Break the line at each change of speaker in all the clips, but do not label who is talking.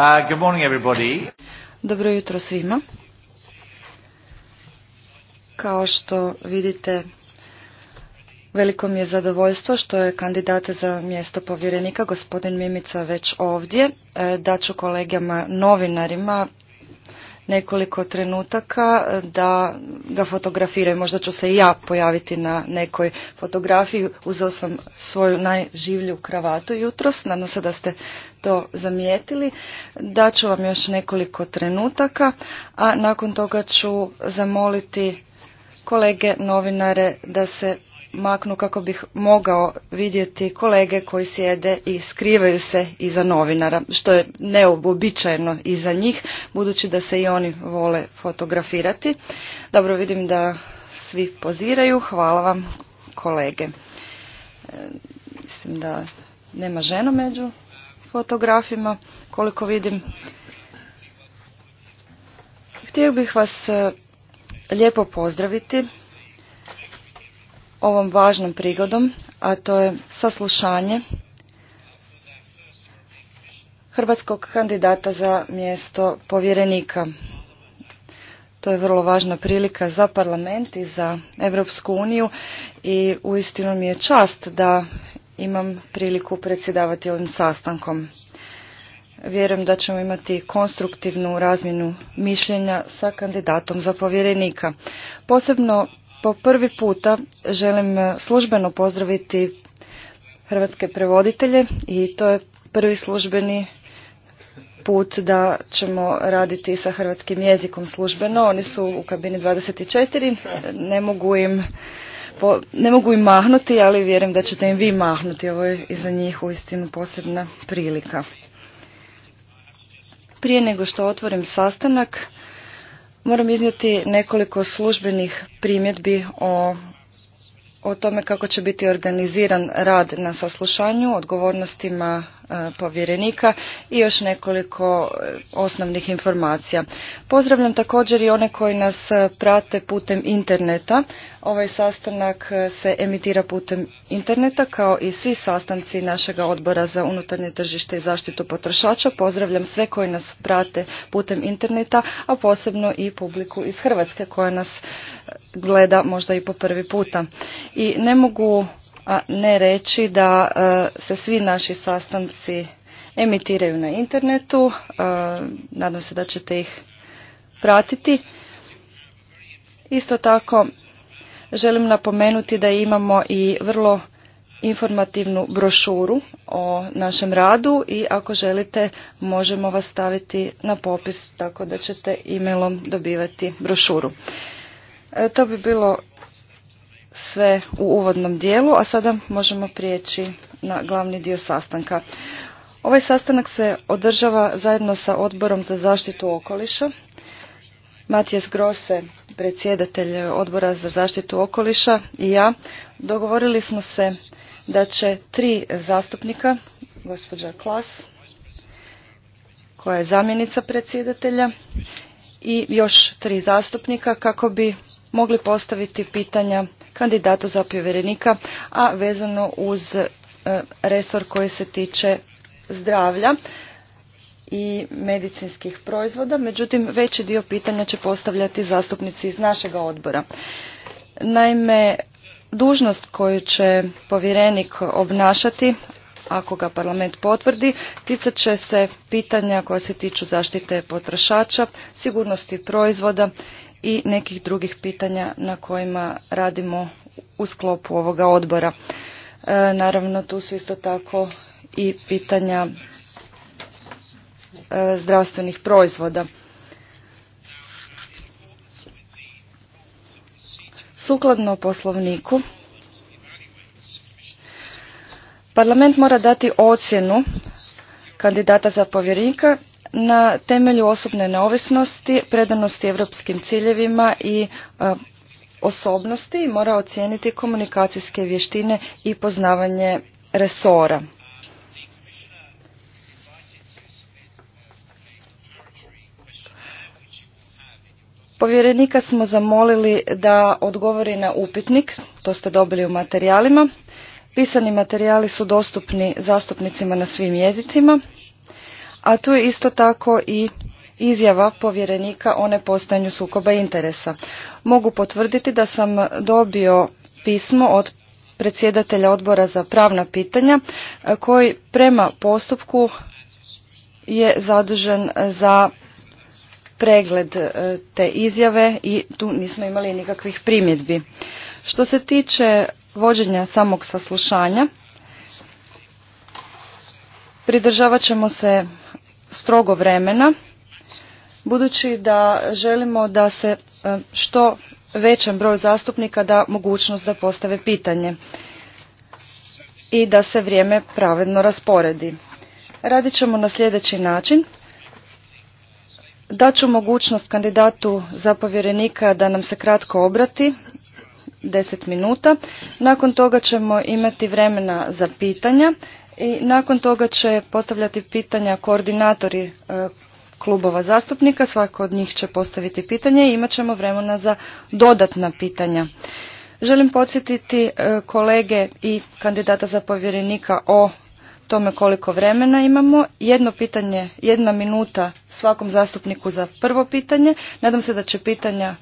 Uh,
Dobro jutro svima. Kao što vidite, veliko mi je zadovoljstvo što je kandidata za mjesto povjerenika gospodin Mimica već ovdje. E, dat daću kolegama novinarima nekoliko trenutaka e, da ga fotografiraju. Možda ću se i ja pojaviti na nekoj fotografiji. Uzeo sam svoju najživlju kravatu jutros. Nadam se da ste to zamijetili. Daću vam još nekoliko trenutaka, a nakon toga ću zamoliti kolege novinare da se maknu kako bih mogao vidjeti kolege koji sjede i skrivaju se iza novinara, što je neobobičajeno i za njih, budući da se i oni vole fotografirati. Dobro, vidim da svi poziraju. Hvala vam kolege. E, mislim da nema žena među fotografima, koliko vidim. Htio bih vas e, lijepo pozdraviti ovom važnom prigodom, a to je saslušanje hrvatskog kandidata za mjesto povjerenika. To je vrlo važna prilika za parlament i za Europsku uniju i uistinu mi je čast da imam priliku predsjedavati ovim sastankom. Vjerujem da ćemo imati konstruktivnu razmjenu mišljenja sa kandidatom za povjerenika. Posebno po prvi puta želim e, službeno pozdraviti hrvatske prevoditelje i to je prvi službeni put da ćemo raditi sa hrvatskim jezikom službeno. Oni su u kabini 24, ne mogu im, ne mogu im mahnuti, ali vjerujem da ćete im vi mahnuti. Ovo je i za njih uistinu posebna prilika. Prije nego što otvorim sastanak, Moram iznijeti nekoliko službenih primjedbi o o tome kako će biti organiziran rad na saslušanju, odgovornostima e, povjerenika i još nekoliko e, osnovnih informacija. Pozdravljam također i one koji nas e, prate putem interneta. Ovaj sastanak se emitira putem interneta kao i svi sastanci našega odbora za unutarnje tržište i zaštitu potrošača. Pozdravljam sve koji nas prate putem interneta, a posebno i publiku iz Hrvatske koja nas gleda možda i po prvi puta. I ne mogu ne reći da e, se svi naši sastanci emitiraju na internetu. E, nadam se da ćete ih pratiti. Isto tako želim napomenuti da imamo i vrlo informativnu brošuru o našem radu i ako želite možemo vas staviti na popis tako da ćete e dobivati brošuru. E, to bi bilo sve u uvodnom dijelu, a sada možemo prijeći na glavni dio sastanka. Ovaj sastanak se održava zajedno sa Odborom za zaštitu okoliša. Matijas Grose, predsjedatelj Odbora za zaštitu okoliša i ja dogovorili smo se da će tri zastupnika, gospođa Klas, koja je zamjenica predsjedatelja, i još tri zastupnika kako bi mogli postaviti pitanja kandidatu za povjerenika, a vezano uz e, resor koji se tiče zdravlja i medicinskih proizvoda. Međutim, veći dio pitanja će postavljati zastupnici iz našega odbora. Naime, dužnost koju će povjerenik obnašati, ako ga parlament potvrdi, ticat će se pitanja koja se tiču zaštite potrošača, sigurnosti proizvoda i nekih drugih pitanja na kojima radimo u sklopu ovoga odbora. E, naravno, tu su isto tako i pitanja e, zdravstvenih proizvoda. Sukladno poslovniku, parlament mora dati ocjenu kandidata za povjerenika na temelju osobne neovisnosti, predanosti europskim ciljevima i e, osobnosti mora ocijeniti komunikacijske vještine i poznavanje resora. Povjerenika smo zamolili da odgovori na upitnik, to ste dobili u materijalima. Pisani materijali su dostupni zastupnicima na svim jezicima a tu je isto tako i izjava povjerenika o nepostojanju sukoba interesa. Mogu potvrditi da sam dobio pismo od predsjedatelja odbora za pravna pitanja koji prema postupku je zadužen za pregled e, te izjave i tu nismo imali nikakvih primjedbi. Što se tiče vođenja samog saslušanja, pridržavat ćemo se strogo vremena, budući da želimo da se e, što većem broju zastupnika da mogućnost da postave pitanje i da se vrijeme pravedno rasporedi. Radit ćemo na sljedeći način. Daću mogućnost kandidatu za povjerenika da nam se kratko obrati, 10 minuta. Nakon toga ćemo imati vremena za pitanja. I nakon toga će postavljati pitanja koordinatori e, klubova zastupnika, svako od njih će postaviti pitanje i imat ćemo vremena za dodatna pitanja. Želim podsjetiti e, kolege i kandidata za povjerenika o tome koliko vremena imamo. Jedno pitanje, jedna minuta svakom zastupniku za prvo pitanje. Nadam se da će pitanja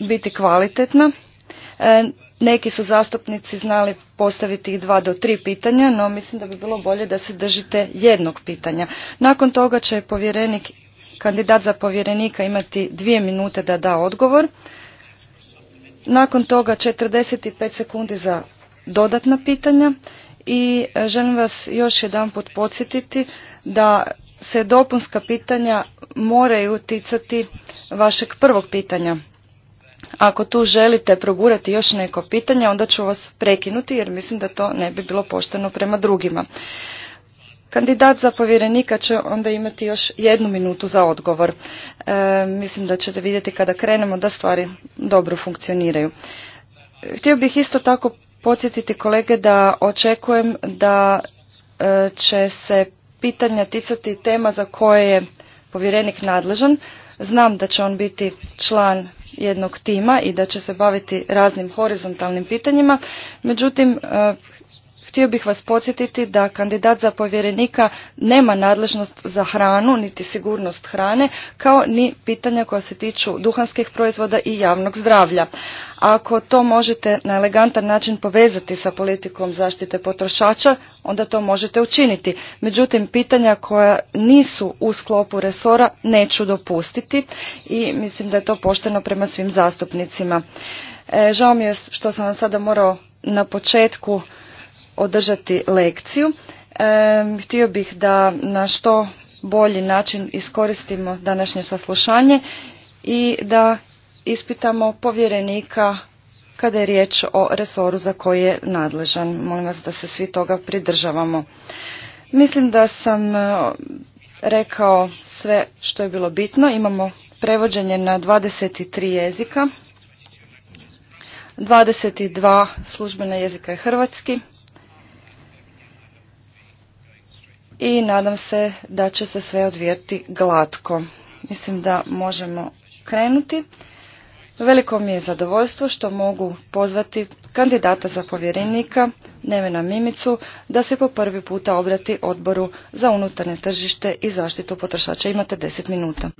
biti kvalitetna. E, neki su zastupnici znali postaviti ih dva do tri pitanja, no mislim da bi bilo bolje da se držite jednog pitanja. Nakon toga će povjerenik, kandidat za povjerenika imati dvije minute da da odgovor. Nakon toga 45 sekundi za dodatna pitanja i e, želim vas još jedan put podsjetiti da se dopunska pitanja moraju ticati vašeg prvog pitanja. Ako tu želite progurati još neko pitanje, onda ću vas prekinuti jer mislim da to ne bi bilo pošteno prema drugima. Kandidat za povjerenika će onda imati još jednu minutu za odgovor. E, mislim da ćete vidjeti kada krenemo da stvari dobro funkcioniraju. Htio bih isto tako podsjetiti kolege da očekujem da e, će se pitanja ticati tema za koje je povjerenik nadležan. Znam da će on biti član jednog tima i da će se baviti raznim horizontalnim pitanjima. Međutim, e, Htio bih vas podsjetiti da kandidat za povjerenika nema nadležnost za hranu, niti sigurnost hrane, kao ni pitanja koja se tiču duhanskih proizvoda i javnog zdravlja. Ako to možete na elegantan način povezati sa politikom zaštite potrošača, onda to možete učiniti. Međutim, pitanja koja nisu u sklopu resora neću dopustiti i mislim da je to pošteno prema svim zastupnicima. E, žao mi je što sam vam sada morao na početku održati lekciju. Htio bih da na što bolji način iskoristimo današnje saslušanje i da ispitamo povjerenika kada je riječ o resoru za koji je nadležan. Molim vas da se svi toga pridržavamo. Mislim da sam e, rekao sve što je bilo bitno. Imamo prevođenje na 23 jezika. 22 službena jezika je hrvatski. i nadam se da će se sve odvijeti glatko. Mislim da možemo krenuti. Veliko mi je zadovoljstvo što mogu pozvati kandidata za povjerenika Nevena Mimicu da se po prvi puta obrati odboru za unutarnje tržište i zaštitu potrošača. Imate deset minuta.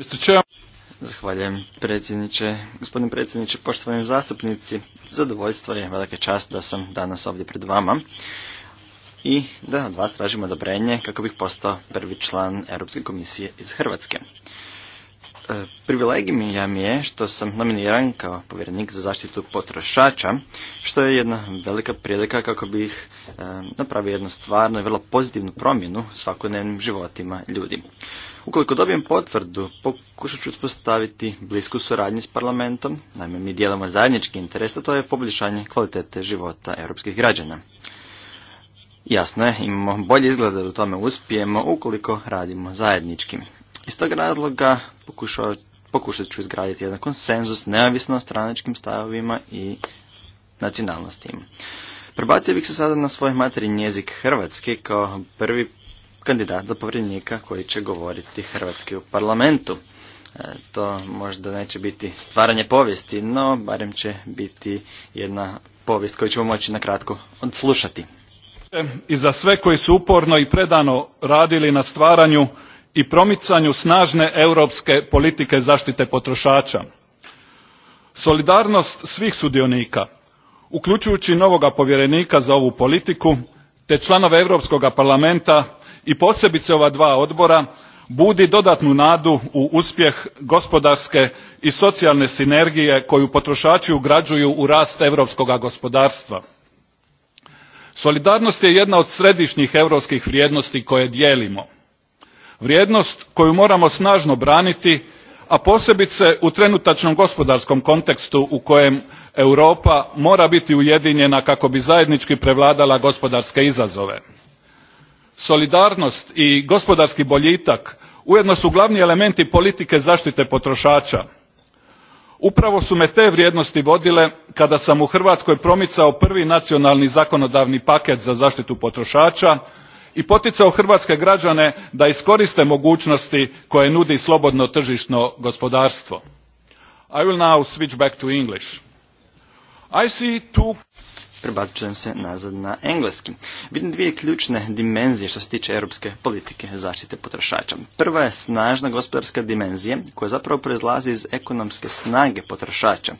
Zahvaljujem predsjedniče. Gospodin predsjedniče, poštovani zastupnici, zadovoljstvo je velike čast da sam danas ovdje pred vama i da od vas tražim odobrenje kako bih postao prvi član Europske komisije iz Hrvatske. E, privilegij mi ja mi je što sam nominiran kao povjerenik za zaštitu potrošača, što je jedna velika prilika kako bih e, napravio jednu stvarno i vrlo pozitivnu promjenu svakodnevnim životima ljudi. Ukoliko dobijem potvrdu, pokušat ću uspostaviti blisku suradnju s parlamentom, naime mi dijelimo zajednički interes, a to je poboljšanje kvalitete života europskih građana. Jasno je, imamo bolje izgleda da u tome uspijemo ukoliko radimo zajednički. Iz tog razloga pokušat ću izgraditi jedan konsenzus neovisno o stranačkim stavovima i nacionalnostima. Prebatio bih se sada na svoj materin jezik hrvatski kao prvi kandidat za povrednika koji će govoriti hrvatski u parlamentu. E, to možda neće biti stvaranje povijesti, no barem će biti jedna povijest koju ćemo moći na kratko odslušati
i za sve koji su uporno i predano radili na stvaranju i promicanju snažne europske politike zaštite potrošača. solidarnost svih sudionika uključujući novoga povjerenika za ovu politiku te članove europskog parlamenta i posebice ova dva odbora budi dodatnu nadu u uspjeh gospodarske i socijalne sinergije koju potrošači ugrađuju u rast europskog gospodarstva solidarnost je jedna od središnjih europskih vrijednosti koje dijelimo vrijednost koju moramo snažno braniti a posebice u trenutačnom gospodarskom kontekstu u kojem europa mora biti ujedinjena kako bi zajednički prevladala gospodarske izazove. solidarnost i gospodarski boljitak ujedno su glavni elementi politike zaštite potrošača upravo su me te vrijednosti vodile kada sam u hrvatskoj promicao prvi nacionalni zakonodavni paket za zaštitu potrošača i poticao hrvatske građane da iskoriste mogućnosti koje nudi slobodno tržišno gospodarstvo.
i will now switch back to english. i see two prebacujem se nazad na engleski. Vidim dvije ključne dimenzije što se tiče europske politike zaštite potrošača. Prva je snažna gospodarska dimenzija koja zapravo proizlazi iz ekonomske snage potrošača.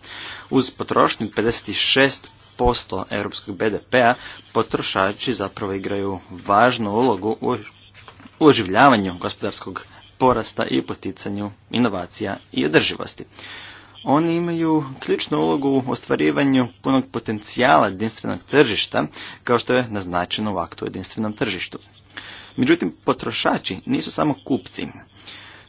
Uz potrošnju 56 posto europskog BDP-a potrošači zapravo igraju važnu ulogu u oživljavanju gospodarskog porasta i poticanju inovacija i održivosti. Oni imaju ključnu ulogu u ostvarivanju punog potencijala jedinstvenog tržišta, kao što je naznačeno u aktu jedinstvenom tržištu. Međutim, potrošači nisu samo kupci.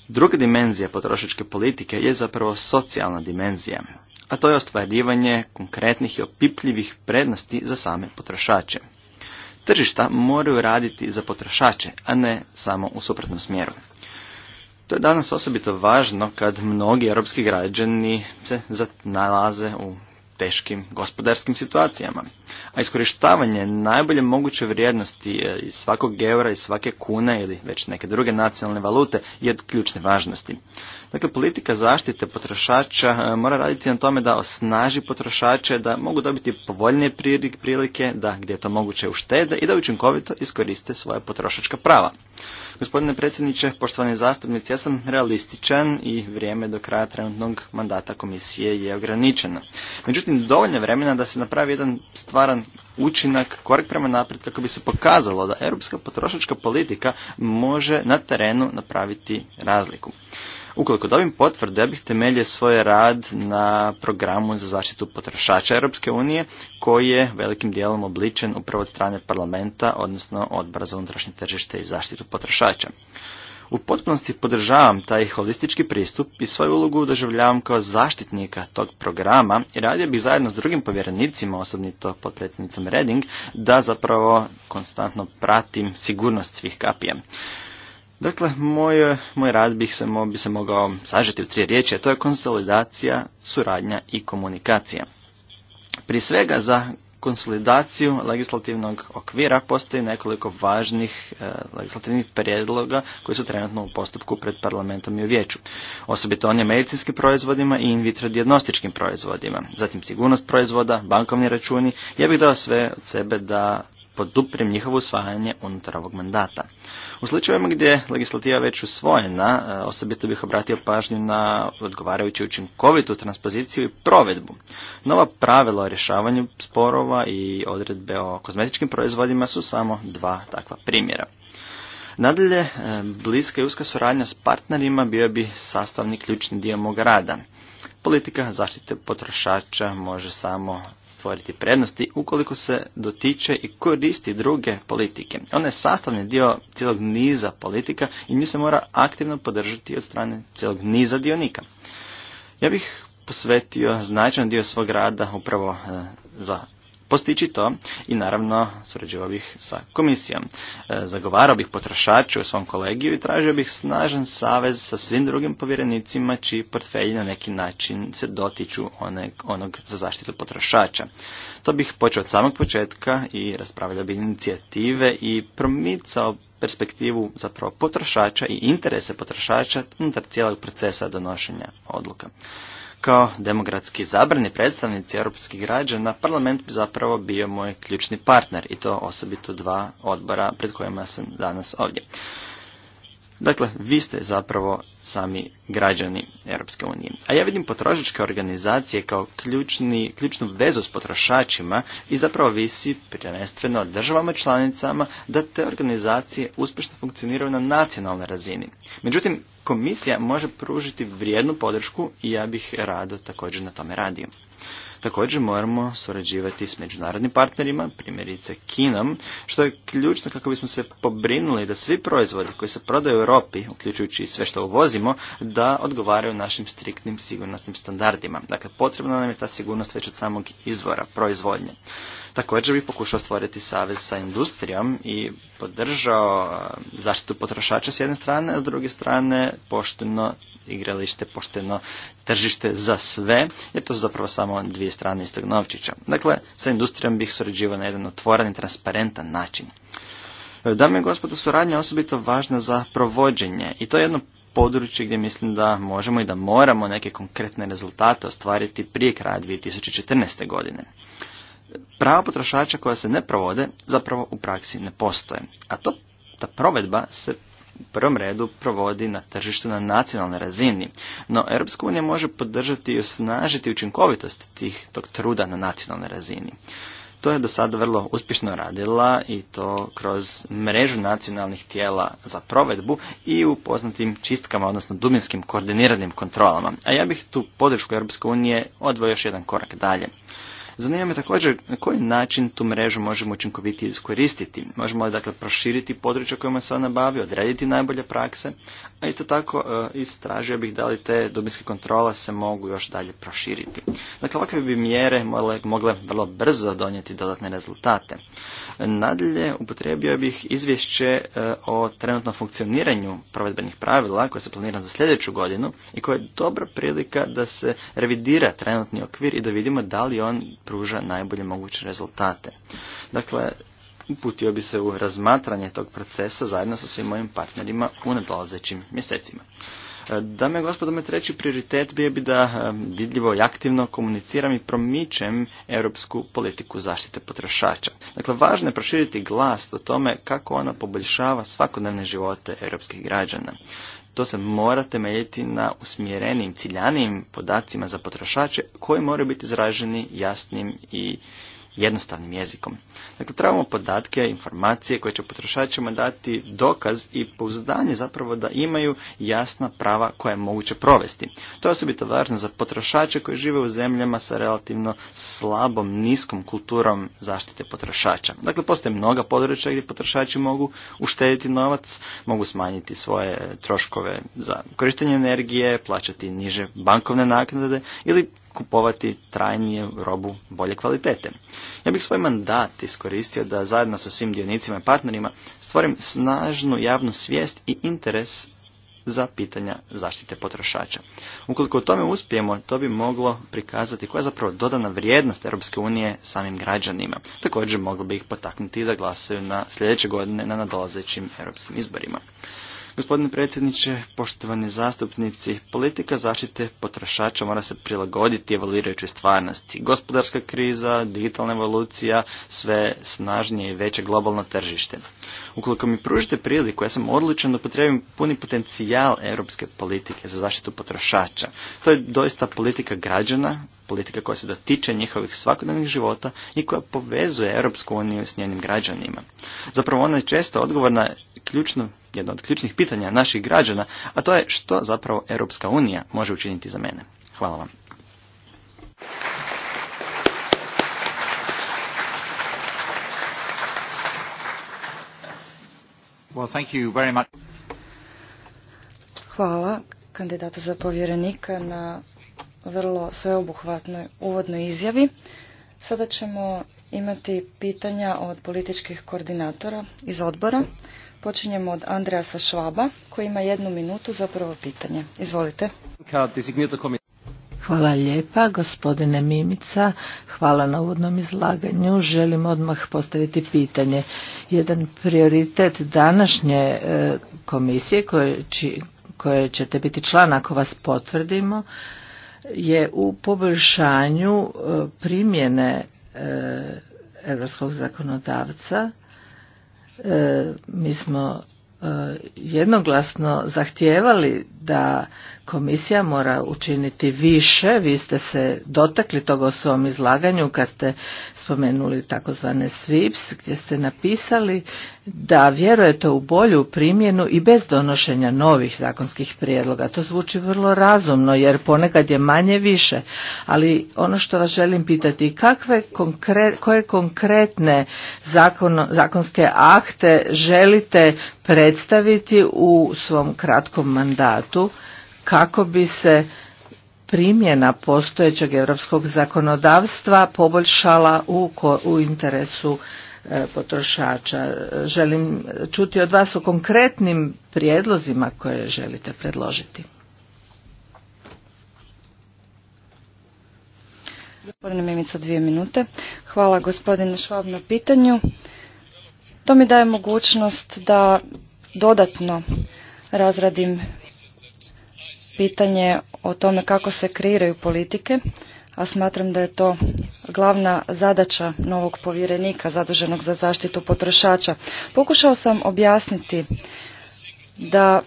Druga dimenzija potrošačke politike je zapravo socijalna dimenzija, a to je ostvarivanje konkretnih i opipljivih prednosti za same potrošače. Tržišta moraju raditi za potrošače, a ne samo u suprotnom smjeru. To je danas osobito važno kad mnogi europski građani se nalaze u teškim gospodarskim situacijama. A iskorištavanje najbolje moguće vrijednosti e, iz svakog eura, iz svake kune ili već neke druge nacionalne valute je od ključne važnosti. Dakle, politika zaštite potrošača e, mora raditi na tome da osnaži potrošače, da mogu dobiti povoljnije prilike, da gdje je to moguće uštede i da učinkovito iskoriste svoje potrošačka prava. Gospodine predsjedniče, poštovani zastupnici, ja sam realističan i vrijeme do kraja trenutnog mandata komisije je ograničeno. Međutim, dovoljno je vremena da se napravi jedan stvaran učinak, korak prema naprijed kako bi se pokazalo da europska potrošačka politika može na terenu napraviti razliku. Ukoliko dobim potvrdu, ja bih temeljio svoj rad na programu za zaštitu potrošača Europske unije, koji je velikim dijelom obličen upravo od strane parlamenta, odnosno odbora za unutrašnje tržište i zaštitu potrošača. U potpunosti podržavam taj holistički pristup i svoju ulogu doživljavam kao zaštitnika tog programa i radio bih zajedno s drugim povjerenicima, osobnito potpredsjednicom Reding, da zapravo konstantno pratim sigurnost svih kapija. Dakle, moj, moj rad bih se, bi se mogao sažeti u tri riječi, a to je konsolidacija, suradnja i komunikacija. Prije svega za konsolidaciju legislativnog okvira postoji nekoliko važnih e, legislativnih prijedloga koji su trenutno u postupku pred parlamentom i u vijeću. Osobito on je medicinskim proizvodima i in vitro dijagnostičkim proizvodima, zatim sigurnost proizvoda, bankovni računi. Ja bih dao sve od sebe da poduprem njihovo usvajanje unutar ovog mandata. U slučajevima gdje je legislativa već usvojena, e, osobito bih obratio pažnju na odgovarajuću učinkovitu transpoziciju i provedbu. Nova pravila o rješavanju sporova i odredbe o kozmetičkim proizvodima su samo dva takva primjera. Nadalje, e, bliska i uska suradnja s partnerima bio bi sastavni ključni dio mog rada. Politika zaštite potrošača može samo stvoriti prednosti ukoliko se dotiče i koristi druge politike. Ona je sastavni dio cijelog niza politika i nju se mora aktivno podržati od strane cijelog niza dionika. Ja bih posvetio značajan dio svog rada upravo e, za postići to i naravno surađivao bih sa komisijom. E, zagovarao bih potrošače u svom kolegiju i tražio bih snažan savez sa svim drugim povjerenicima čiji portfelji na neki način se dotiču onog za zaštitu potrošača. To bih počeo od samog početka i raspravljao bih inicijative i promicao perspektivu zapravo potrošača i interese potrošača unutar cijelog procesa donošenja odluka. Kao demokratski zabrani predstavnici europskih građana, parlament bi zapravo bio moj ključni partner i to osobito dva odbora pred kojima sam danas ovdje. Dakle, vi ste zapravo sami građani Europske unije. A ja vidim potrošačke organizacije kao ključni, ključnu vezu s potrošačima i zapravo visi prvenstveno državama članicama da te organizacije uspješno funkcioniraju na nacionalnoj razini. Međutim, komisija može pružiti vrijednu podršku i ja bih rado također na tome radio. Također moramo surađivati s međunarodnim partnerima, primjerice Kinom, što je ključno kako bismo se pobrinuli da svi proizvodi koji se prodaju u Europi, uključujući i sve što uvozimo, da odgovaraju našim striktnim sigurnosnim standardima. Dakle, potrebna nam je ta sigurnost već od samog izvora proizvodnje. Također bih pokušao stvoriti savez sa industrijom i podržao eh, zaštitu potrošača s jedne strane, a s druge strane pošteno igralište, pošteno tržište za sve, jer to su zapravo samo dvije strane istog novčića. Dakle, sa industrijom bih surađivao na jedan otvoran i transparentan način. E, dame i gospodo, suradnja je osobito važna za provođenje i to je jedno područje gdje mislim da možemo i da moramo neke konkretne rezultate ostvariti prije kraja 2014. godine. Prava potrošača koja se ne provode zapravo u praksi ne postoje, a to ta provedba se prvom redu provodi na tržištu na nacionalnoj razini. No, Europska može podržati i osnažiti učinkovitost tih, tog truda na nacionalnoj razini. To je do sada vrlo uspješno radila i to kroz mrežu nacionalnih tijela za provedbu i u poznatim čistkama, odnosno dubinskim koordiniranim kontrolama. A ja bih tu podršku Europske unije još jedan korak dalje. Zanima me također na koji način tu mrežu možemo učinkovitije iskoristiti. Možemo li dakle proširiti područja kojima se ona bavi, odrediti najbolje prakse, a isto tako e, istražio bih da li te dubinske kontrole se mogu još dalje proširiti. Dakle, ovakve bi mjere mogle, mogle vrlo brzo donijeti dodatne rezultate. Nadalje, upotrijebio bih izvješće e, o trenutnom funkcioniranju provedbenih pravila koje se planira za sljedeću godinu i koje je dobra prilika da se revidira trenutni okvir i da vidimo da li on pruža najbolje moguće rezultate. Dakle, uputio bi se u razmatranje tog procesa zajedno sa svim mojim partnerima u nadolazećim mjesecima. E, dame i gospodo, me treći prioritet bio bi da e, vidljivo i aktivno komuniciram i promičem europsku politiku zaštite potrošača. Dakle, važno je proširiti glas o tome kako ona poboljšava svakodnevne živote europskih građana. To se mora temeljiti na usmjerenim, ciljanim podacima za potrošače koji moraju biti izraženi jasnim i jednostavnim jezikom. Dakle, trebamo podatke, informacije koje će potrošačima dati dokaz i pouzdanje zapravo da imaju jasna prava koja je moguće provesti. To je osobito važno za potrošače koji žive u zemljama sa relativno slabom, niskom kulturom zaštite potrošača. Dakle, postoje mnoga područja gdje potrošači mogu uštediti novac, mogu smanjiti svoje troškove za korištenje energije, plaćati niže bankovne naknade ili kupovati trajnije robu bolje kvalitete. Ja bih svoj mandat iskoristio da zajedno sa svim dionicima i partnerima stvorim snažnu javnu svijest i interes za pitanja zaštite potrošača. Ukoliko u tome uspijemo, to bi moglo prikazati koja je zapravo dodana vrijednost Europske unije samim građanima. Također moglo bi ih potaknuti da glasaju na sljedeće godine na nadolazećim europskim izborima. Gospodine predsjedniče, poštovani zastupnici, politika zaštite potrošača mora se prilagoditi evaluirajućoj stvarnosti. Gospodarska kriza, digitalna evolucija, sve snažnije i veće globalno tržište. Ukoliko mi pružite priliku, ja sam odličan da potrebim puni potencijal europske politike za zaštitu potrošača. To je doista politika građana, politika koja se dotiče njihovih svakodnevnih života i koja povezuje Europsku uniju s njenim građanima. Zapravo ona je često odgovor na ključno, jedno od ključnih pitanja naših građana, a to je što zapravo Europska unija može učiniti za mene. Hvala vam.
Well,
Hvala kandidatu za povjerenika na vrlo sveobuhvatnoj uvodnoj izjavi. Sada ćemo imati pitanja od političkih koordinatora iz odbora. Počinjemo od Andreasa Švaba koji ima jednu minutu za prvo pitanje. Izvolite.
Hvala lijepa, gospodine Mimica. Hvala na uvodnom izlaganju. Želim odmah postaviti pitanje. Jedan prioritet današnje e, komisije koje, ćete biti član ako vas potvrdimo je u poboljšanju e, primjene europskog zakonodavca. E, mi smo E, jednoglasno zahtijevali da komisija mora učiniti više. Vi ste se dotakli toga u svom izlaganju kad ste spomenuli takozvane SWIPS gdje ste napisali da vjerujete u bolju primjenu i bez donošenja novih zakonskih prijedloga. To zvuči vrlo razumno jer ponekad je manje više, ali ono što vas želim pitati, kakve koje konkretne zakonske akte želite predstaviti u svom kratkom mandatu kako bi se primjena postojećeg europskog zakonodavstva poboljšala u, u interesu E, potrošača. Želim čuti od vas o konkretnim prijedlozima koje želite predložiti.
Gospodine Mimica, dvije minute. Hvala gospodine Švab na pitanju. To mi daje mogućnost da dodatno razradim pitanje o tome kako se kreiraju politike a smatram da je to glavna zadaća novog povjerenika zaduženog za zaštitu potrošača. Pokušao sam objasniti da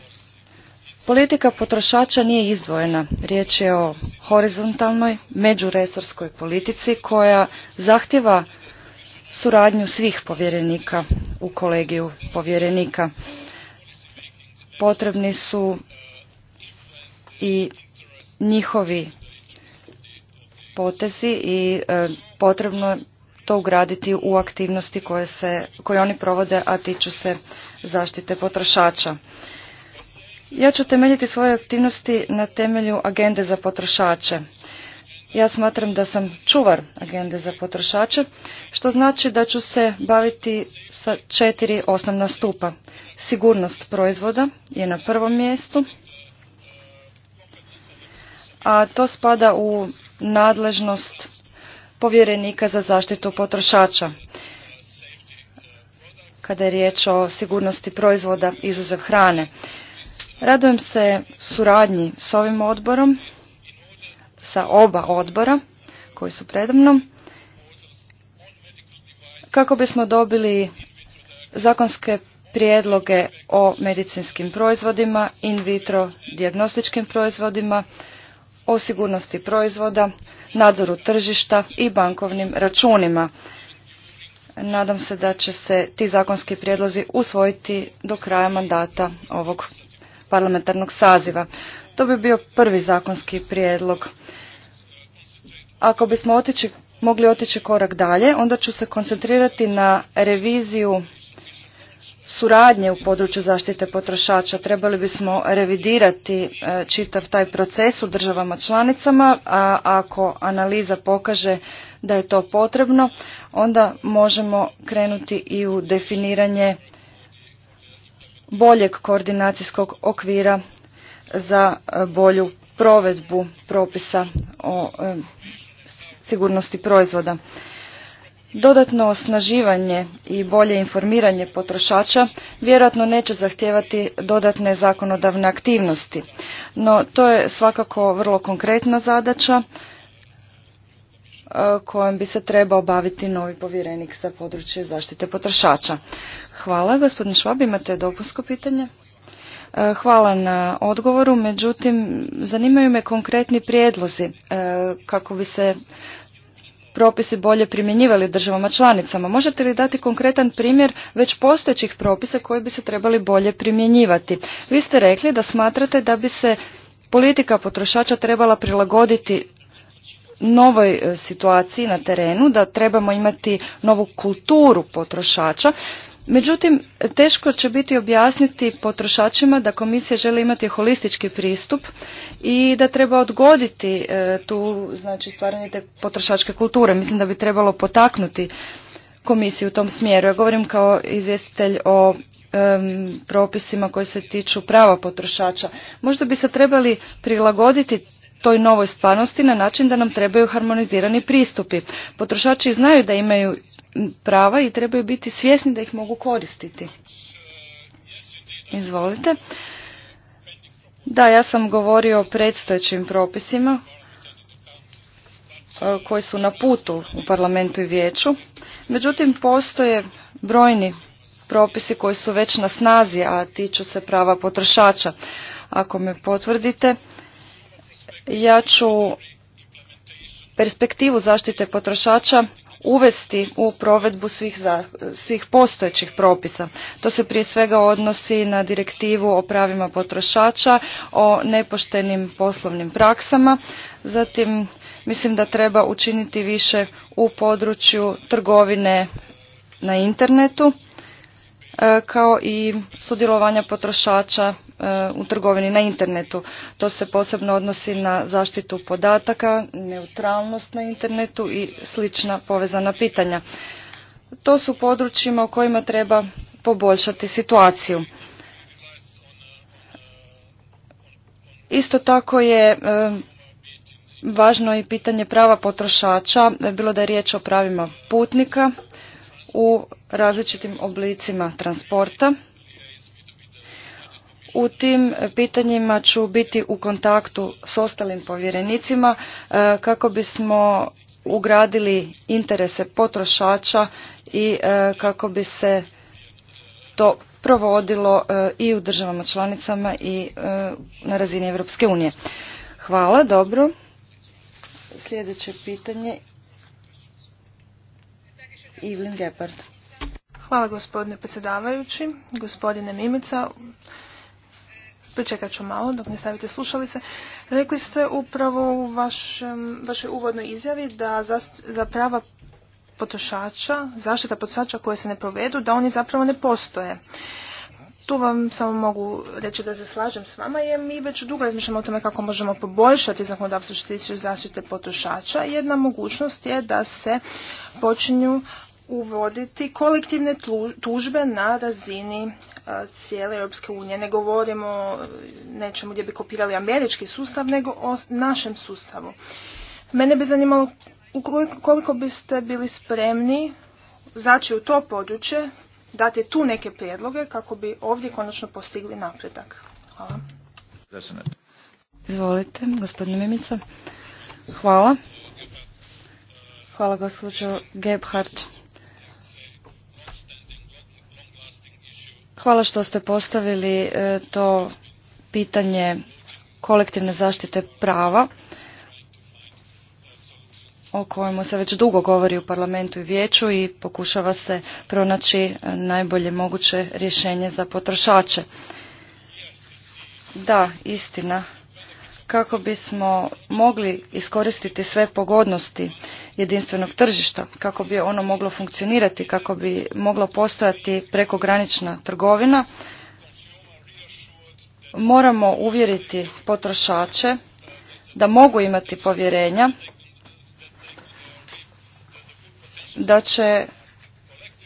politika potrošača nije izdvojena. Riječ je o horizontalnoj međuresorskoj politici koja zahtjeva suradnju svih povjerenika u kolegiju povjerenika. Potrebni su i njihovi potezi i e, potrebno to ugraditi u aktivnosti koje, se, koje oni provode, a tiču se zaštite potrošača. Ja ću temeljiti svoje aktivnosti na temelju agende za potrošače. Ja smatram da sam čuvar agende za potrošače, što znači da ću se baviti sa četiri osnovna stupa. Sigurnost proizvoda je na prvom mjestu, a to spada u nadležnost povjerenika za zaštitu potrošača. Kada je riječ o sigurnosti proizvoda izuzev hrane. Radujem se suradnji s ovim odborom, sa oba odbora koji su predavnom, kako bismo dobili zakonske prijedloge o medicinskim proizvodima, in vitro diagnostičkim proizvodima, o sigurnosti proizvoda, nadzoru tržišta i bankovnim računima. Nadam se da će se ti zakonski prijedlozi usvojiti do kraja mandata ovog parlamentarnog saziva. To bi bio prvi zakonski prijedlog. Ako bismo otići, mogli otići korak dalje, onda ću se koncentrirati na reviziju suradnje u području zaštite potrošača. Trebali bismo revidirati e, čitav taj proces u državama članicama, a ako analiza pokaže da je to potrebno, onda možemo krenuti i u definiranje boljeg koordinacijskog okvira za e, bolju provedbu propisa o e, sigurnosti proizvoda. Dodatno osnaživanje i bolje informiranje potrošača vjerojatno neće zahtijevati dodatne zakonodavne aktivnosti, no to je svakako vrlo konkretna zadaća e, kojom bi se trebao baviti novi povjerenik za područje zaštite potrošača. Hvala. Gospodin Švab, imate dopunsko pitanje? E, hvala na odgovoru, međutim zanimaju me konkretni prijedlozi e, kako bi se propisi bolje primjenjivali državama članicama. Možete li dati konkretan primjer već postojećih propisa koji bi se trebali bolje primjenjivati? Vi ste rekli da smatrate da bi se politika potrošača trebala prilagoditi novoj e, situaciji na terenu, da trebamo imati novu kulturu potrošača. Međutim, teško će biti objasniti potrošačima da komisija želi imati holistički pristup i da treba odgoditi e, tu znači, stvaranje te potrošačke kulture. Mislim da bi trebalo potaknuti komisiju u tom smjeru. Ja govorim kao izvjestitelj o propisima koji se tiču prava potrošača. Možda bi se trebali prilagoditi toj novoj stvarnosti na način da nam trebaju harmonizirani pristupi. Potrošači znaju da imaju prava i trebaju biti svjesni da ih mogu koristiti. Izvolite. Da, ja sam govorio o predstojećim propisima e, koji su na putu u parlamentu i vijeću. Međutim, postoje brojni propisi koji su već na snazi, a tiču se prava potrošača. Ako me potvrdite, ja ću perspektivu zaštite potrošača uvesti u provedbu svih, svih postojećih propisa. To se prije svega odnosi na direktivu o pravima potrošača, o nepoštenim poslovnim praksama, zatim mislim da treba učiniti više u području trgovine na internetu E, kao i sudjelovanja potrošača e, u trgovini na internetu. To se posebno odnosi na zaštitu podataka, neutralnost na internetu i slična povezana pitanja. To su područjima u kojima treba poboljšati situaciju. Isto tako je e, važno i pitanje prava potrošača, bilo da je riječ o pravima putnika u različitim oblicima transporta. U tim pitanjima ću biti u kontaktu s ostalim povjerenicima e, kako bismo ugradili interese potrošača i e, kako bi se to provodilo e, i u državama članicama i na razini Europske unije. Hvala, dobro. Sljedeće pitanje Evelyn Gepard.
Hvala gospodine predsjedavajući, gospodine Mimica. Pričekat ću malo dok ne stavite slušalice. Rekli ste upravo u vašoj uvodnoj izjavi da za, prava potrošača, zaštita potrošača koje se ne provedu, da oni zapravo ne postoje. Tu vam samo mogu reći da se slažem s vama jer mi već dugo razmišljamo o tome kako možemo poboljšati zakonodavstvo što zaštite potrošača. Jedna mogućnost je da se počinju uvoditi kolektivne tužbe na razini e, cijele Europske unije. Ne govorimo o nečemu gdje bi kopirali američki sustav, nego o našem sustavu. Mene bi zanimalo koliko biste bili spremni zaći u to područje, dati tu neke prijedloge kako bi ovdje konačno postigli napredak. Hvala.
Izvolite, gospodine Mimica. Hvala. Hvala gospođo Gebhardt Hvala što ste postavili e, to pitanje kolektivne zaštite prava o kojemu se već dugo govori u parlamentu i vijeću i pokušava se pronaći e, najbolje moguće rješenje za potrošače. Da, istina kako bismo mogli iskoristiti sve pogodnosti jedinstvenog tržišta, kako bi ono moglo funkcionirati, kako bi moglo postojati prekogranična trgovina, moramo uvjeriti potrošače da mogu imati povjerenja da će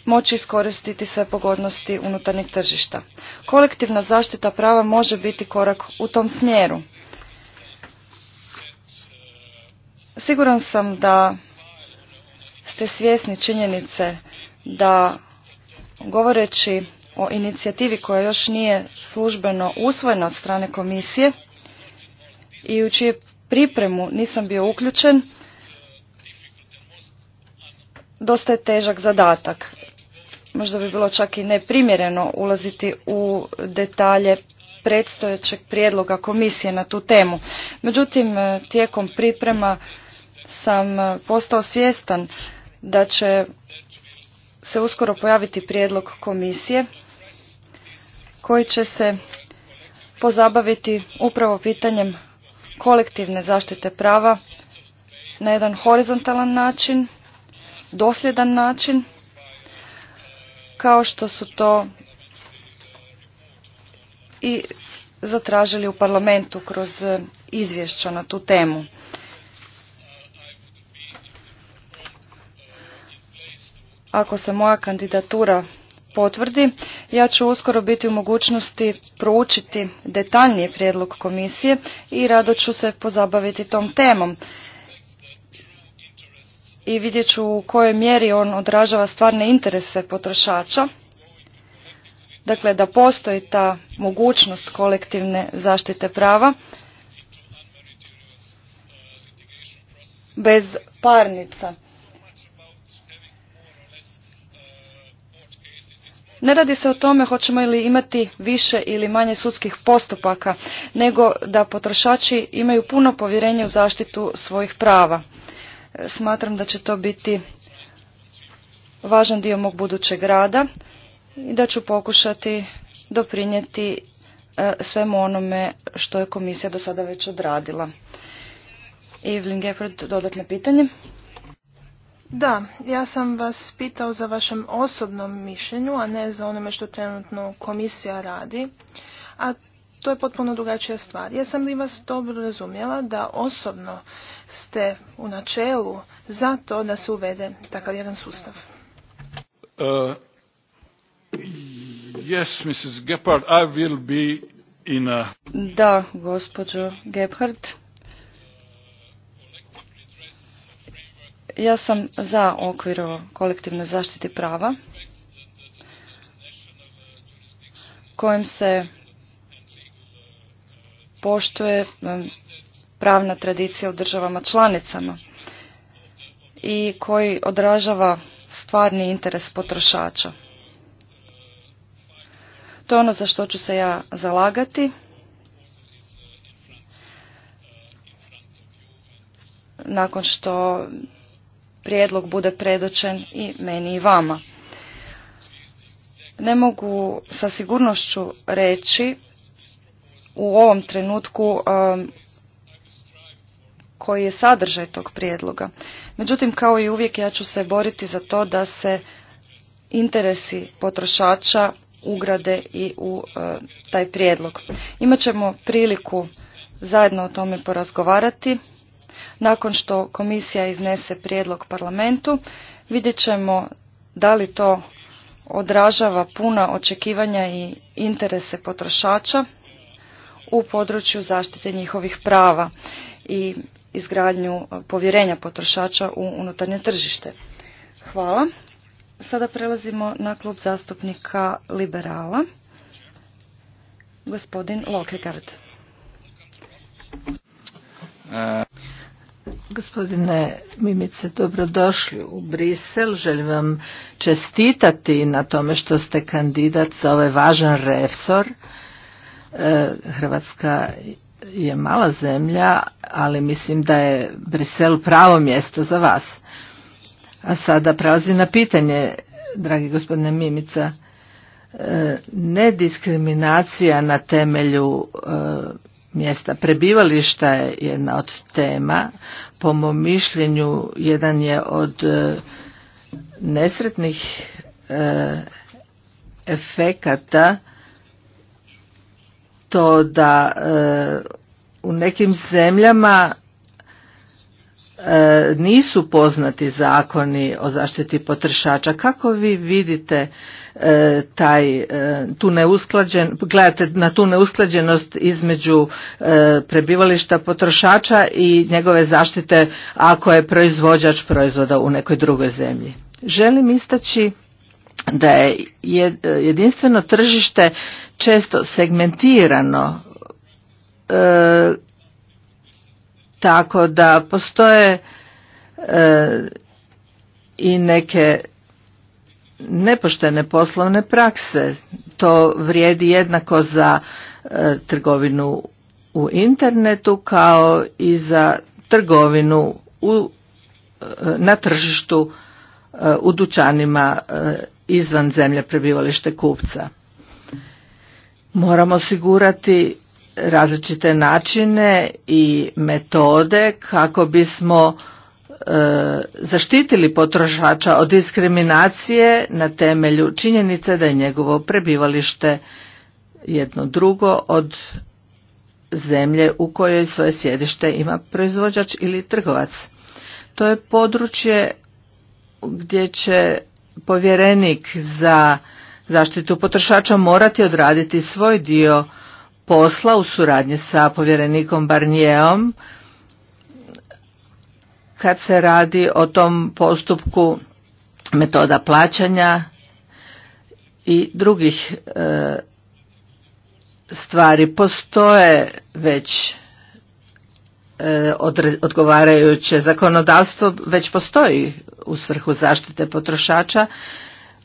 moći iskoristiti sve pogodnosti unutarnjeg tržišta. Kolektivna zaštita prava može biti korak u tom smjeru. Siguran sam da ste svjesni činjenice da govoreći o inicijativi koja još nije službeno usvojena od strane komisije i u čiju pripremu nisam bio uključen, dosta je težak zadatak. Možda bi bilo čak i neprimjereno ulaziti u detalje predstojećeg prijedloga komisije na tu temu. Međutim, e, tijekom priprema sam e, postao svjestan da će se uskoro pojaviti prijedlog komisije koji će se pozabaviti upravo pitanjem kolektivne zaštite prava na jedan horizontalan način, dosljedan način, kao što su to i zatražili u parlamentu kroz e, izvješća na tu temu. Ako se moja kandidatura potvrdi, ja ću uskoro biti u mogućnosti proučiti detaljnije prijedlog komisije i rado ću se pozabaviti tom temom i vidjet ću u kojoj mjeri on odražava stvarne interese potrošača Dakle, da postoji ta mogućnost kolektivne zaštite prava bez parnica. Ne radi se o tome hoćemo li imati više ili manje sudskih postupaka, nego da potrošači imaju puno povjerenje u zaštitu svojih prava. Smatram da će to biti važan dio mog budućeg rada i da ću pokušati doprinijeti e, svemu onome što je komisija do sada već odradila. Evelyn Gefford, dodatne pitanje. Da, ja sam vas pitao za vašem osobnom
mišljenju, a ne za onome što trenutno komisija radi, a to je potpuno drugačija stvar. Ja sam li vas dobro razumjela da osobno ste u načelu za to da se uvede takav jedan sustav?
E, Yes, Mrs.
Da, gospođo Gebhardt. Ja sam za okvir o kolektivnoj zaštiti prava kojim se poštuje pravna tradicija u državama članicama i koji odražava stvarni interes potrošača. To je ono za što ću se ja zalagati. Nakon što prijedlog bude predočen i meni i vama. Ne mogu sa sigurnošću reći u ovom trenutku um, koji je sadržaj tog prijedloga. Međutim, kao i uvijek, ja ću se boriti za to da se interesi potrošača ugrade i u e, taj prijedlog. Imaćemo priliku zajedno o tome porazgovarati. Nakon što komisija iznese prijedlog parlamentu, vidjet ćemo da li to odražava puna očekivanja i interese potrošača u području zaštite njihovih prava i izgradnju povjerenja potrošača u unutarnje tržište. Hvala. Sada prelazimo na klub zastupnika Liberala. Gospodin Lokegard. Gospodine
Mimice, dobrodošli u Brisel. Želim vam čestitati na tome što ste kandidat za ovaj važan refsor. E, Hrvatska je mala zemlja, ali mislim da je Brisel pravo mjesto za vas. A sada prelazi na pitanje, dragi gospodine Mimica, e, nediskriminacija na temelju e, mjesta prebivališta je jedna od tema. Po mom mišljenju jedan je od e, nesretnih efekata to da u nekim zemljama E, nisu poznati zakoni o zaštiti potrošača. Kako vi vidite e, taj, e, tu neusklađen, gledate na tu neusklađenost između prebivališta potrošača i njegove zaštite ako je proizvođač proizvoda u nekoj drugoj zemlji? Želim istaći da je jedinstveno tržište često segmentirano tako da postoje e, i neke nepoštene poslovne prakse to vrijedi jednako za e, trgovinu u internetu kao i za trgovinu u, e, na tržištu u dućanima izvan zemlje prebivalište kupca moramo osigurati različite načine i metode kako bismo e, zaštitili potrošača od diskriminacije na temelju činjenice da je njegovo prebivalište jedno drugo od zemlje u kojoj svoje sjedište ima proizvođač ili trgovac. To je područje gdje će povjerenik za zaštitu potrošača morati odraditi svoj dio posla u suradnji sa povjerenikom Barnijeom kad se radi o tom postupku metoda plaćanja i drugih e, stvari postoje već e, odgovarajuće zakonodavstvo već postoji u svrhu zaštite potrošača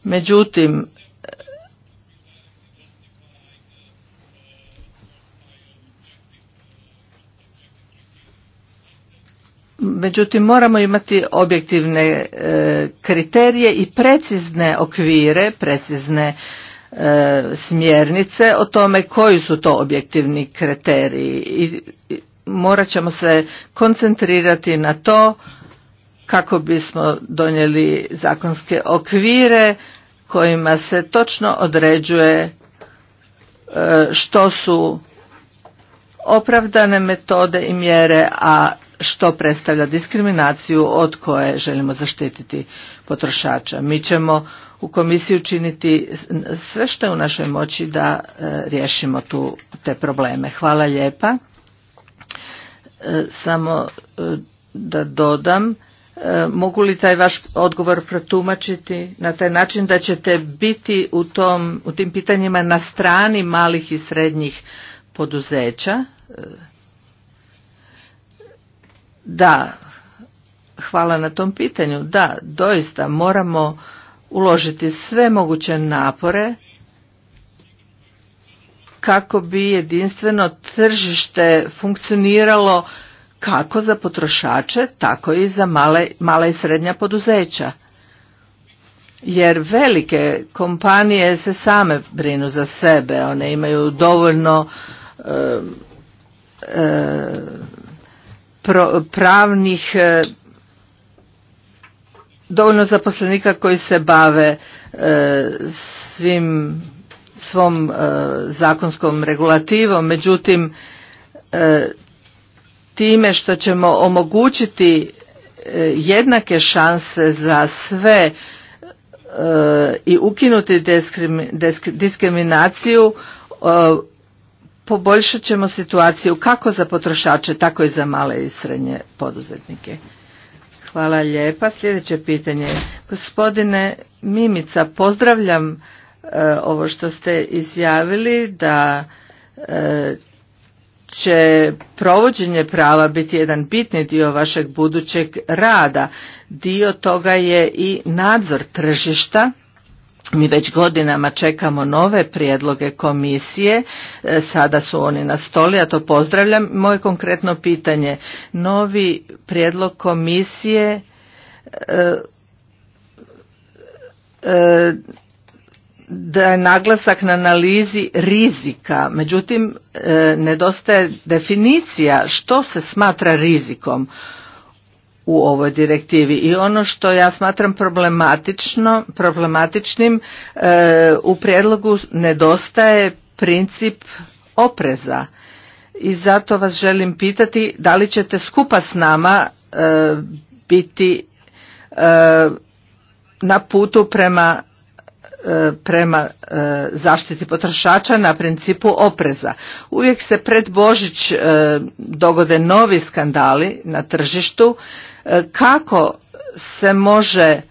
međutim međutim moramo imati objektivne e, kriterije i precizne okvire, precizne e, smjernice o tome koji su to objektivni kriteriji i morat ćemo se koncentrirati na to kako bismo donijeli zakonske okvire kojima se točno određuje e, što su opravdane metode i mjere, a što predstavlja diskriminaciju od koje želimo zaštititi potrošača. Mi ćemo u komisiji učiniti sve što je u našoj moći da e, riješimo tu te probleme. Hvala lijepa. E, samo e, da dodam, mogu li taj vaš odgovor protumačiti na taj način da ćete biti u, tom, u tim pitanjima na strani malih i srednjih poduzeća? Da, hvala na tom pitanju. Da, doista moramo uložiti sve moguće napore kako bi jedinstveno tržište funkcioniralo kako za potrošače, tako i za male, mala i srednja poduzeća. Jer velike kompanije se same brinu za sebe, one imaju dovoljno e, e, pravnih e, dovoljno zaposlenika koji se bave e, svim svom e, zakonskom regulativom međutim time što ćemo omogućiti jednake šanse za sve i ukinuti diskriminaciju poboljšat ćemo situaciju kako za potrošače, tako i za male i srednje poduzetnike. Hvala lijepa. Sljedeće pitanje. Gospodine Mimica, pozdravljam e, ovo što ste izjavili da e, će provođenje prava biti jedan bitni dio vašeg budućeg rada. Dio toga je i nadzor tržišta mi već godinama čekamo nove prijedloge komisije, e, sada su oni na stoli, a to pozdravljam. Moje konkretno pitanje, novi prijedlog komisije e, e, da je naglasak na analizi rizika, međutim nedostaje definicija što se smatra rizikom u ovoj direktivi i ono što ja smatram problematično, problematičnim e, u prijedlogu nedostaje princip opreza i zato vas želim pitati da li ćete skupa s nama e, biti e, na putu prema E, prema e, zaštiti potrošača na principu opreza. Uvijek se pred Božić e, dogode novi skandali na tržištu. Kako se može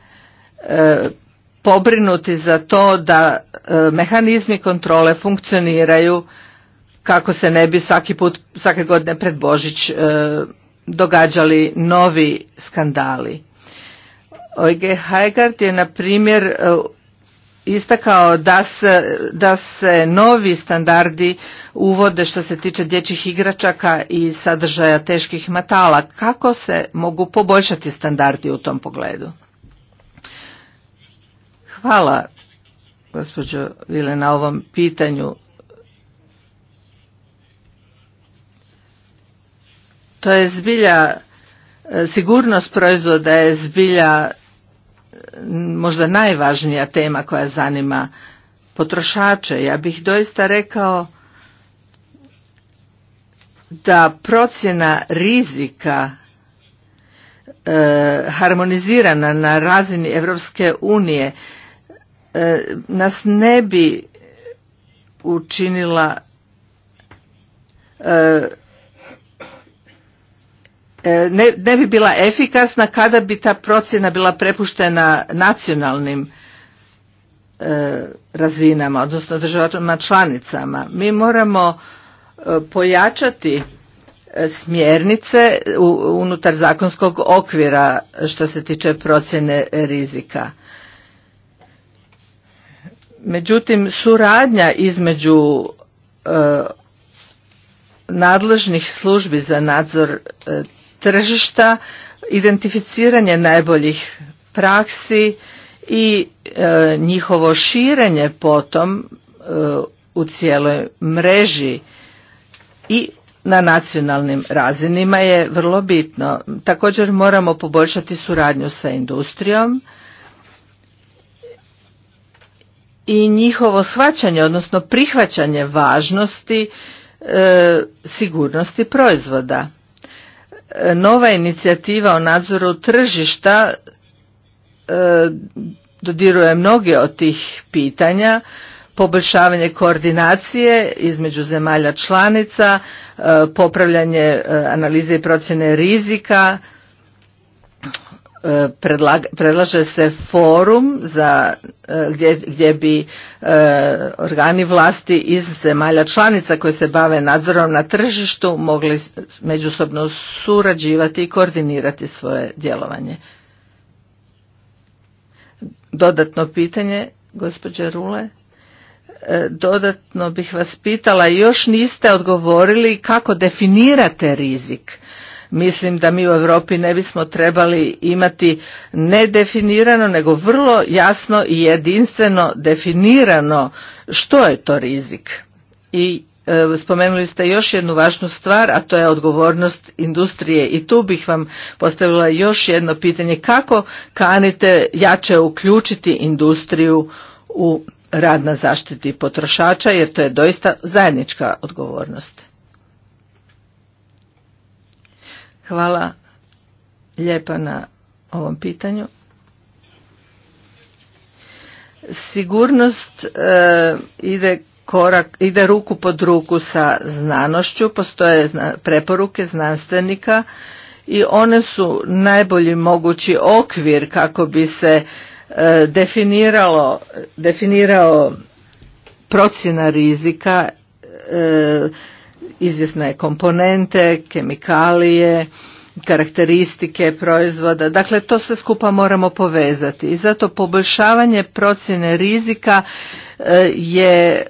pobrinuti za to da mehanizmi kontrole funkcioniraju kako se ne bi svaki put, svake godine pred Božić događali novi skandali. Oige Heigart je na primjer istakao da se, da se novi standardi uvode što se tiče dječjih igračaka i sadržaja teških metala. Kako se mogu poboljšati standardi u tom pogledu? Hvala gospođo Vile na ovom pitanju. To je zbilja, e, sigurnost proizvoda je zbilja možda najvažnija tema koja zanima potrošače. Ja bih doista rekao da procjena rizika e, harmonizirana na razini Europske unije e, nas ne bi učinila e, E, ne, ne bi bila efikasna kada bi ta procjena bila prepuštena nacionalnim e, razinama, odnosno državama članicama. Mi moramo e, pojačati smjernice unutar zakonskog okvira što se tiče procjene rizika. Međutim, suradnja između nadležnih službi za nadzor tržišta, identificiranje najboljih praksi i e, njihovo širenje potom e, u cijeloj mreži i na nacionalnim razinima je vrlo bitno. Također moramo poboljšati suradnju sa industrijom i njihovo shvaćanje, odnosno prihvaćanje važnosti e, sigurnosti proizvoda. E, nova inicijativa o nadzoru tržišta e, dodiruje mnoge od tih pitanja, poboljšavanje koordinacije između zemalja članica, e, popravljanje analize i procjene rizika, E, predlaže se forum za, e, gdje, gdje bi e, organi vlasti iz zemalja članica koje se bave nadzorom na tržištu mogli međusobno surađivati i koordinirati svoje djelovanje. Dodatno pitanje, gospođe Rule. dodatno bih vas pitala, još niste odgovorili kako definirate rizik mislim da mi u Europi ne bismo trebali imati nedefinirano nego vrlo jasno i jedinstveno definirano što je to rizik. I e, spomenuli ste još jednu važnu stvar, a to je odgovornost industrije i tu bih vam postavila još jedno pitanje kako kanite jače uključiti industriju u rad na zaštiti potrošača jer to je doista zajednička odgovornost. Hvala lijepa na ovom pitanju. Sigurnost e, ide korak ide ruku pod ruku sa znanošću, postoje preporuke znanstvenika i one su najbolji mogući okvir kako bi se e, definiralo definirao procjena rizika e, izvjesne komponente, kemikalije, karakteristike proizvoda. Dakle, to sve skupa moramo povezati i zato poboljšavanje procjene rizika e, je e,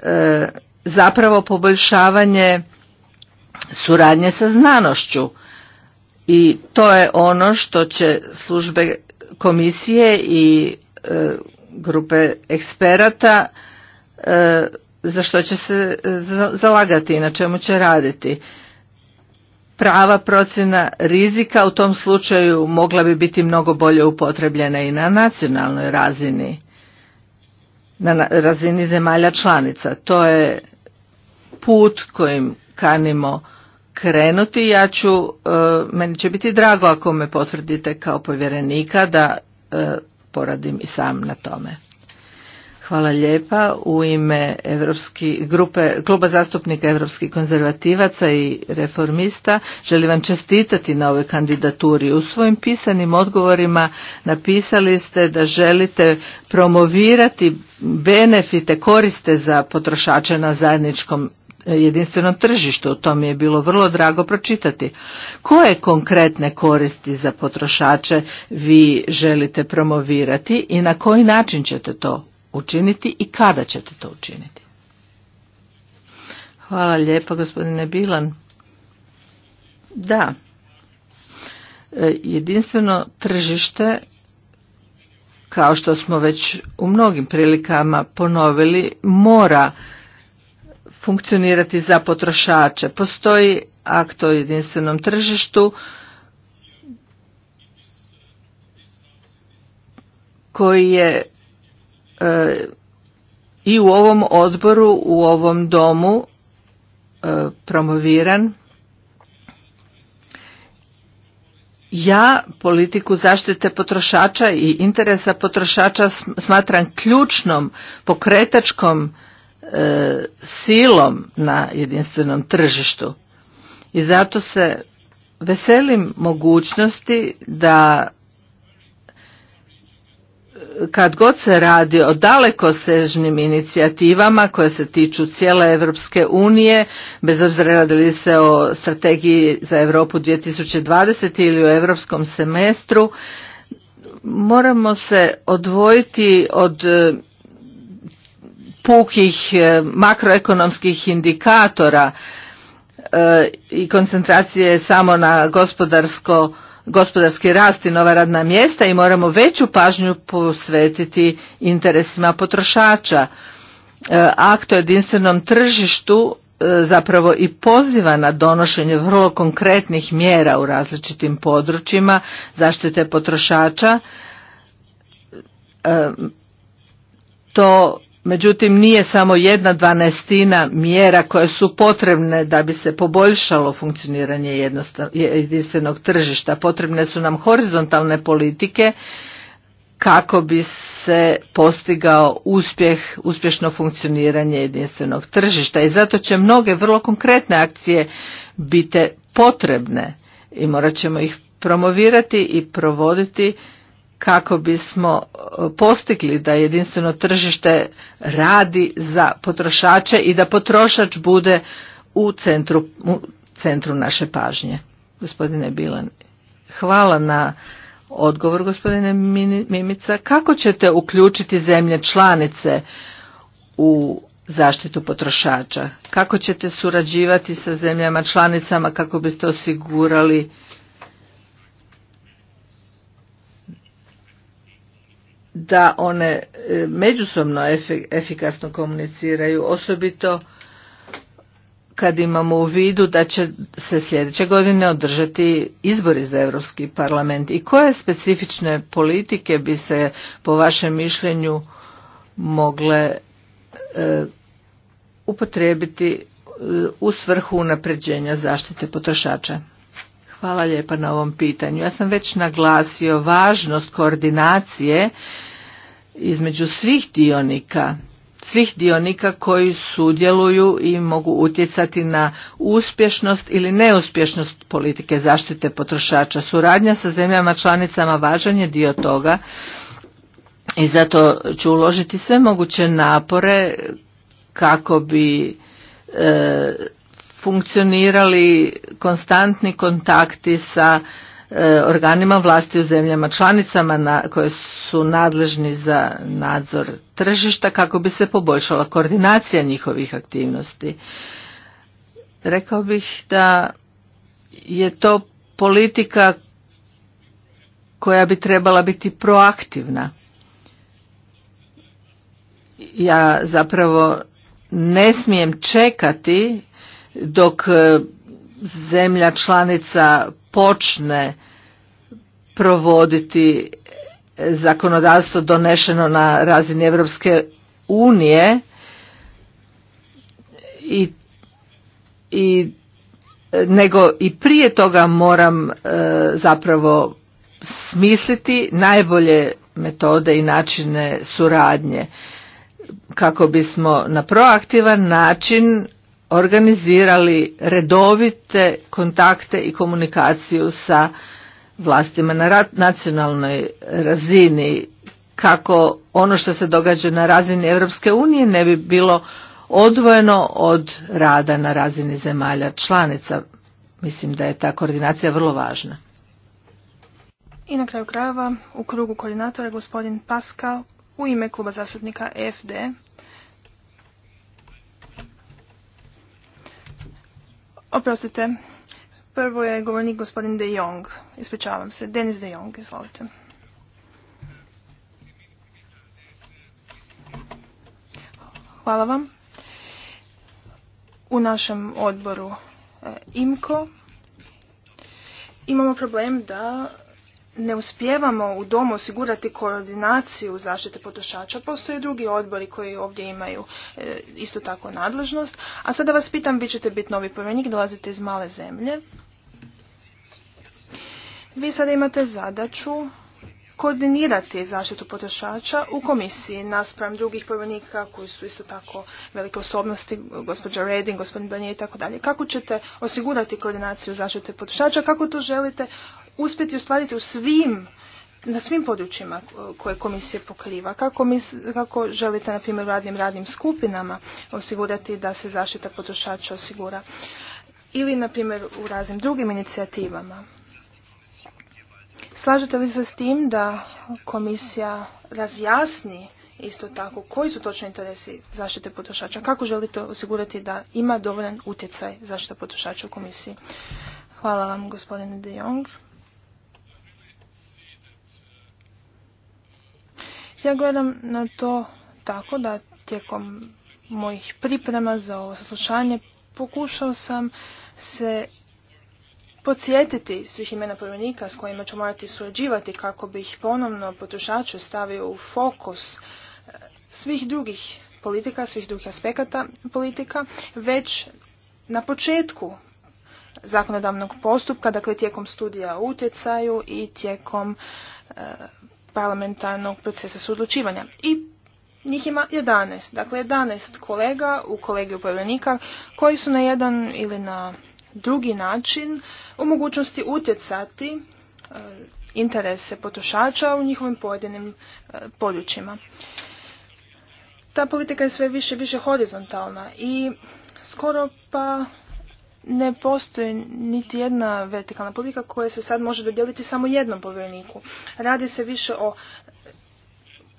zapravo poboljšavanje suradnje sa znanošću i to je ono što će službe komisije i e, grupe eksperata za što će se e, zalagati i na čemu će raditi. Prava procjena rizika u tom slučaju mogla bi biti mnogo bolje upotrebljena i na nacionalnoj razini, na razini zemalja članica. To je put kojim kanimo krenuti. Ja ću, e, meni će biti drago ako me potvrdite kao povjerenika da e, poradim i sam na tome. Hvala lijepa. U ime grupe, kluba zastupnika Europskih konzervativaca i reformista želim vam čestitati na ovoj kandidaturi. U svojim pisanim odgovorima napisali ste da želite promovirati benefite, koriste za potrošače na zajedničkom e, jedinstvenom tržištu. o tom je bilo vrlo drago pročitati. Koje konkretne koristi za potrošače vi želite promovirati i na koji način ćete to učiniti i kada ćete to učiniti. Hvala lijepa gospodine Bilan. Da, e, jedinstveno tržište kao što smo već u mnogim prilikama ponovili, mora funkcionirati za potrošače. Postoji akt o jedinstvenom tržištu koji je i u ovom odboru, u ovom domu e, promoviran. Ja politiku zaštite potrošača i interesa potrošača smatram ključnom pokretačkom e, silom na jedinstvenom tržištu. I zato se veselim mogućnosti da kad god se radi o dalekosežnim inicijativama koje se tiču cijele Europske unije, bez obzira radi li se o strategiji za Europu 2020 ili o europskom semestru, moramo se odvojiti od e, pukih e, makroekonomskih indikatora e, i koncentracije samo na gospodarsko gospodarski rast i nova radna mjesta i moramo veću pažnju posvetiti interesima potrošača. E, akt o jedinstvenom tržištu e, zapravo i poziva na donošenje vrlo konkretnih mjera u različitim područjima zaštite potrošača. E, to Međutim, nije samo jedna dvanaestina mjera koje su potrebne da bi se poboljšalo funkcioniranje jedinstvenog tržišta. Potrebne su nam horizontalne politike kako bi se postigao uspjeh, uspješno funkcioniranje jedinstvenog tržišta. I zato će mnoge vrlo konkretne akcije biti potrebne i morat ćemo ih promovirati i provoditi kako bismo postigli da jedinstveno tržište radi za potrošače i da potrošač bude u centru, u centru naše pažnje. Gospodine Bilan, hvala na odgovor gospodine Mimica. Kako ćete uključiti zemlje članice u zaštitu potrošača? Kako ćete surađivati sa zemljama članicama kako biste osigurali da one e, međusobno efikasno komuniciraju, osobito kad imamo u vidu da će se sljedeće godine održati izbori za Europski parlament i koje specifične politike bi se po vašem mišljenju mogle e, upotrijebiti e, u svrhu unapređenja zaštite potrošača. Hvala lijepa na ovom pitanju. Ja sam već naglasio važnost koordinacije između svih dionika svih dionika koji sudjeluju i mogu utjecati na uspješnost ili neuspješnost politike zaštite potrošača. Suradnja sa zemljama članicama važan je dio toga i zato ću uložiti sve moguće napore kako bi e, funkcionirali konstantni kontakti sa e, organima vlasti u zemljama članicama na, koje su nadležni za nadzor tržišta kako bi se poboljšala koordinacija njihovih aktivnosti. Rekao bih da je to politika koja bi trebala biti proaktivna. Ja zapravo ne smijem čekati dok e, zemlja članica počne provoditi zakonodavstvo donešeno na razini Europske unije i, i nego i prije toga moram e, zapravo smisliti najbolje metode i načine suradnje kako bismo na proaktivan način organizirali redovite kontakte i komunikaciju sa vlastima na nacionalnoj razini kako ono što se događa na razini Europske unije ne bi bilo odvojeno od rada na razini zemalja članica. Mislim da je ta koordinacija vrlo važna.
I na kraju krajeva u krugu koordinatora gospodin pascal u ime kluba zastupnika FD Oprostite, prvo je govornik gospodin De Jong. Ispričavam se. Denis De Jong, izvolite. Hvala vam. U našem odboru eh, IMCO imamo problem da ne uspijevamo u domu osigurati koordinaciju zaštite potrošača, postoje drugi odbori koji ovdje imaju e, isto tako nadležnost. A sada vas pitam, vi ćete biti novi povjerenik, dolazite iz male zemlje. Vi sada imate zadaću koordinirati zaštitu potrošača u komisiji naspram drugih povjerenika koji su isto tako velike osobnosti, gospođa Reding, gospodin Banje i tako dalje. Kako ćete osigurati koordinaciju zaštite potrošača, kako to želite uspjeti ostvariti u svim na svim područjima koje komisija pokriva. Kako, mis, kako želite, na primjer, u radnim radnim skupinama osigurati da se zaštita potrošača osigura? Ili, na primjer, u raznim drugim inicijativama? Slažete li se s tim da komisija razjasni isto tako koji su točni interesi zaštite potrošača? Kako želite osigurati da ima dovoljan utjecaj zaštita potrošača u komisiji? Hvala vam, gospodine De Jong. Ja gledam na to tako da tijekom mojih priprema za ovo saslušanje pokušao sam se podsjetiti svih imena promjenika s kojima ću morati surađivati kako bi ih ponovno potrošaču stavio u fokus e, svih drugih politika, svih drugih aspekata politika, već na početku zakonodavnog postupka, dakle tijekom studija utjecaju i tijekom e, parlamentarnog procesa sudlučivanja I njih ima 11, dakle 11 kolega u kolegiju povjerenika koji su na jedan ili na drugi način u mogućnosti utjecati e, interese potrošača u njihovim pojedinim e, područjima. Ta politika je sve više više horizontalna i skoro pa ne postoji niti jedna vertikalna politika koja se sad može dodijeliti samo jednom povjereniku. Radi se više o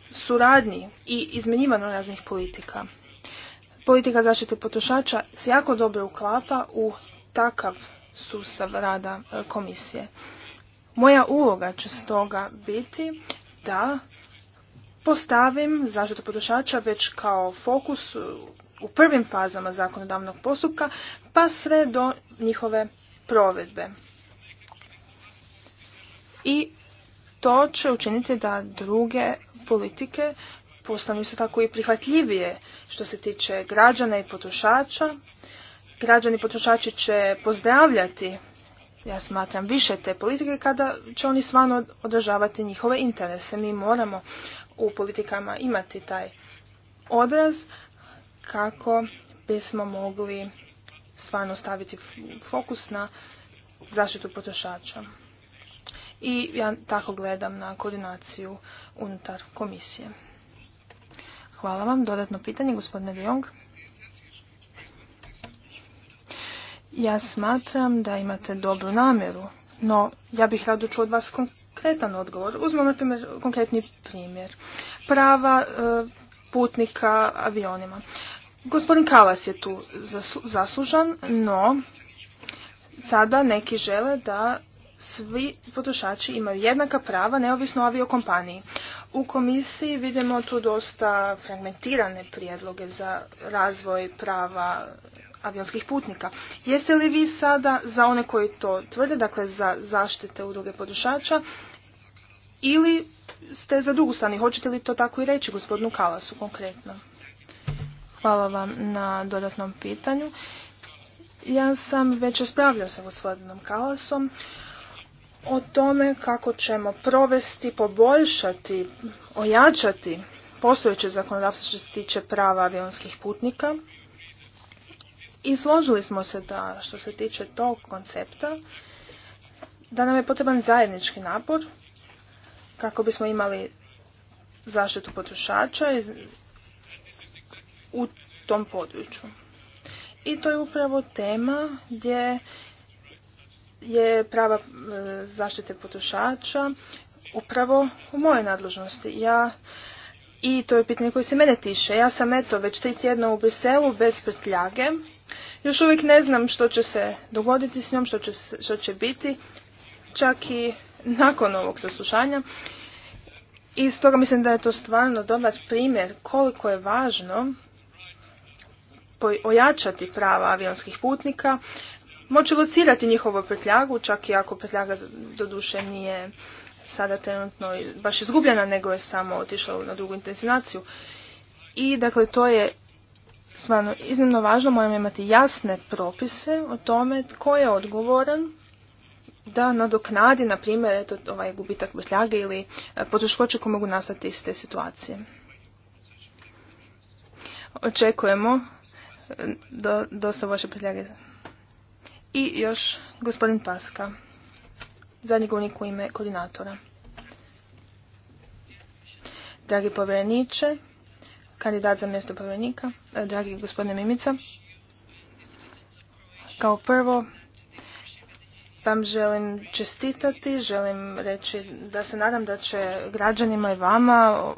suradnji i izmenjivanju raznih politika. Politika zaštite potrošača se jako dobro uklapa u takav sustav rada e, komisije. Moja uloga će stoga biti da postavim zaštitu potrošača već kao fokus u prvim fazama zakonodavnog postupka pa sve do njihove provedbe. I to će učiniti da druge politike postanu isto tako i prihvatljivije što se tiče građana i potrošača. Građani i potrošači će pozdravljati, ja smatram, više te politike kada će oni stvarno održavati njihove interese. Mi moramo u politikama imati taj odraz kako bismo mogli stvarno staviti fokus na zaštitu potrošača. I ja tako gledam na koordinaciju unutar komisije. Hvala vam. Dodatno pitanje, gospodine Jong. Ja smatram da imate dobru namjeru, no ja bih rado čuo od vas konkretan odgovor. Uzmem na primjer konkretni primjer. Prava e, putnika avionima. Gospodin Kalas je tu zaslužan, no sada neki žele da svi potrošači imaju jednaka prava neovisno o aviokompaniji. U komisiji vidimo tu dosta fragmentirane prijedloge za razvoj prava avionskih putnika. Jeste li vi sada za one koji to tvrde, dakle za zaštite udruge potrošača, ili ste za drugu stranu? Hoćete li to tako i reći gospodinu Kalasu konkretno? Hvala vam na dodatnom pitanju. Ja sam već raspravljao sa gospodinom Kalasom o tome kako ćemo provesti, poboljšati, ojačati postojeće zakonodavstvo što se tiče prava avionskih putnika. I složili smo se da što se tiče tog koncepta, da nam je potreban zajednički napor kako bismo imali zaštitu potrošača u tom području. I to je upravo tema gdje je prava e, zaštite potrošača upravo u mojoj nadležnosti. Ja i to je pitanje koje se mene tiše. Ja sam eto već tri tjedna u Briselu bez prtljage. Još uvijek ne znam što će se dogoditi s njom, što će, što će biti, čak i nakon ovog saslušanja. I stoga mislim da je to stvarno dobar primjer koliko je važno ojačati prava avionskih putnika, moći locirati njihovu prtljagu, čak i ako prtljaga doduše nije sada trenutno baš izgubljena, nego je samo otišla na drugu intenzinaciju. I dakle, to je stvarno iznimno važno, moramo imati jasne propise o tome tko je odgovoran da nadoknadi, na primjer, eto, ovaj gubitak prtljage ili e, potreškoće koje mogu nastati iz te situacije. Očekujemo do, dosta vaše predljage. I još gospodin Paska, zadnji govornik u ime koordinatora. Dragi povjereniče, kandidat za mjesto povjerenika, e, dragi gospodine Mimica, kao prvo vam želim čestitati, želim reći da se nadam da će građanima i vama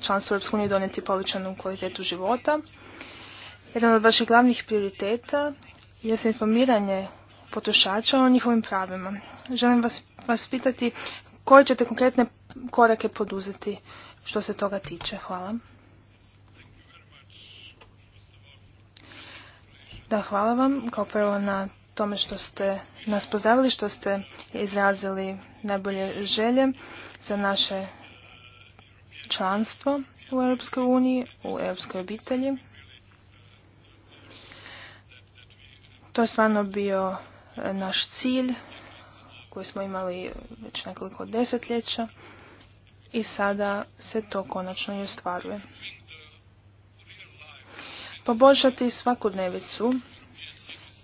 članstvo u EU donijeti povećanu kvalitetu života. Jedan od vaših glavnih prioriteta je informiranje potrošača o njihovim pravima. Želim vas, vas pitati koje ćete konkretne korake poduzeti što se toga tiče. Hvala. Da, hvala vam kao prvo na tome što ste nas pozdravili, što ste izrazili najbolje želje za naše članstvo u Europskoj uniji, u Europskoj obitelji. To je stvarno bio e, naš cilj koji smo imali već nekoliko desetljeća i sada se to konačno i ostvaruje. Poboljšati dnevicu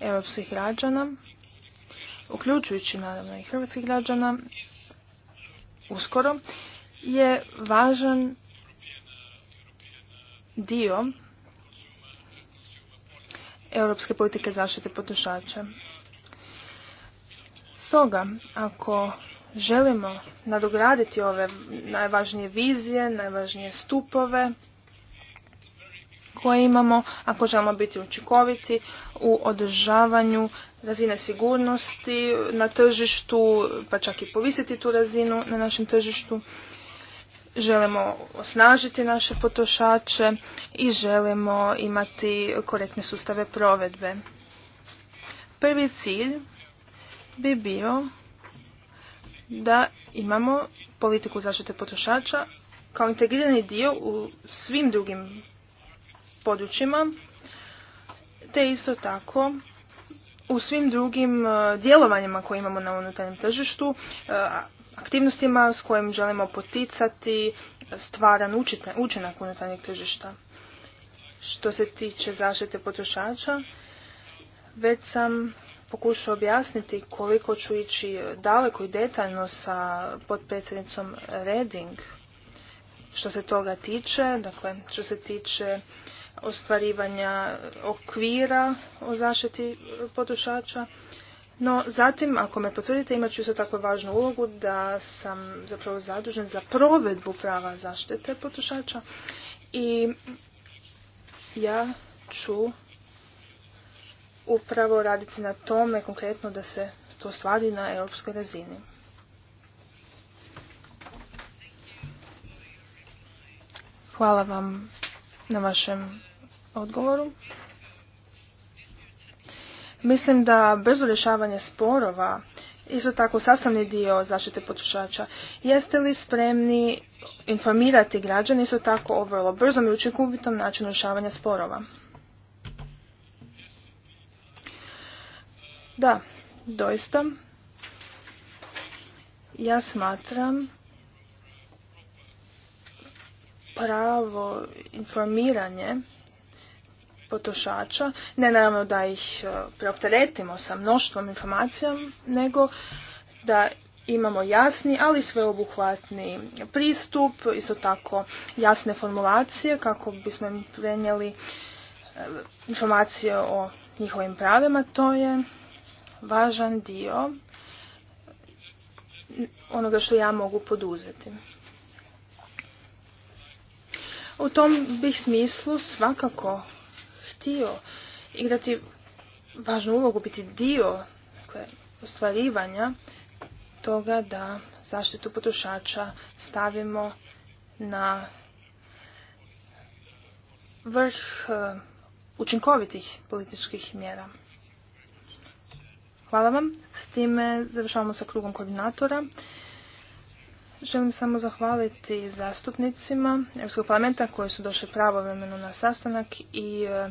evropskih građana, uključujući naravno i hrvatskih građana, uskoro je važan dio europske politike zaštite potrošača. Stoga, ako želimo nadograditi ove najvažnije vizije, najvažnije stupove koje imamo, ako želimo biti učinkoviti u održavanju razine sigurnosti na tržištu, pa čak i povisiti tu razinu na našem tržištu, želimo osnažiti naše potrošače i želimo imati korektne sustave provedbe. Prvi cilj bi bio da imamo politiku zaštite potrošača kao integrirani dio u svim drugim područjima, te isto tako u svim drugim e, djelovanjima koje imamo na unutarnjem tržištu, e, aktivnostima s kojim želimo poticati stvaran učinak unutarnjeg tržišta. Što se tiče zaštite potrošača, već sam pokušao objasniti koliko ću ići daleko i detaljno sa potpredsjednicom Reding što se toga tiče, dakle što se tiče ostvarivanja okvira o zaštiti potrošača no, zatim, ako me potvrdite, imat ću isto tako važnu ulogu da sam zapravo zadužen za provedbu prava zaštite potrošača i ja ću upravo raditi na tome konkretno da se to stvari na europskoj razini. Hvala vam na vašem odgovoru. Mislim da brzo rješavanje sporova, isto tako sastavni dio zaštite potrošača, jeste li spremni informirati građani isto tako o vrlo brzom i učinkovitom načinu rješavanja sporova? Da, doista. Ja smatram pravo informiranje potrošača, ne naravno da ih e, preopteretimo sa mnoštvom informacija, nego da imamo jasni, ali sveobuhvatni pristup, isto tako jasne formulacije kako bismo im prenijeli e, informacije o njihovim pravima, to je važan dio onoga što ja mogu poduzeti. U tom bih smislu svakako htio igrati važnu ulogu, biti dio dakle, ostvarivanja toga da zaštitu potrošača stavimo na vrh eh, učinkovitih političkih mjera. Hvala vam. S time završavamo sa krugom koordinatora. Želim samo zahvaliti zastupnicima Europskog parlamenta koji su došli pravovremeno na sastanak i eh,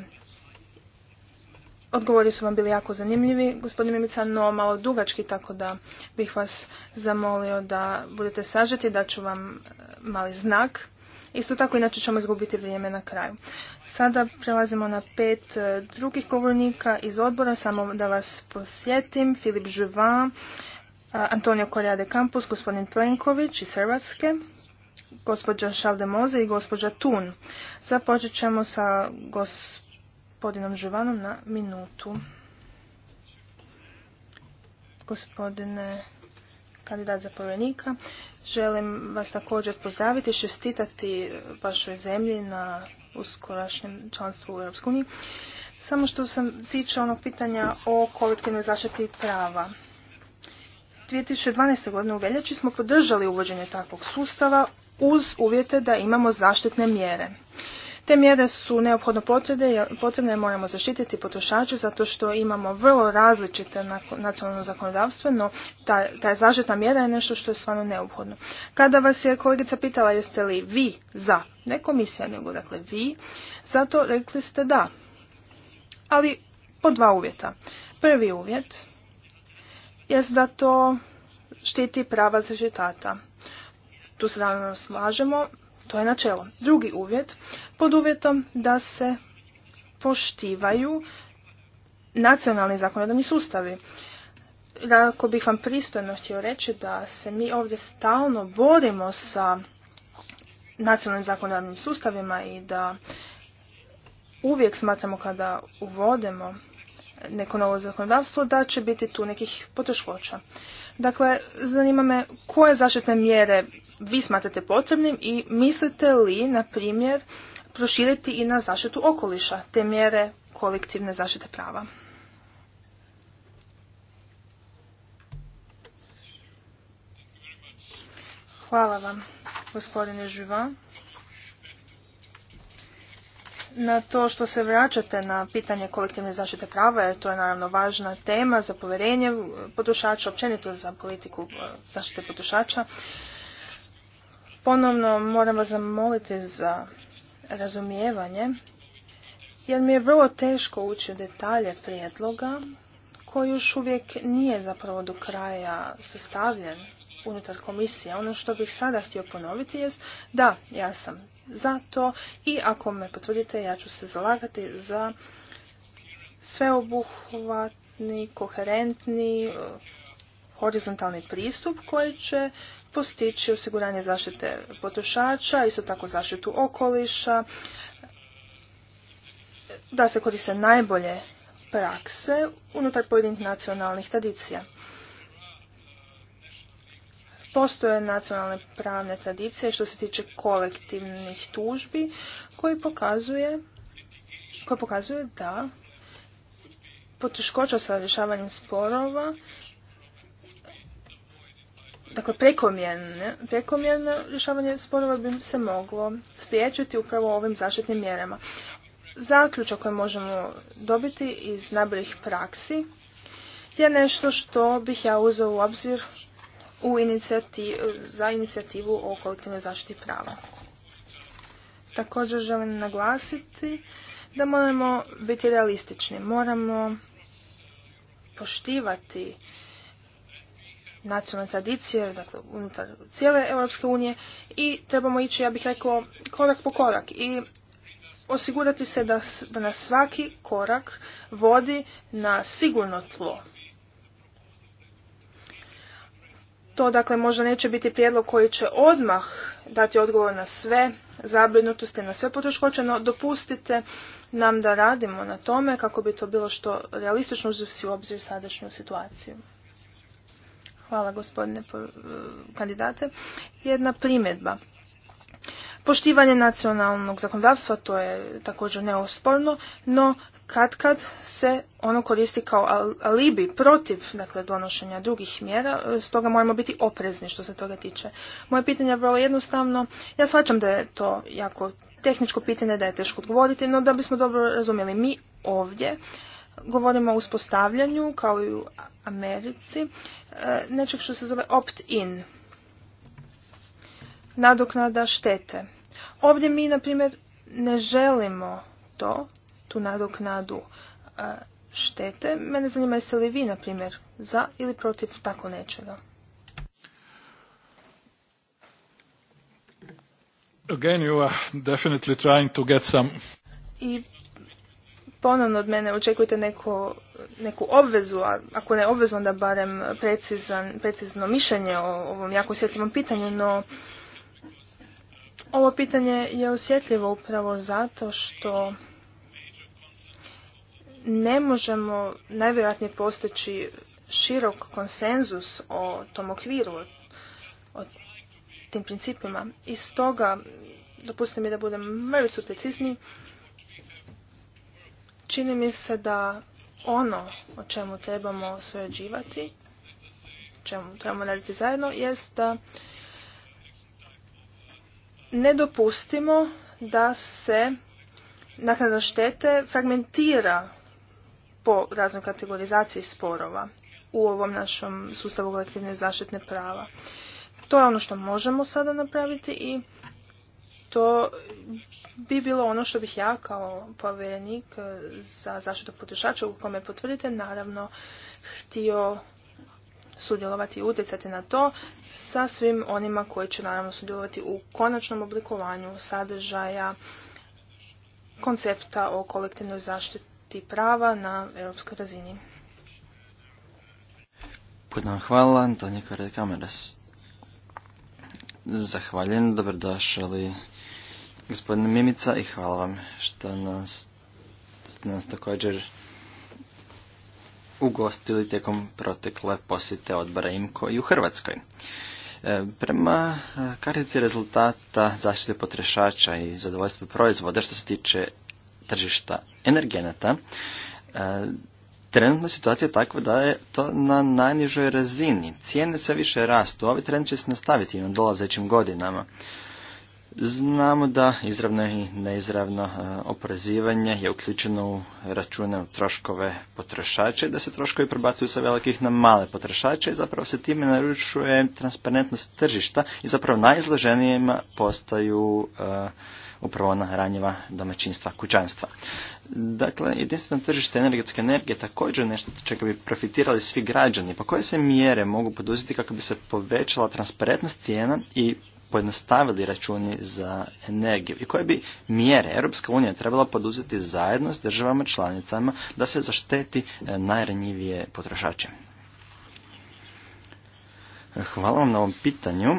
Odgovori su vam bili jako zanimljivi, gospodin Mimica, no malo dugački, tako da bih vas zamolio da budete sažeti, da ću vam eh, mali znak. Isto tako, inače ćemo izgubiti vrijeme na kraju. Sada prelazimo na pet eh, drugih govornika iz odbora, samo da vas posjetim. Filip Živan, eh, Antonio Corriade de Campus, gospodin Plenković iz Hrvatske, gospođa Moze i gospođa Tun. Započet ćemo sa gospodinom gospodinom Živanom, na minutu. Gospodine kandidat za želim vas također pozdraviti i šestitati vašoj zemlji na uskorašnjem članstvu u EU. Samo što sam tiče onog pitanja o kolektivnoj zaštiti prava. 2012. godine u veljači smo podržali uvođenje takvog sustava uz uvjete da imamo zaštitne mjere. Te mjere su neophodno potrebne moramo zaštititi potrošače zato što imamo vrlo različite nacionalno zakonodavstvo, no ta, je zaštitna mjera je nešto što je stvarno neophodno. Kada vas je kolegica pitala jeste li vi za, ne komisija nego dakle vi, zato rekli ste da. Ali po dva uvjeta. Prvi uvjet je da to štiti prava zaštitata. Tu se naravno slažemo, to je načelo. Drugi uvjet, pod uvjetom da se poštivaju nacionalni zakonodavni sustavi. Ako bih vam pristojno htio reći da se mi ovdje stalno borimo sa nacionalnim zakonodavnim sustavima i da uvijek smatramo kada uvodimo neko novo zakonodavstvo da će biti tu nekih poteškoća. Dakle, zanima me koje zaštitne mjere vi smatrate potrebnim i mislite li, na primjer, proširiti i na zaštitu okoliša te mjere kolektivne zaštite prava? Hvala vam, gospodine Živa. Na to što se vraćate na pitanje kolektivne zaštite prava, jer to je naravno važna tema za povjerenje potrošača, općenito za politiku eh, zaštite potrošača. Ponovno moram vas zamoliti za razumijevanje, jer mi je vrlo teško ući u detalje prijedloga koji još uvijek nije zapravo do kraja sastavljen unutar komisije. Ono što bih sada htio ponoviti jest da, ja sam za to i ako me potvrdite ja ću se zalagati za sveobuhvatni, koherentni, horizontalni pristup koji će postići osiguranje zaštite potrošača, isto tako zaštitu okoliša, da se koriste najbolje prakse unutar pojedinih nacionalnih tradicija. Postoje nacionalne pravne tradicije što se tiče kolektivnih tužbi koji pokazuje, koje pokazuje da poteškoća sa rješavanjem sporova dakle prekomjerne, prekomjerno rješavanje sporova bi se moglo spriječiti upravo ovim zaštitnim mjerama. Zaključak koji možemo dobiti iz najboljih praksi je nešto što bih ja uzeo u obzir u za inicijativu o kolektivnoj zaštiti prava. Također želim naglasiti da moramo biti realistični, moramo poštivati nacionalne tradicije, dakle unutar cijele Europske unije i trebamo ići, ja bih rekao, korak po korak i osigurati se da, da nas svaki korak vodi na sigurno tlo. To dakle možda neće biti prijedlog koji će odmah dati odgovor na sve zabrinutosti, na sve potroškoće, no dopustite nam da radimo na tome kako bi to bilo što realistično uz u obzir sadašnju situaciju. Hvala gospodine e, kandidate. Jedna primjedba. Poštivanje nacionalnog zakonodavstva, to je također neosporno, no kad kad se ono koristi kao alibi protiv dakle, donošenja drugih mjera, e, stoga moramo biti oprezni što se toga tiče. Moje pitanje je vrlo jednostavno, ja shvaćam da je to jako tehničko pitanje, da je teško odgovoriti, no da bismo dobro razumjeli mi ovdje govorimo o uspostavljanju, kao i u Americi, e, nečeg što se zove opt-in, nadoknada štete. Ovdje mi, na primjer, ne želimo to, tu nadoknadu e, štete. Mene zanima jeste li vi, na primjer, za ili protiv tako nečega.
Again, you are definitely trying to get some...
I ponovno od mene očekujete neku obvezu, a ako ne obvezu onda barem precizan, precizno mišljenje o ovom jako osjetljivom pitanju, no ovo pitanje je osjetljivo upravo zato što ne možemo najvjerojatnije postići širok konsenzus o tom okviru, o tim principima. I stoga, dopustite mi da budem mrvicu precizniji, Čini mi se da ono o čemu trebamo surađivati, čemu trebamo raditi zajedno, jest da ne dopustimo da se naknada štete fragmentira po raznoj kategorizaciji sporova u ovom našom sustavu kolektivne zaštitne prava. To je ono što možemo sada napraviti i to bi bilo ono što bih ja kao povjerenik eh, za zaštitu potrošača u kome potvrdite naravno htio sudjelovati i utjecati na to sa svim onima koji će naravno sudjelovati u konačnom oblikovanju sadržaja koncepta o kolektivnoj zaštiti prava na europskoj razini.
hvala, Antonija dobrodošli gospodine Mimica i hvala vam što nas, ste nas također ugostili tijekom protekle posjete odbora IMKO i u Hrvatskoj. E, prema e, kartici rezultata zaštite potrošača i zadovoljstva proizvoda što se tiče tržišta energenata, e, trenutna situacija je takva da je to na najnižoj razini. Cijene sve više rastu, ovi trend će se nastaviti u dolazećim godinama. Znamo da izravno i neizravno e, oporezivanje je uključeno u račune u troškove potrošača i da se troškovi prebacuju sa velikih na male potrošače i zapravo se time narušuje transparentnost tržišta i zapravo najizloženijima postaju e, upravo ona ranjiva domaćinstva, kućanstva. Dakle, jedinstveno tržište energetske energije također nešto čega bi profitirali svi građani. Pa koje se mjere mogu poduzeti kako bi se povećala transparentnost cijena i pojednostavili računi za energiju i koje bi mjere Europska unija trebala poduzeti zajedno s državama članicama da se zašteti e, najranjivije potrošače. Hvala vam na ovom pitanju.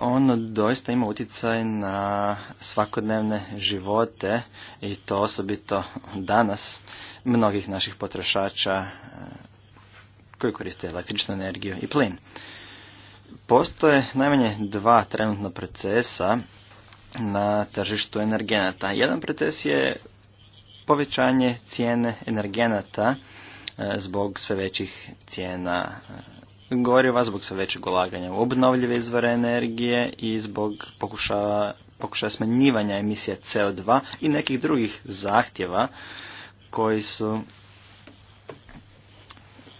Ono doista ima utjecaj na svakodnevne živote i to osobito danas mnogih naših potrošača e, koji koriste električnu energiju i plin. Postoje najmanje dva trenutna procesa na tržištu energenata. Jedan proces je povećanje cijene energenata e, zbog sve većih cijena e, goriva, zbog sve većeg ulaganja u obnovljive izvore energije i zbog pokušaja, pokušaja smanjivanja emisije CO2 i nekih drugih zahtjeva koji su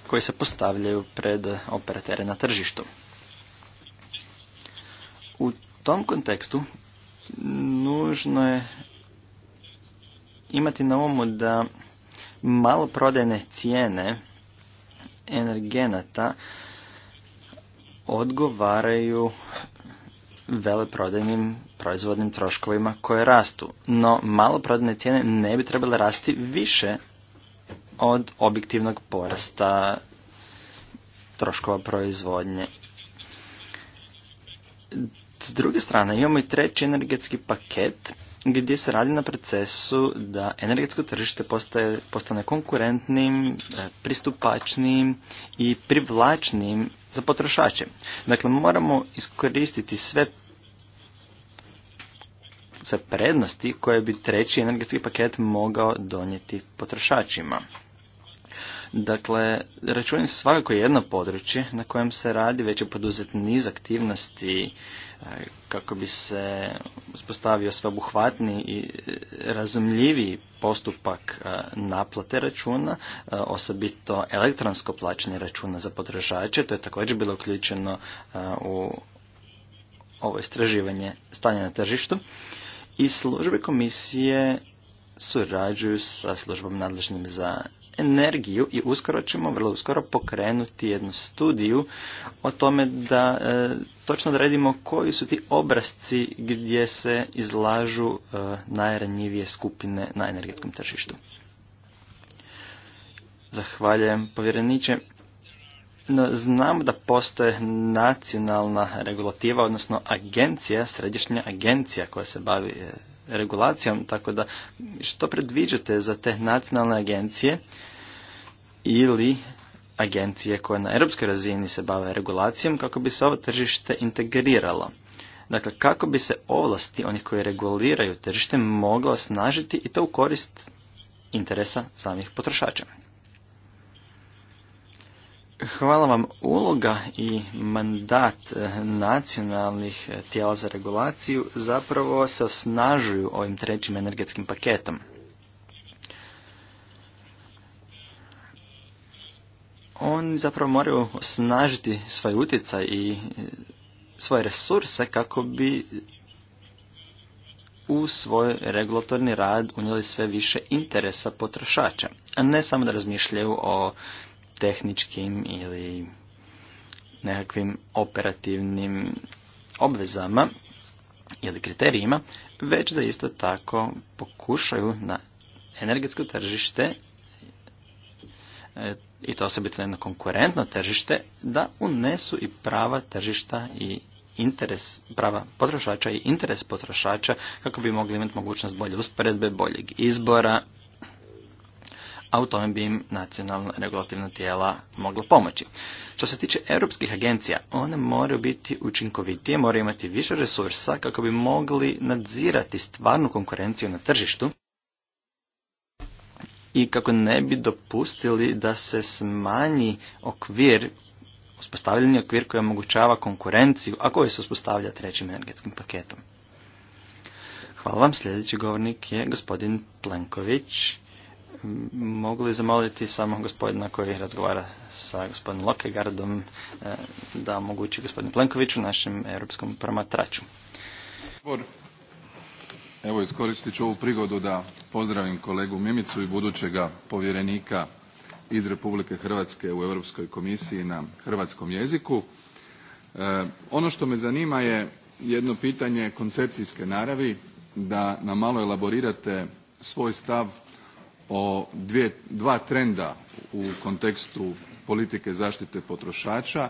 koji se postavljaju pred operatere na tržištu. U tom kontekstu nužno je imati na umu da maloprodajne cijene energenata odgovaraju veleprodajnim proizvodnim troškovima koje rastu. No maloprodajne cijene ne bi trebale rasti više od objektivnog porasta troškova proizvodnje. S druge strane imamo i treći energetski paket gdje se radi na procesu da energetsko tržište postaje, postane konkurentnim, e, pristupačnim i privlačnim za potrošače. Dakle, moramo iskoristiti sve sve prednosti koje bi treći energetski paket mogao donijeti potrošačima. Dakle, račun svakako jedno područje na kojem se radi, već je poduzet niz aktivnosti e, kako bi se uspostavio sveobuhvatni i e, razumljiviji postupak e, naplate računa, osobito elektronsko plaćanje računa za potrošače, to je također bilo uključeno u ovo istraživanje stanja na tržištu. I službe komisije surađuju sa službom nadležnim za energiju i uskoro ćemo vrlo uskoro pokrenuti jednu studiju o tome da e, točno odredimo koji su ti obrasci gdje se izlažu e, najranjivije skupine na energetskom tržištu. Zahvaljujem povjereniče. No, znam da postoje nacionalna regulativa, odnosno agencija, središnja agencija koja se bavi e, regulacijom, tako da što predviđate za te nacionalne agencije ili agencije koje na europskoj razini se bave regulacijom kako bi se ovo tržište integriralo. Dakle, kako bi se ovlasti onih koji reguliraju tržište mogla snažiti i to u korist interesa samih potrošača. Hvala vam. Uloga i mandat eh, nacionalnih eh, tijela za regulaciju zapravo se osnažuju ovim trećim energetskim paketom. Oni zapravo moraju osnažiti svoj utjecaj i eh, svoje resurse kako bi u svoj regulatorni rad unijeli sve više interesa potrošača, a ne samo da razmišljaju o tehničkim ili nekakvim operativnim obvezama ili kriterijima, već da isto tako pokušaju na energetsko tržište e, i to osobito na konkurentno tržište, da unesu i prava tržišta i interes prava potrošača i interes potrošača kako bi mogli imati mogućnost bolje usporedbe, boljeg izbora a u tome bi im nacionalna regulativna tijela mogla pomoći. Što se tiče europskih agencija, one moraju biti učinkovitije, moraju imati više resursa kako bi mogli nadzirati stvarnu konkurenciju na tržištu i kako ne bi dopustili da se smanji okvir, uspostavljeni okvir koji omogućava konkurenciju, a koji se uspostavlja trećim energetskim paketom. Hvala vam. Sljedeći govornik je gospodin Plenković mogli zamoliti samo gospodina koji razgovara sa gospodinom Lokegardom eh, da omogući gospodinu Plenkoviću, našem europskom promatraču. Evo iskoristit ću ovu prigodu da
pozdravim kolegu Mimicu i budućega povjerenika iz Republike Hrvatske u Europskoj komisiji na hrvatskom jeziku. Eh, ono što me zanima je jedno pitanje koncepcijske naravi da nam malo elaborirate svoj stav o dva trenda u kontekstu politike zaštite potrošača.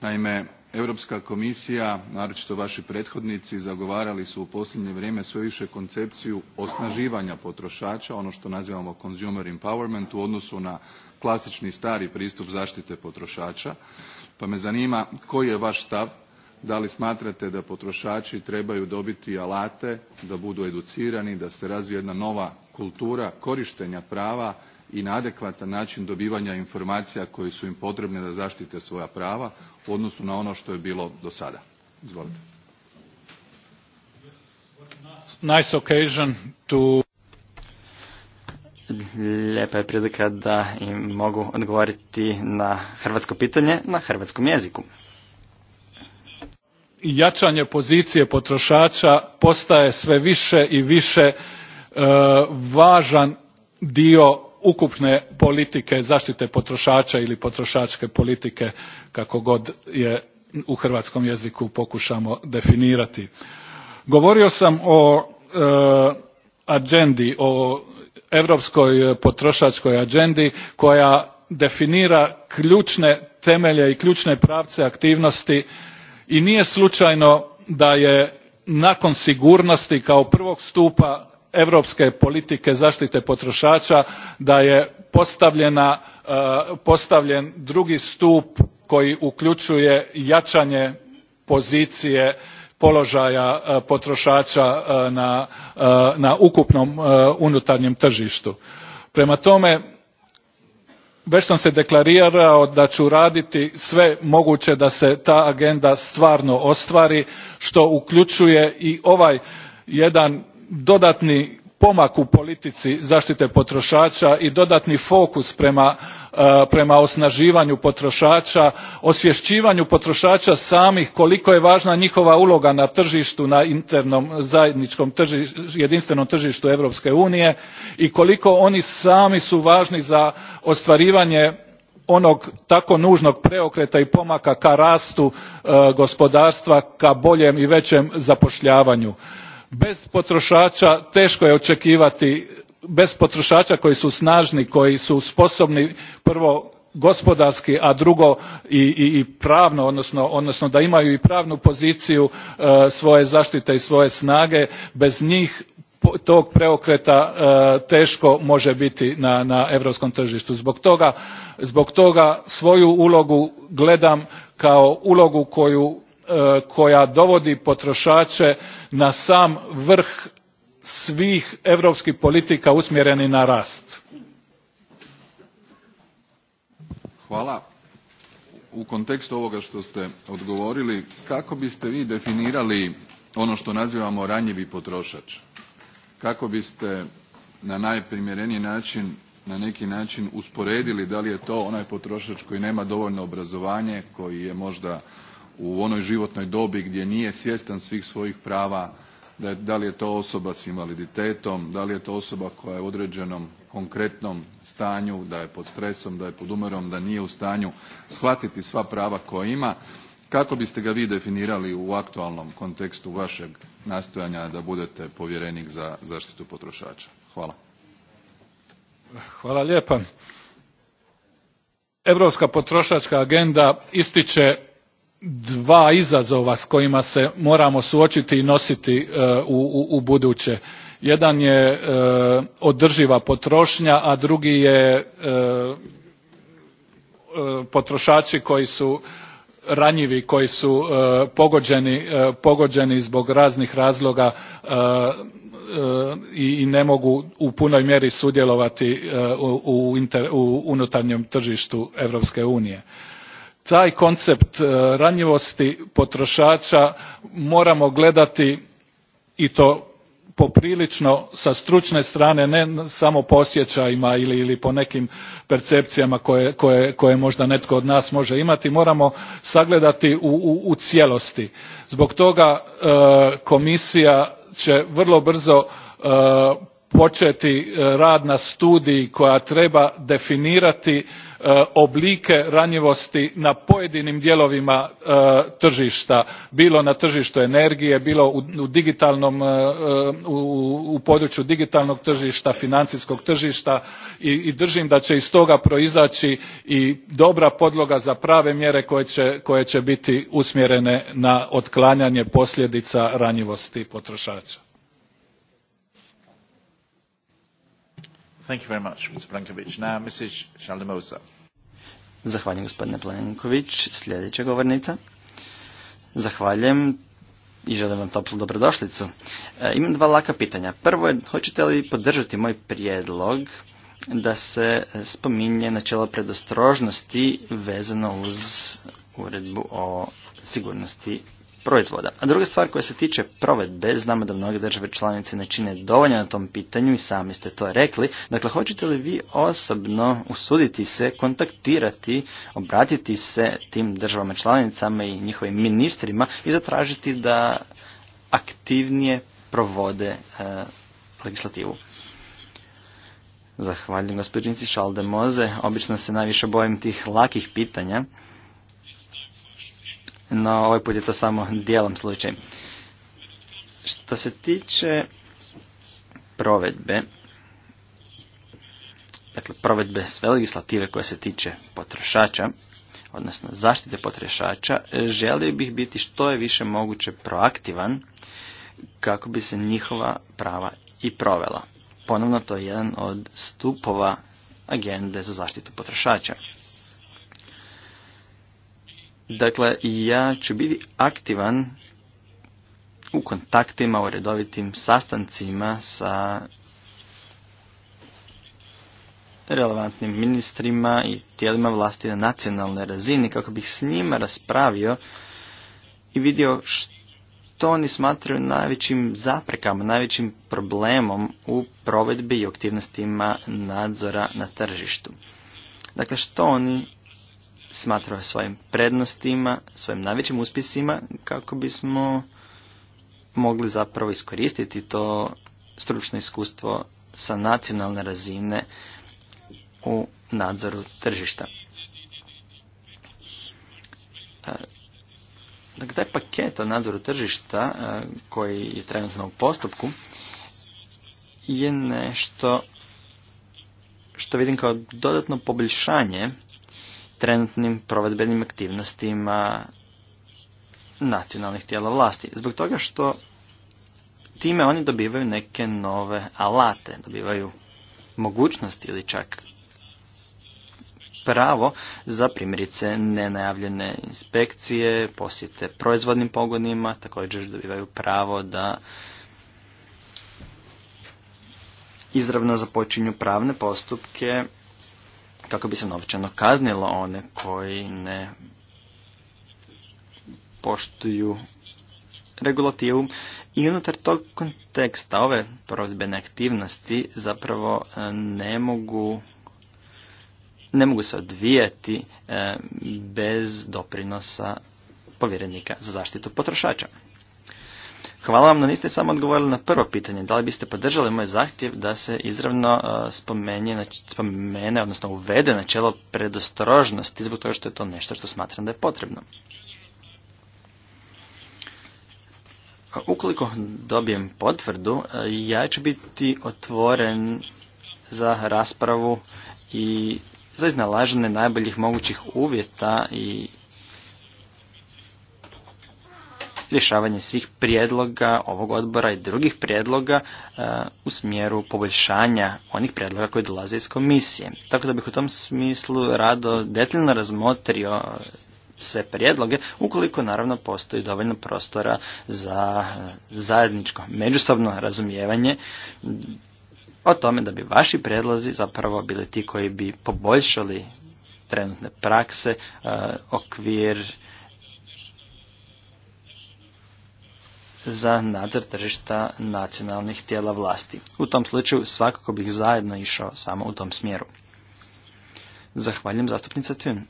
Naime, Europska komisija, naročito vaši prethodnici zagovarali su u posljednje vrijeme sve više koncepciju osnaživanja potrošača, ono što nazivamo consumer empowerment u odnosu na klasični stari pristup zaštite potrošača, pa me zanima koji je vaš stav da li smatrate da potrošači trebaju dobiti alate da budu educirani da se razvije jedna nova kultura korištenja prava i na adekvatan način dobivanja informacija koje su im potrebne da zaštite svoja prava u odnosu na ono što je bilo do sada. Izvolite.
Nice occasion to... Lijepa je prilika da im mogu odgovoriti na hrvatsko pitanje na hrvatskom jeziku.
Jačanje pozicije potrošača postaje sve više i više E, važan dio ukupne politike zaštite potrošača ili potrošačke politike kako god je u hrvatskom jeziku pokušamo definirati. Govorio sam o e, agendi, o europskoj potrošačkoj agendi koja definira ključne temelje i ključne pravce aktivnosti i nije slučajno da je nakon sigurnosti kao prvog stupa europske politike zaštite potrošača da je e, postavljen drugi stup koji uključuje jačanje pozicije položaja e, potrošača e, na, na ukupnom unutarnjem tržištu. prema tome već sam se deklarirao da ću raditi sve moguće da se ta agenda stvarno ostvari što uključuje i ovaj jedan dodatni pomak u politici zaštite potrošača i dodatni fokus prema, e, prema osnaživanju potrošača osvješćivanju potrošača samih koliko je važna njihova uloga na tržištu na internom zajedničkom jedinstvenom tržištu europske unije i koliko oni sami su važni za ostvarivanje onog tako nužnog preokreta i pomaka ka rastu e, gospodarstva ka boljem i većem zapošljavanju bez potrošača teško je očekivati bez potrošača koji su snažni koji su sposobni prvo gospodarski a drugo i, pravno odnosno, da imaju i pravnu poziciju e, svoje zaštite i svoje snage bez njih tog preokreta e, teško može biti na, europskom tržištu. zbog toga svoju ulogu gledam kao ulogu koju Eh, koja dovodi potrošače na sam vrh svih europskih politika usmjerenih na rast.
Hvala. U kontekstu ovoga što ste odgovorili, kako biste vi definirali ono što nazivamo ranjivi potrošač? Kako biste na najprimjereniji način na neki način usporedili da li je to onaj potrošač koji nema dovoljno obrazovanje koji je možda u onoj životnoj dobi gdje nije svjestan svih svojih prava, da li je to osoba s invaliditetom, da li je to osoba koja je u određenom konkretnom stanju, da je pod stresom, da je pod umorom, da nije u stanju shvatiti sva prava koja ima, kako biste ga vi definirali u aktualnom kontekstu vašeg nastojanja da budete povjerenik za zaštitu potrošača? Hvala.
Hvala lijepa. Europska potrošačka agenda ističe dva izazova s kojima se moramo suočiti i nositi e, u, buduće jedan je e, održiva potrošnja a drugi je e, potrošači koji su ranjivi koji su pogođeni, pogođeni zbog raznih razloga i ne mogu u punoj mjeri sudjelovati u unutarnjem tržištu europske unije taj koncept e, ranjivosti potrošača moramo gledati i to poprilično sa stručne strane ne samo po osjećajima ili, ili po nekim percepcijama koje, koje, možda netko od nas može imati moramo sagledati u, cijelosti. zbog toga e, komisija će vrlo brzo e, početi e, rad na studiji koja treba definirati e, oblike ranjivosti na pojedinim dijelovima e, tržišta bilo na tržištu energije bilo u digitalnom u području digitalnog tržišta financijskog tržišta i držim da će iz toga proizaći i dobra podloga za prave mjere koje će, koje će biti usmjerene na otklanjanje posljedica ranjivosti potrošača
Thank you very much,
Zahvaljujem, gospodine Plenković. Sljedeća govornica. Zahvaljujem i želim vam toplu dobrodošlicu. E, imam dva laka pitanja. Prvo je, hoćete li podržati moj prijedlog da se spominje načelo predostrožnosti vezano uz uredbu o sigurnosti proizvoda. A druga stvar koja se tiče provedbe, znamo da mnoge države članice ne čine dovoljno na tom pitanju i sami ste to rekli. Dakle, hoćete li vi osobno usuditi se, kontaktirati, obratiti se tim državama članicama i njihovim ministrima i zatražiti da aktivnije provode e, legislativu? Zahvaljujem gospodinci Šalde Moze. Obično se najviše bojim tih lakih pitanja no ovaj put je to samo dijelom slučaj. Što se tiče provedbe, dakle provedbe sve legislative koja se tiče potrošača, odnosno zaštite potrošača, želio bih biti što je više moguće proaktivan kako bi se njihova prava i provela. Ponovno to je jedan od stupova agende za zaštitu potrošača. Dakle, ja ću biti aktivan u kontaktima, u redovitim sastancima sa relevantnim ministrima i tijelima vlasti na nacionalnoj razini kako bih s njima raspravio i vidio što oni smatraju najvećim zaprekama, najvećim problemom u provedbi i aktivnostima nadzora na tržištu. Dakle, što oni smatrao svojim prednostima, svojim najvećim uspisima, kako bismo mogli zapravo iskoristiti to stručno iskustvo sa nacionalne razine u nadzoru tržišta. E, dakle, taj paket o nadzoru tržišta e, koji je trenutno u postupku je nešto što vidim kao dodatno poboljšanje trenutnim provedbenim aktivnostima nacionalnih tijela vlasti. Zbog toga što time oni dobivaju neke nove alate, dobivaju mogućnosti ili čak pravo za primjerice nenajavljene inspekcije, posjete proizvodnim pogonima, također dobivaju pravo da izravno započinju pravne postupke kako bi se novčano kaznilo one koji ne poštuju regulativu i unutar tog konteksta ove prozbene aktivnosti zapravo e, ne mogu ne mogu se odvijati e, bez doprinosa povjerenika za zaštitu potrošača. Hvala vam, da niste samo odgovorili na prvo pitanje. Da li biste podržali moj zahtjev da se izravno e, spomene, odnosno uvede načelo predostrožnosti zbog toga što je to nešto što smatram da je potrebno? Ukoliko dobijem potvrdu, e, ja ću biti otvoren za raspravu i za iznalaženje najboljih mogućih uvjeta i rješavanje svih prijedloga ovog odbora i drugih prijedloga e, u smjeru poboljšanja onih prijedloga koji dolaze iz komisije. Tako da bih u tom smislu rado detaljno razmotrio sve prijedloge, ukoliko naravno postoji dovoljno prostora za e, zajedničko međusobno razumijevanje o tome da bi vaši prijedlozi zapravo bili ti koji bi poboljšali trenutne prakse, e, okvir za nadzor tržišta nacionalnih tijela vlasti. U tom slučaju svakako bih zajedno išao samo u tom smjeru. Zahvaljujem zastupnica Tun.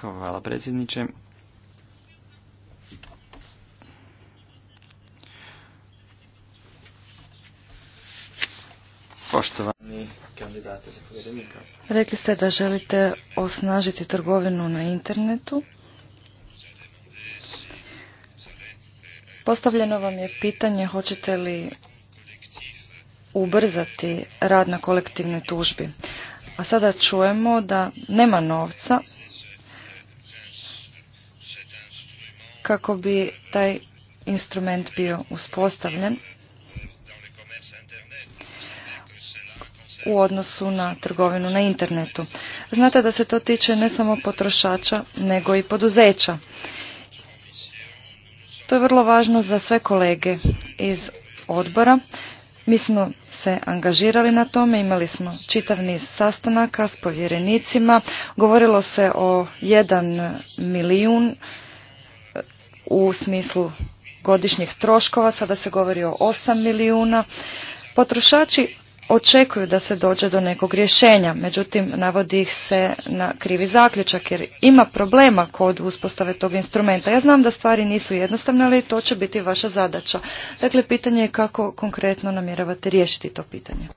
Hvala predsjedniče.
Poštovani
kandidate za
Rekli ste da želite osnažiti trgovinu na internetu. Postavljeno vam je pitanje hoćete li ubrzati rad na kolektivnoj tužbi. A sada čujemo da nema novca kako bi taj instrument bio uspostavljen u odnosu na trgovinu na internetu. Znate da se to tiče ne samo potrošača, nego i poduzeća. To je vrlo važno za sve kolege iz odbora. Mi smo se angažirali na tome, imali smo čitav niz sastanaka s povjerenicima, govorilo se o jedan milijun e, u smislu godišnjih troškova, sada se govori o 8 milijuna. Potrošači očekuju da se dođe do nekog rješenja, međutim navodi ih se na krivi zaključak jer ima problema kod uspostave tog instrumenta. Ja znam da stvari nisu jednostavne, ali to će biti vaša zadaća. Dakle, pitanje je kako konkretno namjeravate riješiti to pitanje.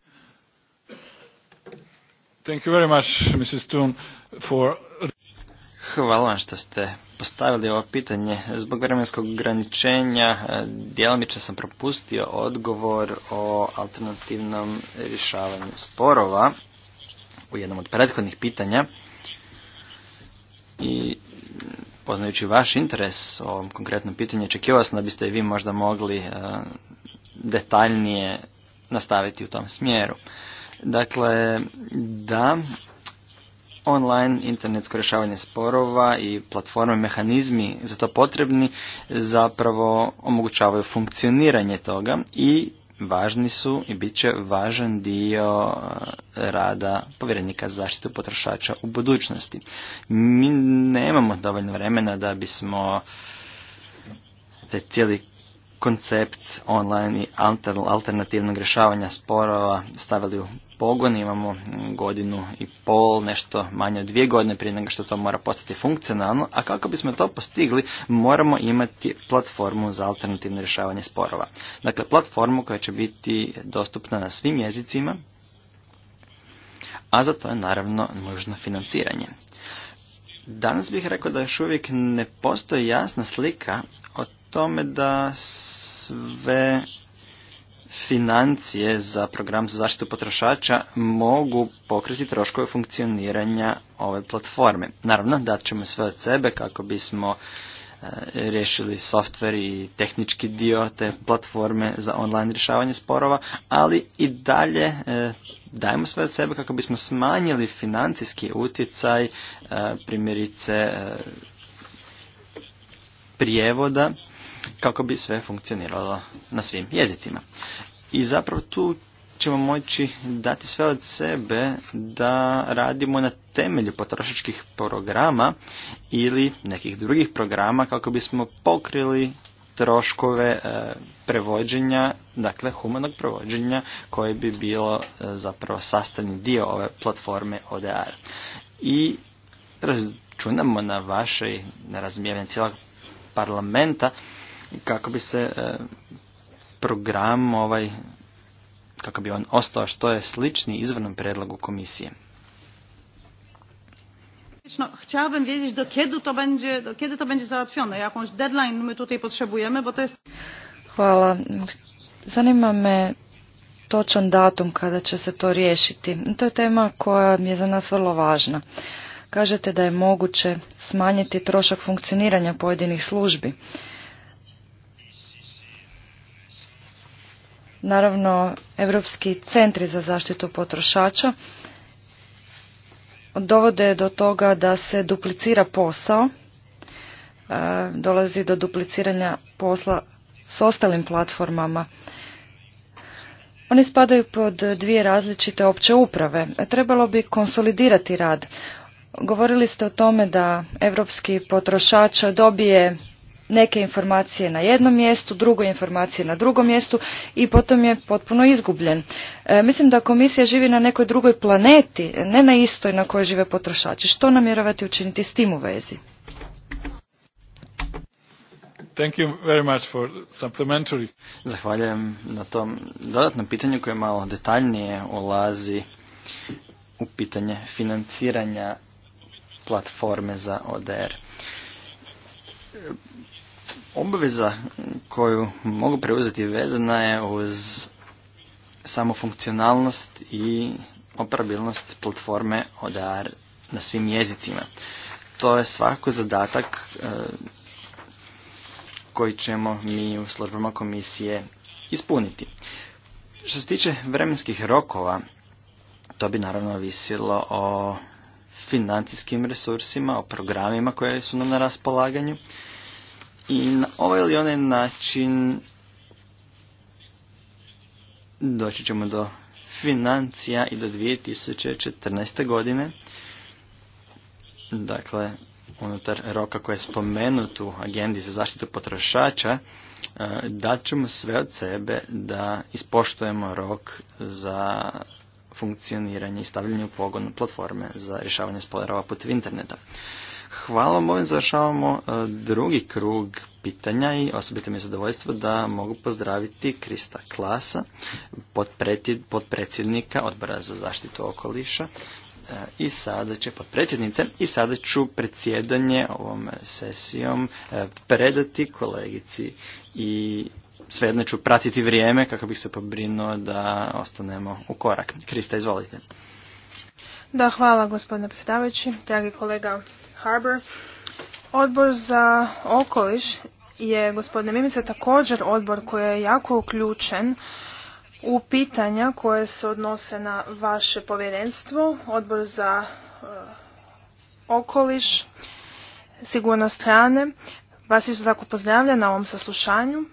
Hvala vam što ste postavili ovo pitanje. Zbog vremenskog ograničenja e, djelomično sam propustio odgovor o alternativnom rješavanju sporova u jednom od prethodnih pitanja. I poznajući vaš interes o ovom konkretnom pitanju, očekivao sam da biste i vi možda mogli e, detaljnije nastaviti u tom smjeru. Dakle, da, online internetsko rješavanje sporova i platforme, mehanizmi za to potrebni zapravo omogućavaju funkcioniranje toga i važni su i bit će važan dio e, rada povjerenika za zaštitu potrošača u budućnosti. Mi nemamo dovoljno vremena da bismo taj cijeli koncept online i alternativnog rješavanja sporova stavili u pogon, imamo godinu i pol, nešto manje od dvije godine prije nego što to mora postati funkcionalno, a kako bismo to postigli moramo imati platformu za alternativno rješavanje sporova. Dakle, platformu koja će biti dostupna na svim jezicima, a za to je naravno nužno financiranje. Danas bih rekao da još uvijek ne postoji jasna slika o tome da sve financije za program za zaštitu potrošača mogu pokriti troškove funkcioniranja ove platforme. Naravno, dat ćemo sve od sebe kako bismo e, riješili softver i tehnički dio te platforme za online rješavanje sporova, ali i dalje e, dajemo sve od sebe kako bismo smanjili financijski utjecaj e, primjerice prijevoda kako bi sve funkcioniralo na svim jezicima. I zapravo tu ćemo moći dati sve od sebe da radimo na temelju potrošačkih programa ili nekih drugih programa kako bismo pokrili troškove e, prevođenja, dakle humanog prevođenja koje bi bilo e, zapravo sastavni dio ove platforme ODR. I računamo na vaše na razumijevanje cijelog parlamenta kako bi se e, program ovaj kako bi on ostao što je slični izvornom predlogu komisije.
No, chciałabym wiedzieć, do kiedy to będzie, do kiedy to będzie załatwione. Jakąś
deadline my tutaj potrzebujemy, bo to jest...
Hvala. Zanima me točan datum kada će se to riješiti. To je tema koja je za nas vrlo važna. Kažete da je moguće smanjiti trošak funkcioniranja pojedinih službi. naravno Europski centri za zaštitu potrošača dovode do toga da se duplicira posao, e, dolazi do dupliciranja posla s ostalim platformama. Oni spadaju pod dvije različite opće uprave. E, trebalo bi konsolidirati rad. Govorili ste o tome da evropski potrošač dobije neke informacije na jednom mjestu, drugo informacije na drugom mjestu i potom je potpuno izgubljen. E, mislim da komisija živi na nekoj drugoj planeti, ne na istoj na kojoj žive potrošači. Što namjeravate učiniti s tim u vezi?
Thank you very much for supplementary. Zahvaljujem na tom dodatnom pitanju koje malo detaljnije ulazi u pitanje financiranja platforme za ODR. Obveza koju mogu preuzeti vezana je uz samo funkcionalnost i operabilnost platforme ODR na svim jezicima. To je svako zadatak e, koji ćemo mi u službama komisije ispuniti. Što se tiče vremenskih rokova, to bi naravno visilo o financijskim resursima, o programima koje su nam na raspolaganju i na ovaj ili onaj način doći ćemo do financija i do 2014. godine. Dakle, unutar roka koji je spomenut u agendi za zaštitu potrošača, e, dat ćemo sve od sebe da ispoštujemo rok za funkcioniranje i stavljanje u pogon platforme za rješavanje spolerova putem interneta. Hvala vam, završavamo e, drugi krug pitanja i osobito mi je zadovoljstvo da mogu pozdraviti Krista Klasa, potpredsjednika odbora za zaštitu okoliša e, i sada će i sada ću predsjedanje ovom sesijom e, predati kolegici i svejedno ću pratiti vrijeme kako bih se pobrinuo da ostanemo u korak. Krista, izvolite.
Da, hvala gospodine predsjedavajući, dragi kolega Harbour. Odbor za okoliš je, gospodine Mimice također odbor koji je jako uključen u pitanja koje se odnose na vaše povjerenstvo, odbor za eh, okoliš, sigurnost strane Vas isto tako pozdravlja na ovom saslušanju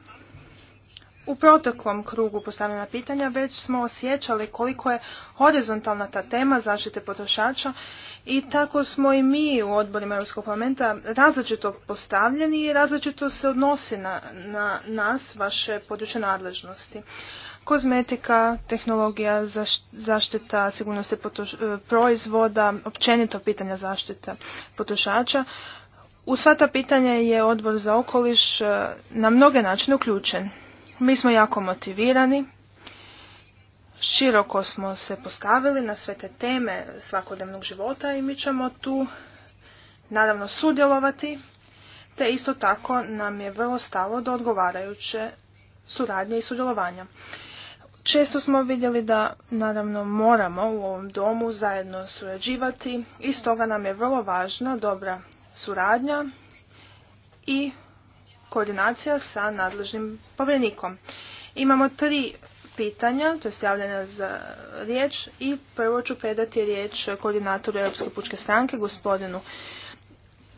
u proteklom krugu postavljena pitanja već smo osjećali koliko je horizontalna ta tema zaštite potrošača i tako smo i mi u odborima Europskog parlamenta različito postavljeni i različito se odnosi na, na nas, vaše područje nadležnosti. Kozmetika, tehnologija, zaštita sigurnosti e, proizvoda, općenito pitanja zaštita potrošača. U sva ta pitanja je odbor za okoliš e, na mnoge načine uključen. Mi smo jako motivirani, široko smo se postavili na sve te teme svakodnevnog života i mi ćemo tu naravno sudjelovati, te isto tako nam je vrlo stalo do odgovarajuće suradnje i sudjelovanja. Često smo vidjeli da naravno moramo u ovom domu zajedno surađivati i stoga nam je vrlo važna dobra suradnja i koordinacija sa nadležnim povjerenikom. Imamo tri pitanja, to je javljena za riječ i prvo ću predati riječ koordinatoru Europske pučke stranke, gospodinu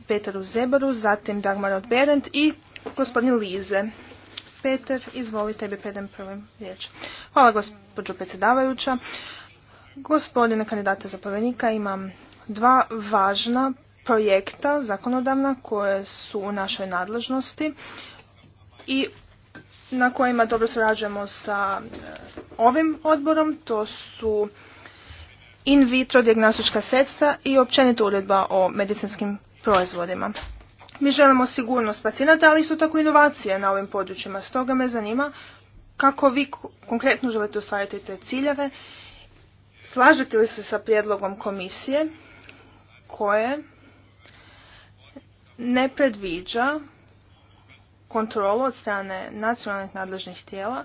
Peteru Zebaru, zatim Dagmar berend i gospodinu Lize. Peter, izvoli, tebi predam prvo riječ. Hvala gospođo predsjedavajuća. Gospodine kandidata za povjerenika, imam dva važna projekta zakonodavna koje su u našoj nadležnosti i na kojima dobro surađujemo sa e, ovim odborom. To su in vitro diagnostička sredstva i općenito uredba o medicinskim proizvodima. Mi želimo sigurnost pacijenata, ali isto tako inovacije na ovim područjima. Stoga me zanima kako vi konkretno želite ostvariti te ciljeve. Slažete li se sa prijedlogom komisije koje ne predviđa kontrolu od strane nacionalnih nadležnih tijela.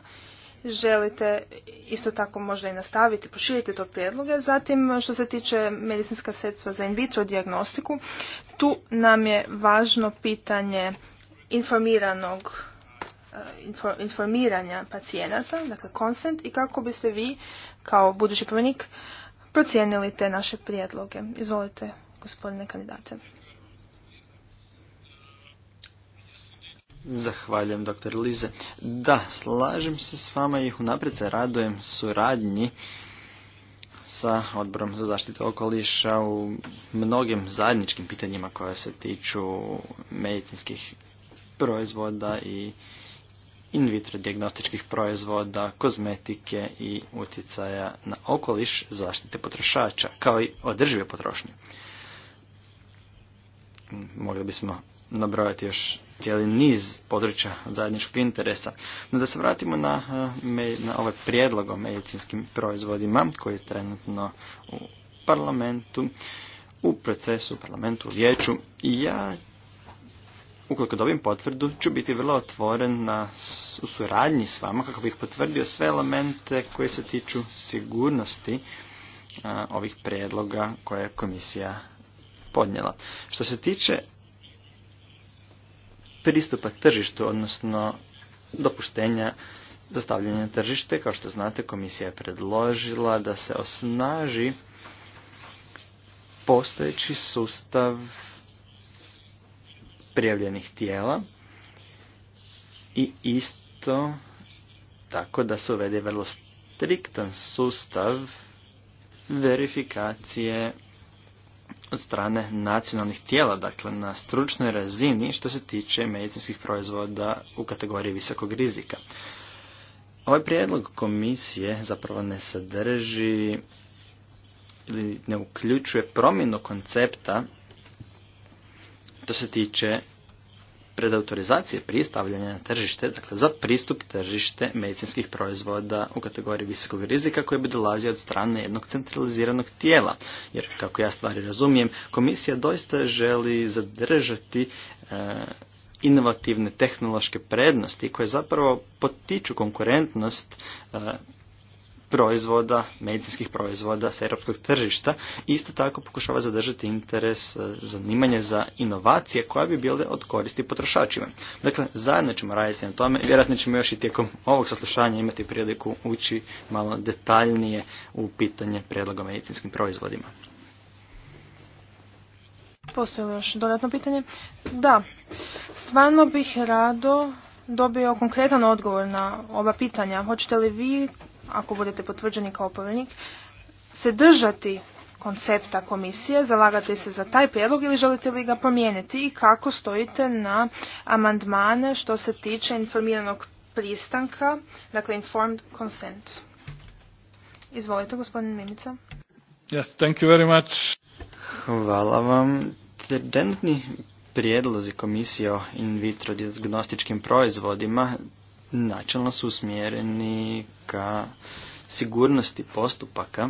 Želite isto tako možda i nastaviti, proširiti to prijedloge. Zatim što se tiče medicinska sredstva za in vitro diagnostiku, tu nam je važno pitanje informiranog eh, informiranja pacijenata, dakle konsent i kako biste vi kao budući promjenik procijenili te naše prijedloge. Izvolite, gospodine kandidate.
Zahvaljujem, dr. Lize. Da, slažem se s vama i unaprijed se radujem suradnji sa odborom za zaštitu okoliša u mnogim zajedničkim pitanjima koja se tiču medicinskih proizvoda i in vitro diagnostičkih proizvoda, kozmetike i utjecaja na okoliš zaštite potrošača, kao i održive potrošnje. Mogli bismo nabrojati još cijeli niz područja zajedničkog interesa. No da se vratimo na, eh, na ovaj prijedlog o medicinskim proizvodima koji je trenutno u parlamentu, u procesu u parlamentu, u vijeću. Ja, ukoliko dobijem potvrdu, ću biti vrlo otvoren na, u suradnji s vama kako bih potvrdio sve elemente koje se tiču sigurnosti eh, ovih prijedloga koje je komisija podnijela. Što se tiče pristupa tržištu, odnosno dopuštenja za stavljanje na tržište. Kao što znate, komisija je predložila da se osnaži postojeći sustav prijavljenih tijela i isto tako da se uvede vrlo striktan sustav verifikacije od strane nacionalnih tijela, dakle na stručnoj razini što se tiče medicinskih proizvoda u kategoriji visokog rizika. Ovaj prijedlog komisije zapravo ne sadrži ili ne uključuje promjenu koncepta što se tiče pred autorizacije prije stavljanja na tržište, dakle za pristup tržište medicinskih proizvoda u kategoriji visokog rizika koji bi dolazio od strane jednog centraliziranog tijela. Jer, kako ja stvari razumijem, komisija doista želi zadržati e, inovativne tehnološke prednosti koje zapravo potiču konkurentnost e, proizvoda, medicinskih proizvoda s europskog tržišta isto tako pokušava zadržati interes e, zanimanje za inovacije koja bi bile od koristi potrošačima. Dakle, zajedno ćemo raditi na tome. Vjerojatno ćemo još i tijekom ovog saslušanja imati priliku ući malo detaljnije u pitanje predloga medicinskim proizvodima.
Postoji li još dodatno pitanje? Da, stvarno bih rado dobio konkretan odgovor na oba pitanja. Hoćete li vi ako budete potvrđeni kao povjerenik, se držati koncepta komisije, zalagate se za taj prijedlog ili želite li ga promijeniti i kako stojite na amandmane što se tiče informiranog pristanka, dakle informed consent. Izvolite, gospodin Mimica.
Yes, thank you very much. Hvala vam. Trenutni prijedlozi komisije o in vitro diagnostičkim proizvodima načelno su usmjereni ka sigurnosti postupaka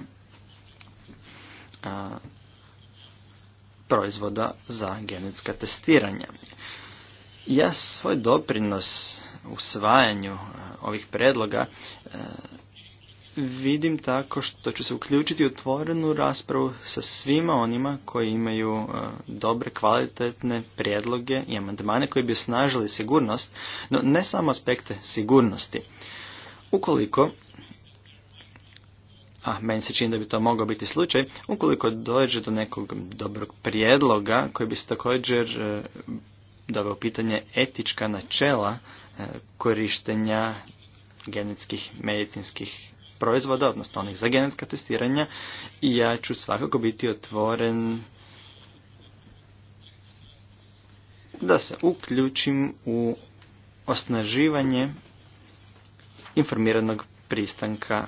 proizvoda za genetska testiranja. Ja svoj doprinos usvajanju ovih predloga vidim tako što ću se uključiti u otvorenu raspravu sa svima onima koji imaju e, dobre, kvalitetne prijedloge i amandmane koji bi osnažili sigurnost, no ne samo aspekte sigurnosti. Ukoliko a meni se čini da bi to mogao biti slučaj, ukoliko dođe do nekog dobrog prijedloga koji bi se također e, doveo pitanje etička načela e, korištenja genetskih medicinskih proizvoda, odnosno onih za genetska testiranja i ja ću svakako biti otvoren da se uključim u osnaživanje informiranog pristanka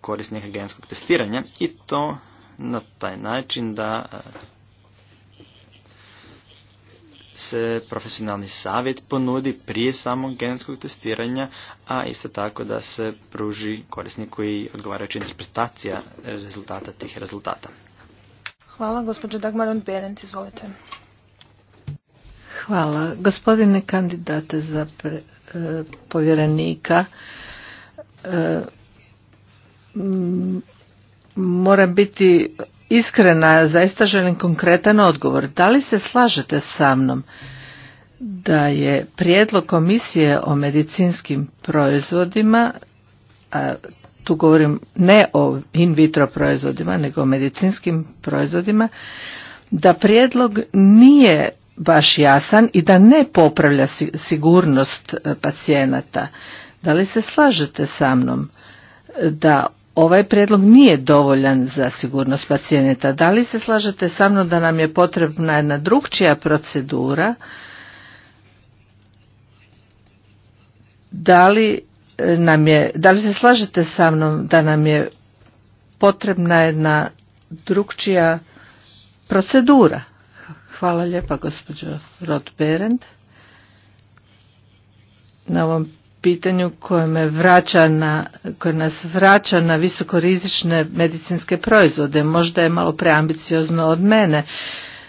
korisnika genetskog testiranja i to na taj način da se profesionalni savjet ponudi prije samog genetskog testiranja, a isto tako da se pruži korisniku i odgovarajuća interpretacija rezultata tih rezultata.
Hvala, gospođo Dagmaron izvolite.
Hvala. Gospodine kandidate za e, povjerenika, e, mora biti iskrena, zaista želim konkretan odgovor. Da li se slažete sa mnom da je prijedlog komisije o medicinskim proizvodima, a tu govorim ne o in vitro proizvodima, nego o medicinskim proizvodima, da prijedlog nije baš jasan i da ne popravlja sigurnost e, pacijenata. Da li se slažete sa mnom da ovaj predlog nije dovoljan za sigurnost pacijenata. Da li se slažete sa mnom da nam je potrebna jedna drugčija procedura? Da li, e, nam je, da li se slažete sa mnom da nam je potrebna jedna drugčija procedura? Hvala lijepa gospođo Rod Berend na ovom pitanju koje, me vraća na, koje nas vraća na visokorizične medicinske proizvode. Možda je malo preambiciozno od mene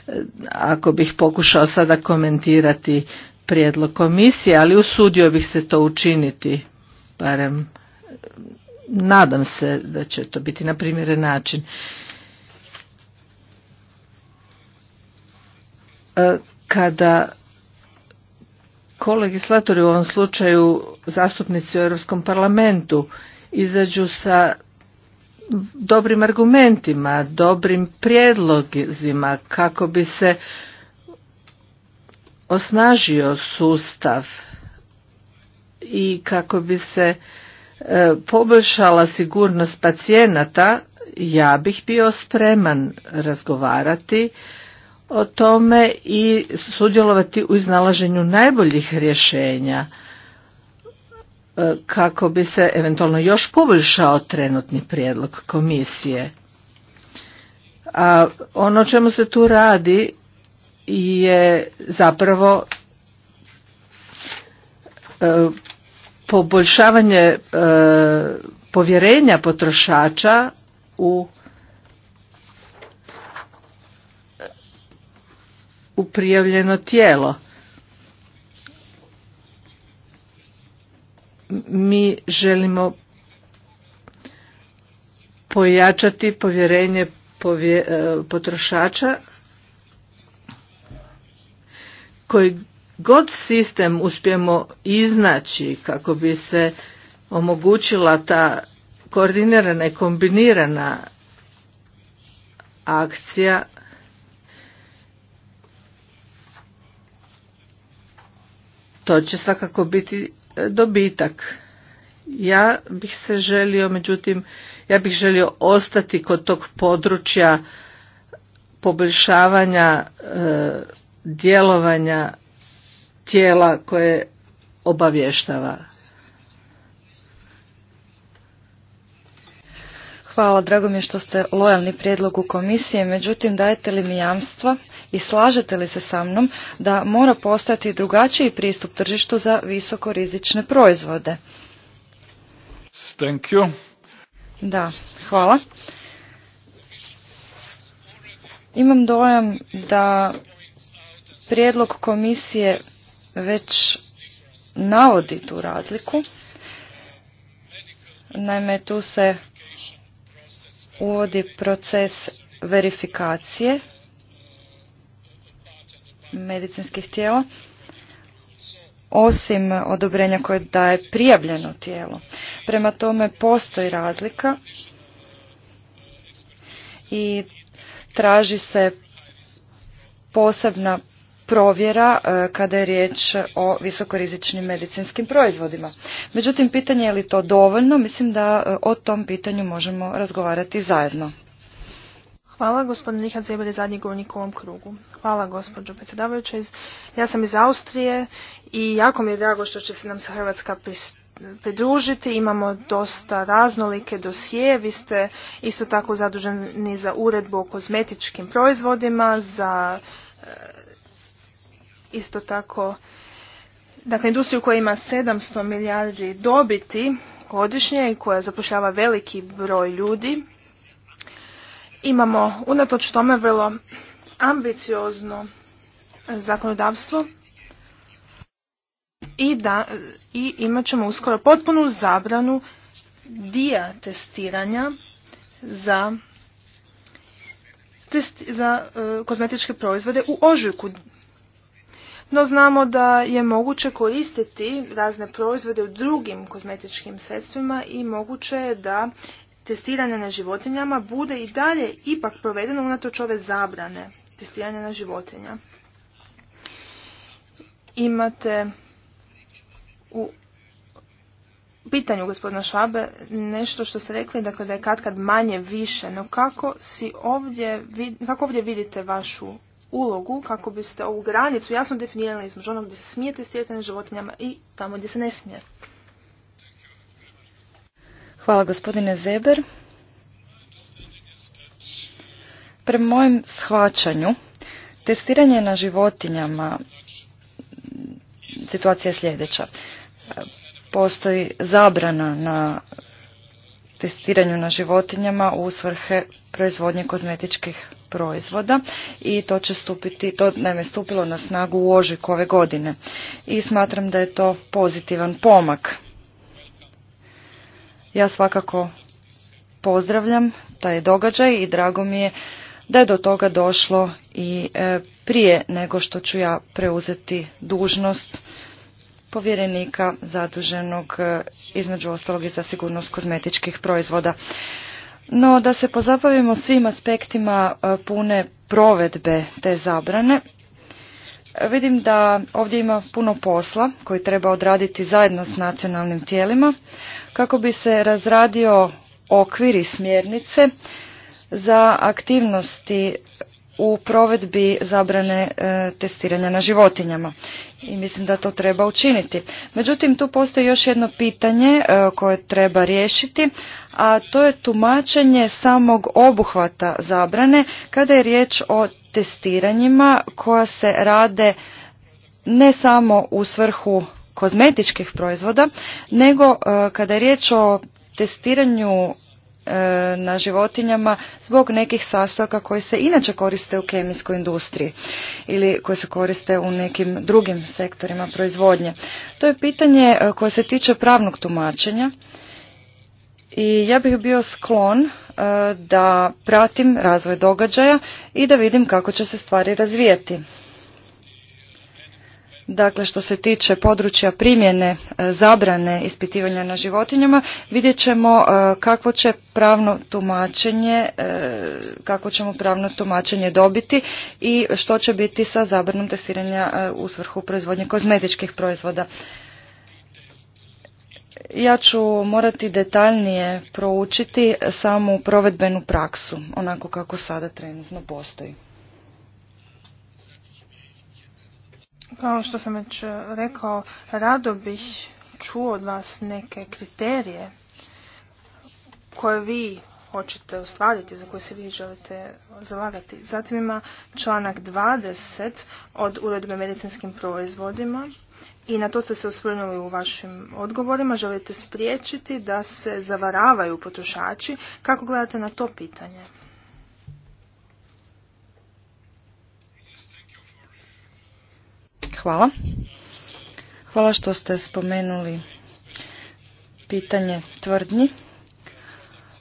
e, ako bih pokušao sada komentirati prijedlog komisije, ali usudio bih se to učiniti, barem e, nadam se da će to biti na primjeren način. E, kada kolegislatori u ovom slučaju zastupnici u Europskom parlamentu izađu sa dobrim argumentima, dobrim prijedlozima kako bi se osnažio sustav i kako bi se e, poboljšala sigurnost pacijenata, ja bih bio spreman razgovarati o tome i sudjelovati u iznalaženju najboljih rješenja. E, kako bi se eventualno još poboljšao trenutni prijedlog komisije. A ono čemu se tu radi je zapravo e, poboljšavanje e, povjerenja potrošača u u prijavljeno tijelo mi želimo pojačati povjerenje e, potrošača koji god sistem uspijemo iznaći kako bi se omogućila ta koordinirana i kombinirana akcija to će svakako biti dobitak. Ja bih se želio, međutim, ja bih želio ostati kod tog područja poboljšavanja e, djelovanja tijela koje obavještava
Hvala, drago mi je što ste lojalni prijedlogu komisije, međutim dajete li mi jamstvo i slažete li se sa mnom da mora postati drugačiji pristup tržištu za visokorizične proizvode? Thank you. Da, hvala. Imam dojam da prijedlog komisije već navodi tu razliku. Naime, tu se uvodi proces verifikacije medicinskih tijela osim odobrenja koje daje prijavljeno tijelo. Prema tome postoji razlika i traži se posebna provjera e, kada je riječ o visokorizičnim medicinskim proizvodima. Međutim, pitanje je li to dovoljno, mislim da e, o tom pitanju možemo razgovarati zajedno.
Hvala, gospodin Nihat Zeber je zadnji govornik u ovom krugu. Hvala, gospođo predsjedavajuća. Ja sam iz Austrije i jako mi je drago što će se nam sa Hrvatska pridružiti. Imamo dosta raznolike dosije. Vi ste isto tako zaduženi za uredbu o kozmetičkim proizvodima, za e, isto tako dakle industriju koja ima 700 milijardi dobiti godišnje i koja zapošljava veliki broj ljudi imamo unatoč tome vrlo ambiciozno zakonodavstvo i, da, i imat ćemo uskoro potpunu zabranu dija testiranja za, za e, kozmetičke proizvode u ožujku no znamo da je moguće koristiti razne proizvode u drugim kozmetičkim sredstvima i moguće je da testiranje na životinjama bude i dalje ipak provedeno unatoč ove zabrane testiranja na životinja. Imate u pitanju gospodina Švabe nešto što ste rekli, dakle da je katkad manje više, no kako si ovdje, kako ovdje vidite vašu ulogu kako biste ovu granicu jasno definirali između onog gdje se smijete testirati na životinjama i tamo gdje se ne smije.
Hvala gospodine Zeber. Prema mojem shvaćanju, testiranje na životinjama situacija je sljedeća. Postoji zabrana na testiranju na životinjama u svrhe proizvodnje kozmetičkih proizvoda i to će stupiti, to naime stupilo na snagu u ožujku ove godine. I smatram da je to pozitivan pomak. Ja svakako pozdravljam taj događaj i drago mi je da je do toga došlo i e, prije nego što ću ja preuzeti dužnost povjerenika zaduženog e, između ostalog i za sigurnost kozmetičkih proizvoda. No da se pozabavimo svim aspektima e, pune provedbe te zabrane, e, vidim da ovdje ima puno posla koji treba odraditi zajedno s nacionalnim tijelima kako bi se razradio okvir i smjernice za aktivnosti u provedbi zabrane e, testiranja na životinjama i mislim da to treba učiniti. Međutim, tu postoji još jedno pitanje e, koje treba riješiti, a to je tumačenje samog obuhvata zabrane kada je riječ o testiranjima koja se rade ne samo u svrhu kozmetičkih proizvoda, nego e, kada je riječ o testiranju E, na životinjama zbog nekih sastojaka koji se inače koriste u kemijskoj industriji ili koji se koriste u nekim drugim sektorima proizvodnje. To je pitanje e, koje se tiče pravnog tumačenja i ja bih bio sklon e, da pratim razvoj događaja i da vidim kako će se stvari razvijeti. Dakle, što se tiče područja primjene e, zabrane ispitivanja na životinjama, vidjet ćemo e, kakvo će pravno tumačenje, e, kako ćemo pravno tumačenje dobiti i što će biti sa zabranom testiranja u svrhu proizvodnje kozmetičkih proizvoda. Ja ću morati detaljnije proučiti samu provedbenu praksu, onako kako sada trenutno postoji.
Kao što sam već e, rekao, rado bih čuo od vas neke kriterije koje vi hoćete ostvariti, za koje se vi želite zalagati. Zatim ima članak 20 od uredbe medicinskim proizvodima i na to ste se osvrnuli u vašim odgovorima. Želite spriječiti da se zavaravaju potrošači. Kako gledate na to pitanje?
Hvala. Hvala što ste spomenuli pitanje tvrdnji,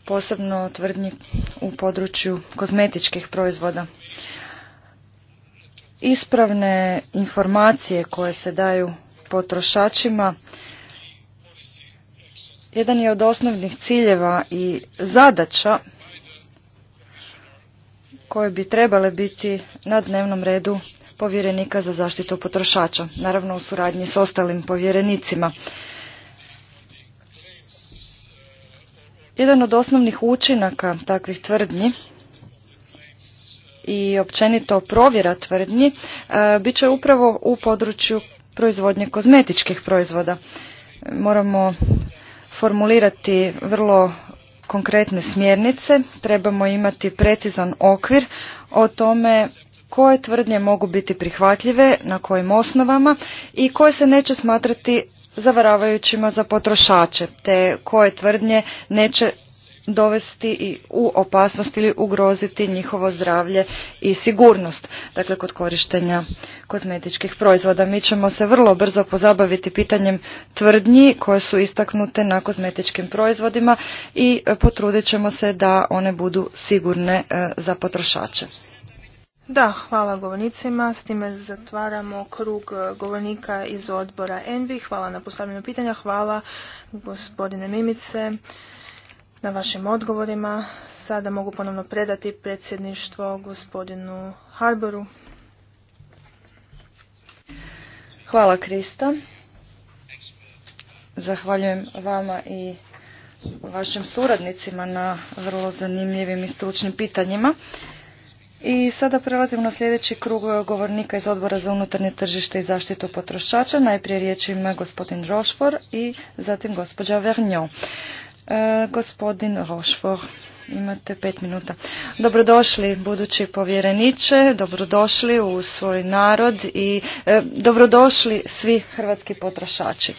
posebno tvrdnji u području kozmetičkih proizvoda. Ispravne informacije koje se daju potrošačima jedan je od osnovnih ciljeva i zadaća koje bi trebale biti na dnevnom redu povjerenika za zaštitu potrošača, naravno u suradnji s ostalim povjerenicima. Jedan od osnovnih učinaka takvih tvrdnji i općenito provjera tvrdnji e, bit će upravo u području proizvodnje kozmetičkih proizvoda. Moramo formulirati vrlo konkretne smjernice, trebamo imati precizan okvir o tome koje tvrdnje mogu biti prihvatljive, na kojim osnovama i koje se neće smatrati zavaravajućima za potrošače, te koje tvrdnje neće dovesti i u opasnost ili ugroziti njihovo zdravlje i sigurnost, dakle kod korištenja kozmetičkih proizvoda. Mi ćemo se vrlo brzo pozabaviti pitanjem tvrdnji koje su istaknute na kozmetičkim proizvodima i potrudit ćemo se da one budu sigurne e, za potrošače.
Da, hvala govornicima. S time zatvaramo krug e, govornika iz odbora Envi. Hvala na postavljanju pitanja. Hvala gospodine Mimice na vašim odgovorima. Sada mogu ponovno predati predsjedništvo gospodinu
Harboru. Hvala Krista. Zahvaljujem vama i vašim suradnicima na vrlo zanimljivim i stručnim pitanjima. I sada prelazim na sljedeći krug govornika iz Odbora za unutarnje tržište i zaštitu potrošača. Najprije riječ ima gospodin Rošfor i zatim gospođa Vernjo. E, gospodin Rošfor, imate pet minuta. Dobrodošli budući povjereniče, dobrodošli u svoj narod i e, dobrodošli svi hrvatski potrošači.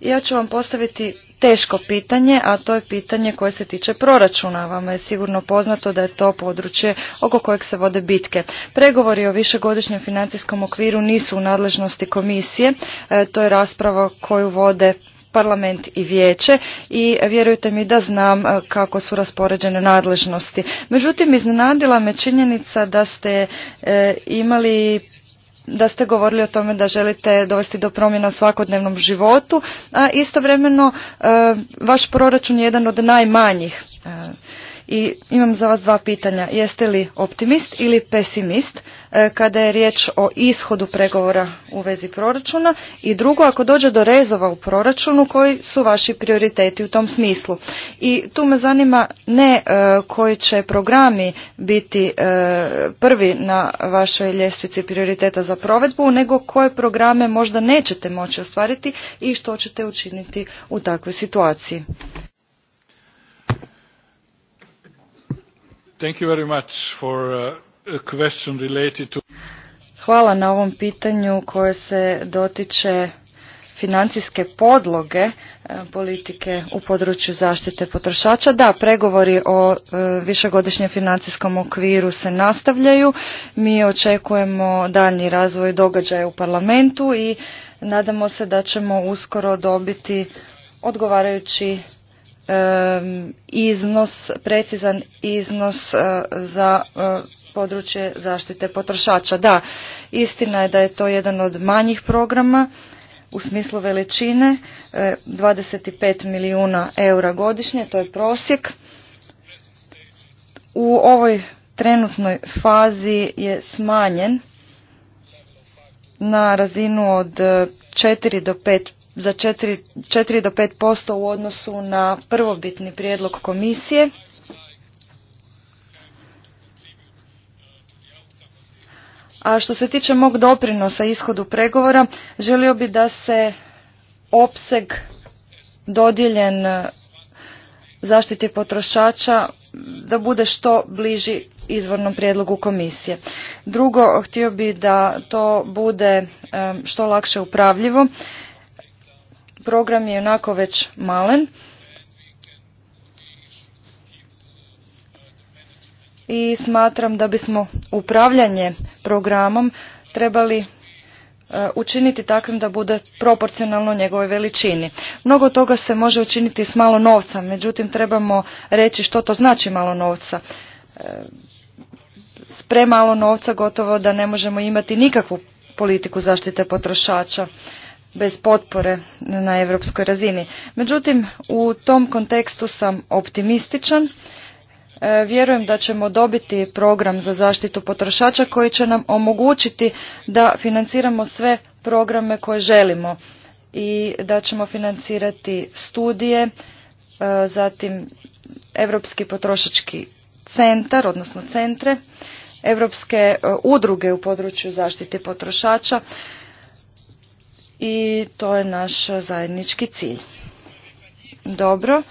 Ja ću vam postaviti teško pitanje, a to je pitanje koje se tiče proračuna. Vama je sigurno poznato da je to područje oko kojeg se vode bitke. Pregovori o višegodišnjem financijskom okviru nisu u nadležnosti komisije. E, to je rasprava koju vode parlament i vijeće i vjerujte mi da znam e, kako su raspoređene nadležnosti. Međutim, iznenadila me činjenica da ste e, imali da ste govorili o tome da želite dovesti do promjena u svakodnevnom životu, a istovremeno e, vaš proračun je jedan od najmanjih e, i imam za vas dva pitanja. Jeste li optimist ili pesimist e, kada je riječ o ishodu pregovora u vezi proračuna? I drugo, ako dođe do rezova u proračunu, koji su vaši prioriteti u tom smislu? I tu me zanima ne e, koji će programi biti e, prvi na vašoj ljestvici prioriteta za provedbu, nego koje programe možda nećete moći ostvariti i što ćete učiniti u takvoj situaciji.
Thank uh,
Hvala na ovom pitanju koje se dotiče financijske podloge e, politike u području zaštite potrošača. Da, pregovori o e, višegodišnjem financijskom okviru se nastavljaju. Mi očekujemo daljnji razvoj događaja u parlamentu i nadamo se da ćemo uskoro dobiti odgovarajući iznos, precizan iznos e, za e, područje zaštite potrošača. Da, istina je da je to jedan od manjih programa u smislu veličine, 25 e, milijuna eura godišnje, to je prosjek. U ovoj trenutnoj fazi je smanjen na razinu od 4 do 5 za 4, 4 do 5% u odnosu na prvobitni prijedlog komisije. A što se tiče mog doprinosa ishodu pregovora, želio bi da se opseg dodijeljen e, zaštiti potrošača da bude što bliži izvornom prijedlogu komisije. Drugo, htio bi da to bude e, što lakše upravljivo program je onako već malen. I smatram da bismo upravljanje programom trebali e, učiniti takvim da bude proporcionalno njegovoj veličini. Mnogo toga se može učiniti s malo novca, međutim trebamo reći što to znači malo novca. E, s premalo novca gotovo da ne možemo imati nikakvu politiku zaštite potrošača bez potpore na europskoj razini. Međutim, u tom kontekstu sam optimističan. E, vjerujem da ćemo dobiti program za zaštitu potrošača koji će nam omogućiti da financiramo sve programe koje želimo i da ćemo financirati studije, e, zatim Europski potrošački centar, odnosno centre, Europske e, udruge u području zaštite potrošača i to je naš zajednički cilj. Dobro,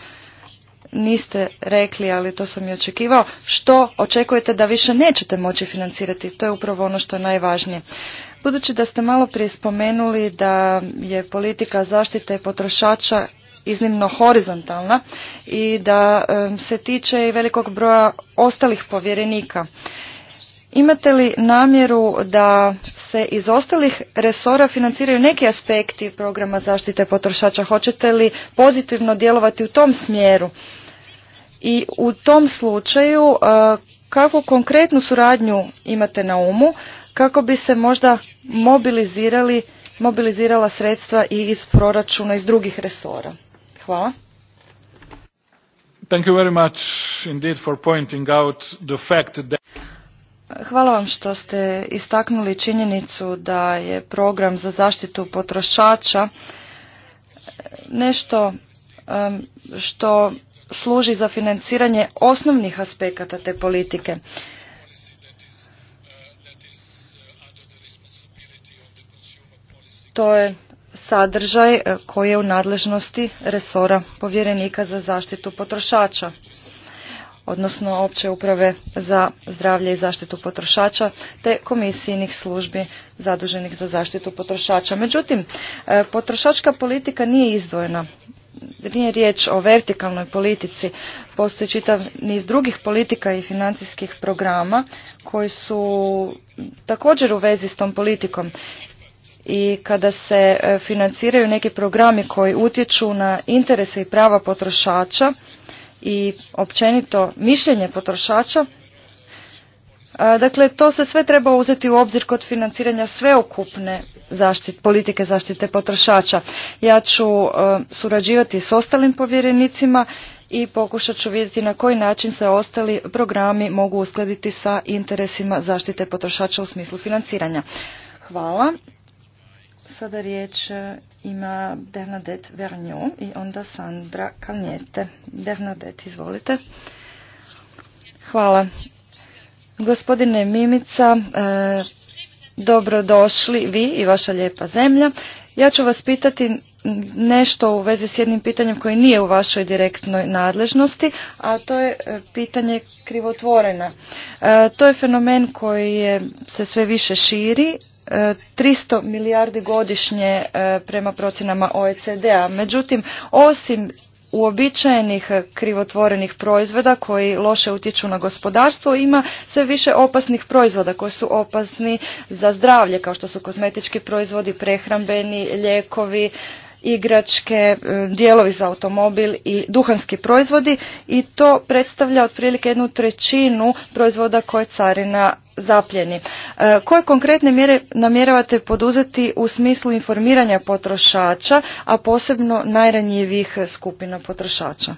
niste rekli, ali to sam i očekivao, što očekujete da više nećete moći financirati, to je upravo ono što je najvažnije. Budući da ste malo prije spomenuli da je politika zaštite potrošača iznimno horizontalna i da se tiče i velikog broja ostalih povjerenika. Imate li namjeru da se iz ostalih resora financiraju neki aspekti programa zaštite potrošača? Hoćete li pozitivno djelovati u tom smjeru? I u tom slučaju e, kakvu konkretnu suradnju imate na umu kako bi se možda mobilizirali, mobilizirala sredstva i iz proračuna iz drugih resora? Hvala.
Thank you very much indeed for pointing out the fact that
Hvala vam što ste istaknuli činjenicu da je program za zaštitu potrošača e, nešto što služi za financiranje osnovnih aspekata te politike. To je sadržaj e, koji je u nadležnosti resora povjerenika za zaštitu potrošača odnosno opće uprave za zdravlje i zaštitu potrošača te komisijnih službi zaduženih za zaštitu potrošača. Međutim, e, potrošačka politika nije izdvojena. Nije riječ o vertikalnoj politici. Postoji čitav niz drugih politika i financijskih programa koji su također u vezi s tom politikom i kada se e, financiraju neki programi koji utječu na interese i prava potrošača i općenito mišljenje potrošača. E, dakle, to se sve treba uzeti u obzir kod financiranja sveukupne zaštit, politike zaštite potrošača. Ja ću e, surađivati s ostalim povjerenicima i pokušat ću vidjeti na koji način se ostali programi mogu uskladiti sa interesima zaštite potrošača u smislu financiranja. Hvala. Sada riječ e, ima Bernadette Vernju i onda Sandra Kalnjete. Bernadette, izvolite. Hvala. Gospodine Mimica, e, dobrodošli vi i vaša lijepa zemlja. Ja ću vas pitati nešto u vezi s jednim pitanjem koje nije u vašoj direktnoj nadležnosti, a to je e, pitanje krivotvorena. to je fenomen koji se sve više širi 300 milijardi godišnje e, prema procjenama OECD-a. Međutim, osim uobičajenih krivotvorenih proizvoda koji loše utječu na gospodarstvo ima sve više opasnih proizvoda koji su opasni za zdravlje kao što su kozmetički proizvodi, prehrambeni, lijekovi, igračke, e, dijelovi za automobil i duhanski proizvodi i to predstavlja otprilike jednu trećinu proizvoda koje carina zapljeni. E, koje konkretne mjere namjeravate poduzeti u smislu informiranja potrošača, a posebno najranjivih skupina potrošača?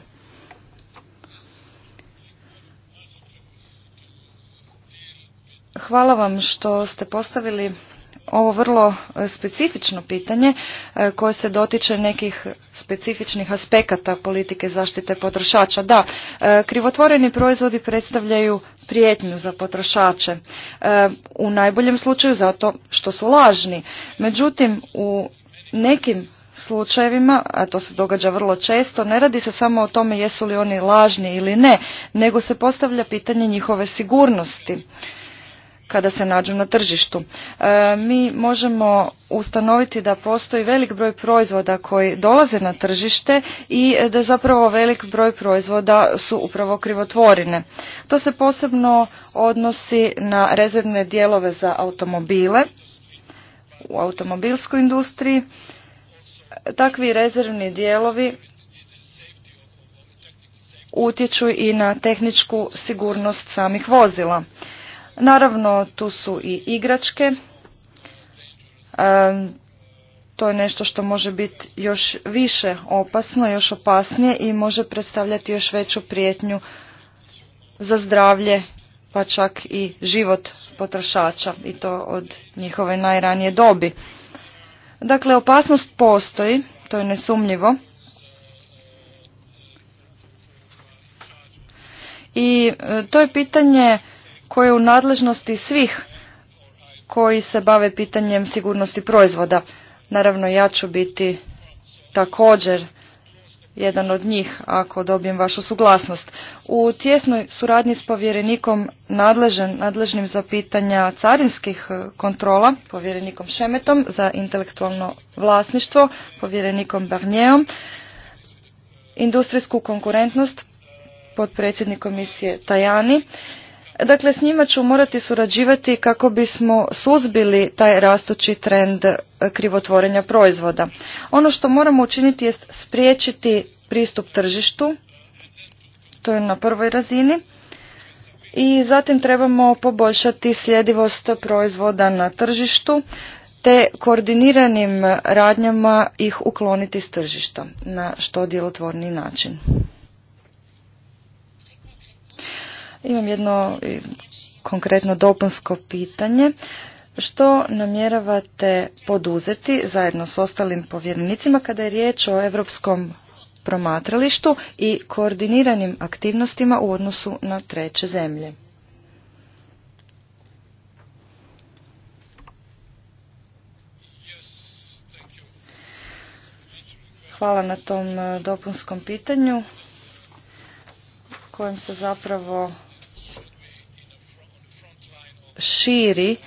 Hvala vam što ste postavili ovo vrlo e, specifično pitanje e, koje se dotiče nekih specifičnih aspekata politike zaštite potrošača. Da, e, krivotvoreni proizvodi predstavljaju prijetnju za potrošače. U najboljem slučaju zato što su lažni. Međutim, u nekim slučajevima, a to se događa vrlo često, ne radi se samo o tome jesu li oni lažni ili ne, nego se postavlja pitanje njihove sigurnosti kada se nađu na tržištu. E, mi možemo ustanoviti da postoji velik broj proizvoda koji dolaze na tržište i da zapravo velik broj proizvoda su upravo krivotvorine. To se posebno odnosi na rezervne dijelove za automobile u automobilskoj industriji. Takvi rezervni dijelovi utječu i na tehničku sigurnost samih vozila. Naravno, tu su i igračke. E, to je nešto što može biti još više opasno, još opasnije i može predstavljati još veću prijetnju za zdravlje, pa čak i život potrošača i to od njihove najranije dobi. Dakle, opasnost postoji, to je nesumljivo. I e, to je pitanje koje je u nadležnosti svih koji se bave pitanjem sigurnosti proizvoda. Naravno, ja ću biti također jedan od njih ako dobijem vašu suglasnost. U tjesnoj suradnji s povjerenikom nadležen, nadležnim za pitanja carinskih e, kontrola, povjerenikom Šemetom za intelektualno vlasništvo, povjerenikom Barnjeom, industrijsku konkurentnost pod predsjednikom misije Tajani Dakle, s njima ću morati surađivati kako bismo suzbili taj rastući trend e, krivotvorenja proizvoda. Ono što moramo učiniti je spriječiti pristup tržištu, to je na prvoj razini, i zatim trebamo poboljšati sljedivost proizvoda na tržištu, te koordiniranim radnjama ih ukloniti s tržišta na što djelotvorniji način. Imam jedno konkretno dopunsko pitanje. Što namjeravate poduzeti zajedno s ostalim povjerenicima kada je riječ o europskom promatralištu i koordiniranim aktivnostima u odnosu na treće zemlje? Hvala na tom eh, dopunskom pitanju kojim se zapravo širi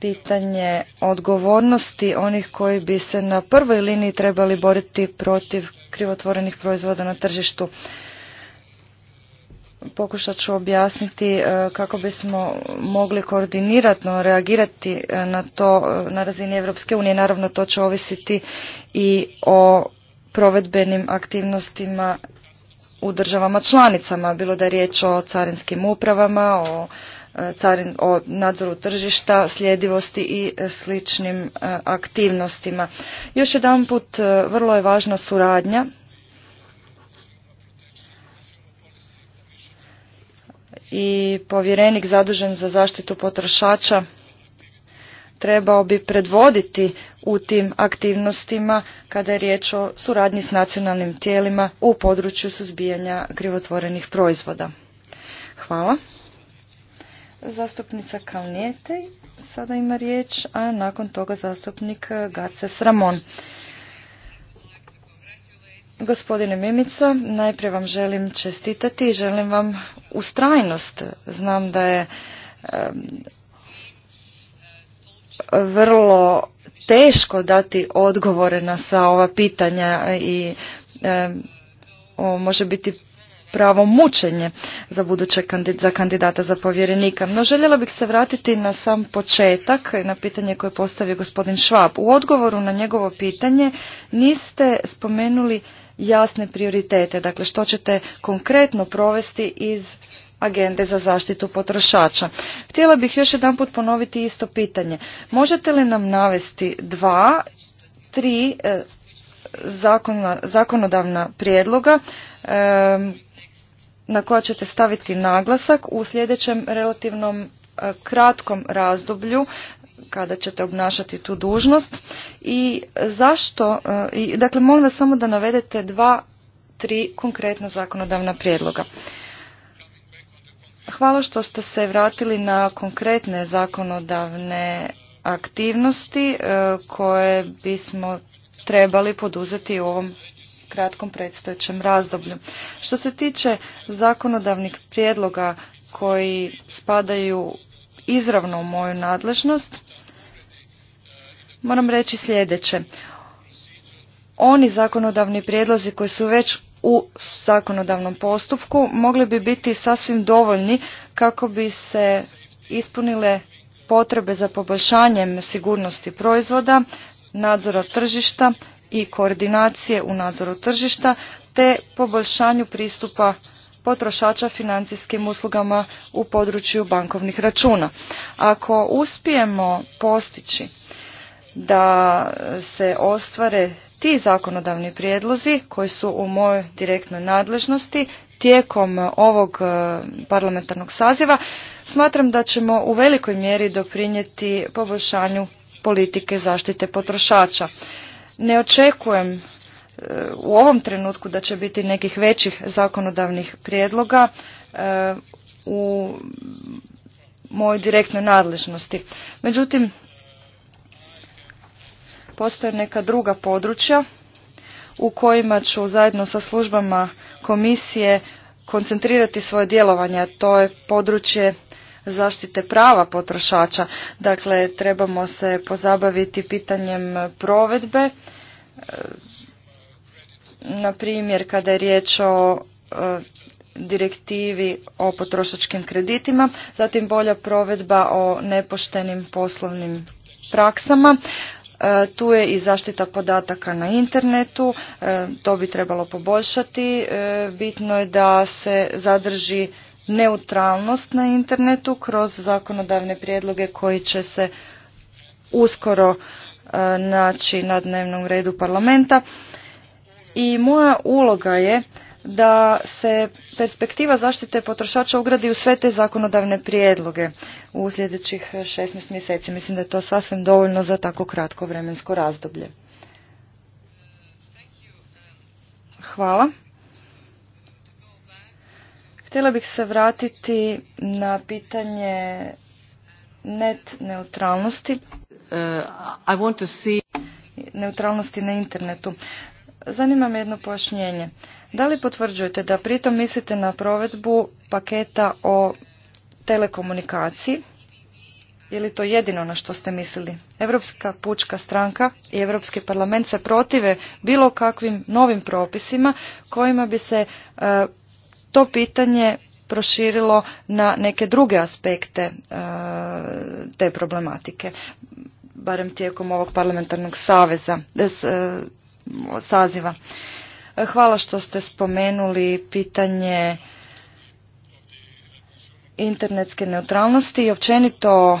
pitanje odgovornosti onih koji bi se na prvoj liniji trebali boriti protiv krivotvorenih proizvoda na tržištu. Pokušat ću objasniti e, kako bismo mogli koordinirano reagirati e, na to e, na razini Europske unije. Naravno to će ovisiti i o provedbenim aktivnostima u državama članicama, bilo da je riječ o carinskim upravama, o, e, o nadzoru tržišta, sljedivosti i e, sličnim e, aktivnostima. Još jedan put, vrlo je važna suradnja i povjerenik zadužen za zaštitu potrošača trebao bi predvoditi u tim aktivnostima kada je riječ o suradnji s nacionalnim tijelima u području suzbijanja krivotvorenih proizvoda. Hvala. Zastupnica Kalnijete sada ima riječ, a nakon toga zastupnik Gace Ramon. Gospodine Mimica, najprije vam želim čestitati i želim vam ustrajnost. Znam da je vrlo teško dati odgovore na sva ova pitanja i može biti pravo mučenje za budućeg za kandidata za povjerenika. No željela bih se vratiti na sam početak, na pitanje koje postavio gospodin Švab. U odgovoru na njegovo pitanje niste spomenuli jasne prioritete, dakle što ćete konkretno provesti iz agende za zaštitu potrošača. Htjela bih još jedanput ponoviti isto pitanje. Možete li nam navesti dva, tri e, zakonodavna prijedloga e, na koja ćete staviti naglasak u sljedećem relativnom e, kratkom razdoblju kada ćete obnašati tu dužnost i zašto, i, dakle molim vas samo da navedete dva, tri konkretna zakonodavna prijedloga. Hvala što ste se vratili na konkretne zakonodavne aktivnosti e, koje bismo trebali poduzeti u ovom kratkom predstojećem razdoblju. Što se tiče zakonodavnih prijedloga koji spadaju izravno u moju nadležnost, moram reći sljedeće. Oni zakonodavni prijedlozi koji su već u zakonodavnom postupku mogli bi biti sasvim dovoljni kako bi se ispunile potrebe za poboljšanjem sigurnosti proizvoda, nadzora tržišta i koordinacije u nadzoru tržišta te poboljšanju pristupa potrošača financijskim uslugama u području bankovnih računa. Ako uspijemo postići da se ostvare ti zakonodavni prijedlozi koji su u mojoj direktnoj nadležnosti tijekom e, ovog e, parlamentarnog saziva, smatram da ćemo u velikoj mjeri doprinijeti poboljšanju politike zaštite potrošača. Ne očekujem e, u ovom trenutku da će biti nekih većih zakonodavnih prijedloga u mojoj direktnoj nadležnosti. Međutim, postoje neka druga područja u kojima ću zajedno sa službama komisije koncentrirati svoje djelovanje, a to je područje zaštite prava potrošača. Dakle, trebamo se pozabaviti pitanjem provedbe, e, na primjer kada je riječ o e, direktivi o potrošačkim kreditima, zatim bolja provedba o nepoštenim poslovnim praksama, E, tu je i zaštita podataka na internetu, e, to bi trebalo poboljšati. E, bitno je da se zadrži neutralnost na internetu kroz zakonodavne prijedloge koji će se uskoro naći na dnevnom redu parlamenta. I moja uloga je da se perspektiva zaštite potrošača ugradi u sve te zakonodavne prijedloge u sljedećih 16 mjeseci. Mislim da je to sasvim dovoljno za tako kratko vremensko razdoblje. Hvala. Htjela bih se vratiti na pitanje net neutralnosti. Uh, neutralnosti na internetu. Zanima me jedno pojašnjenje. Da li potvrđujete da pritom mislite na provedbu paketa o telekomunikaciji? Je li to jedino na što ste mislili? Europska pučka stranka i Evropski parlament se protive bilo kakvim novim propisima kojima bi se e, to pitanje proširilo na neke druge aspekte e, te problematike, barem tijekom ovog parlamentarnog saveza, des, e, saziva. Hvala što ste spomenuli pitanje internetske neutralnosti i općenito e,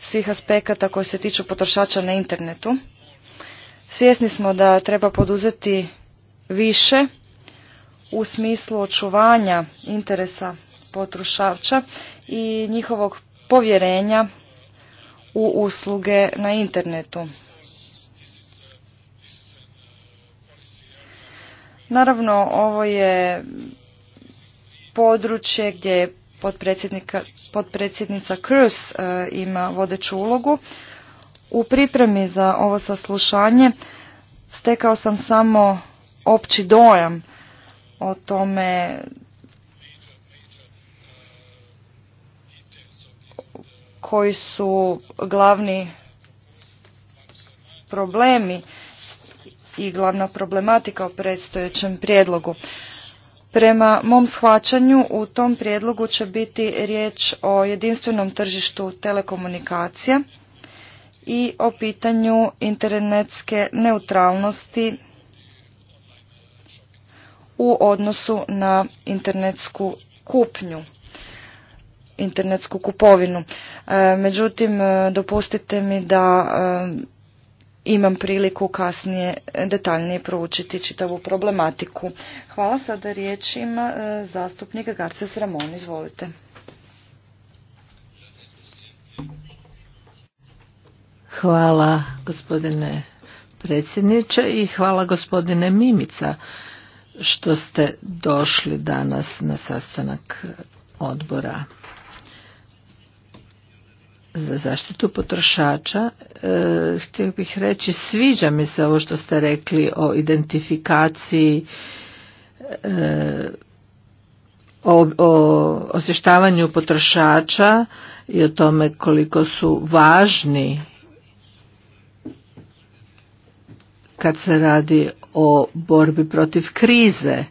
svih aspekata koji se tiču potrošača na internetu. Svjesni smo da treba poduzeti više u smislu očuvanja interesa potrošača i njihovog povjerenja u usluge na internetu. Naravno, ovo je područje gdje potpredsjednica Cruz e, ima vodeću ulogu. U pripremi za ovo saslušanje stekao sam samo opći dojam o tome koji su glavni problemi i glavna problematika o predstojećem prijedlogu. Prema mom shvaćanju u tom prijedlogu će biti riječ o jedinstvenom tržištu telekomunikacija i o pitanju internetske neutralnosti u odnosu na internetsku kupnju, internetsku kupovinu. E, međutim, e, dopustite mi da e, imam priliku kasnije detaljnije proučiti čitavu problematiku. Hvala sada riječima e, zastupnika Garces Ramon. Izvolite.
Hvala gospodine predsjedniče i hvala gospodine Mimica što ste došli danas na sastanak odbora za zaštitu potrošača e, htio bih reći sviđa mi se ovo što ste rekli o identifikaciji e, o, o osještavanju potrošača i o tome koliko su važni kad se radi o borbi protiv krize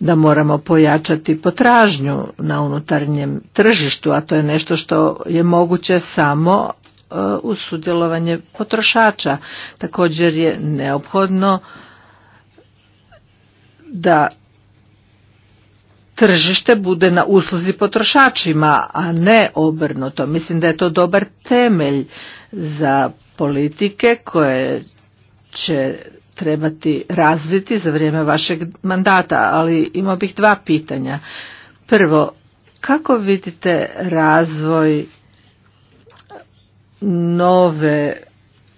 da moramo pojačati potražnju na unutarnjem tržištu, a to je nešto što je moguće samo e, uz sudjelovanje potrošača. Također je neophodno da tržište bude na usluzi potrošačima, a ne obrnuto. Mislim da je to dobar temelj za politike koje će trebati razviti za vrijeme vašeg mandata, ali imao bih dva pitanja. Prvo, kako vidite razvoj nove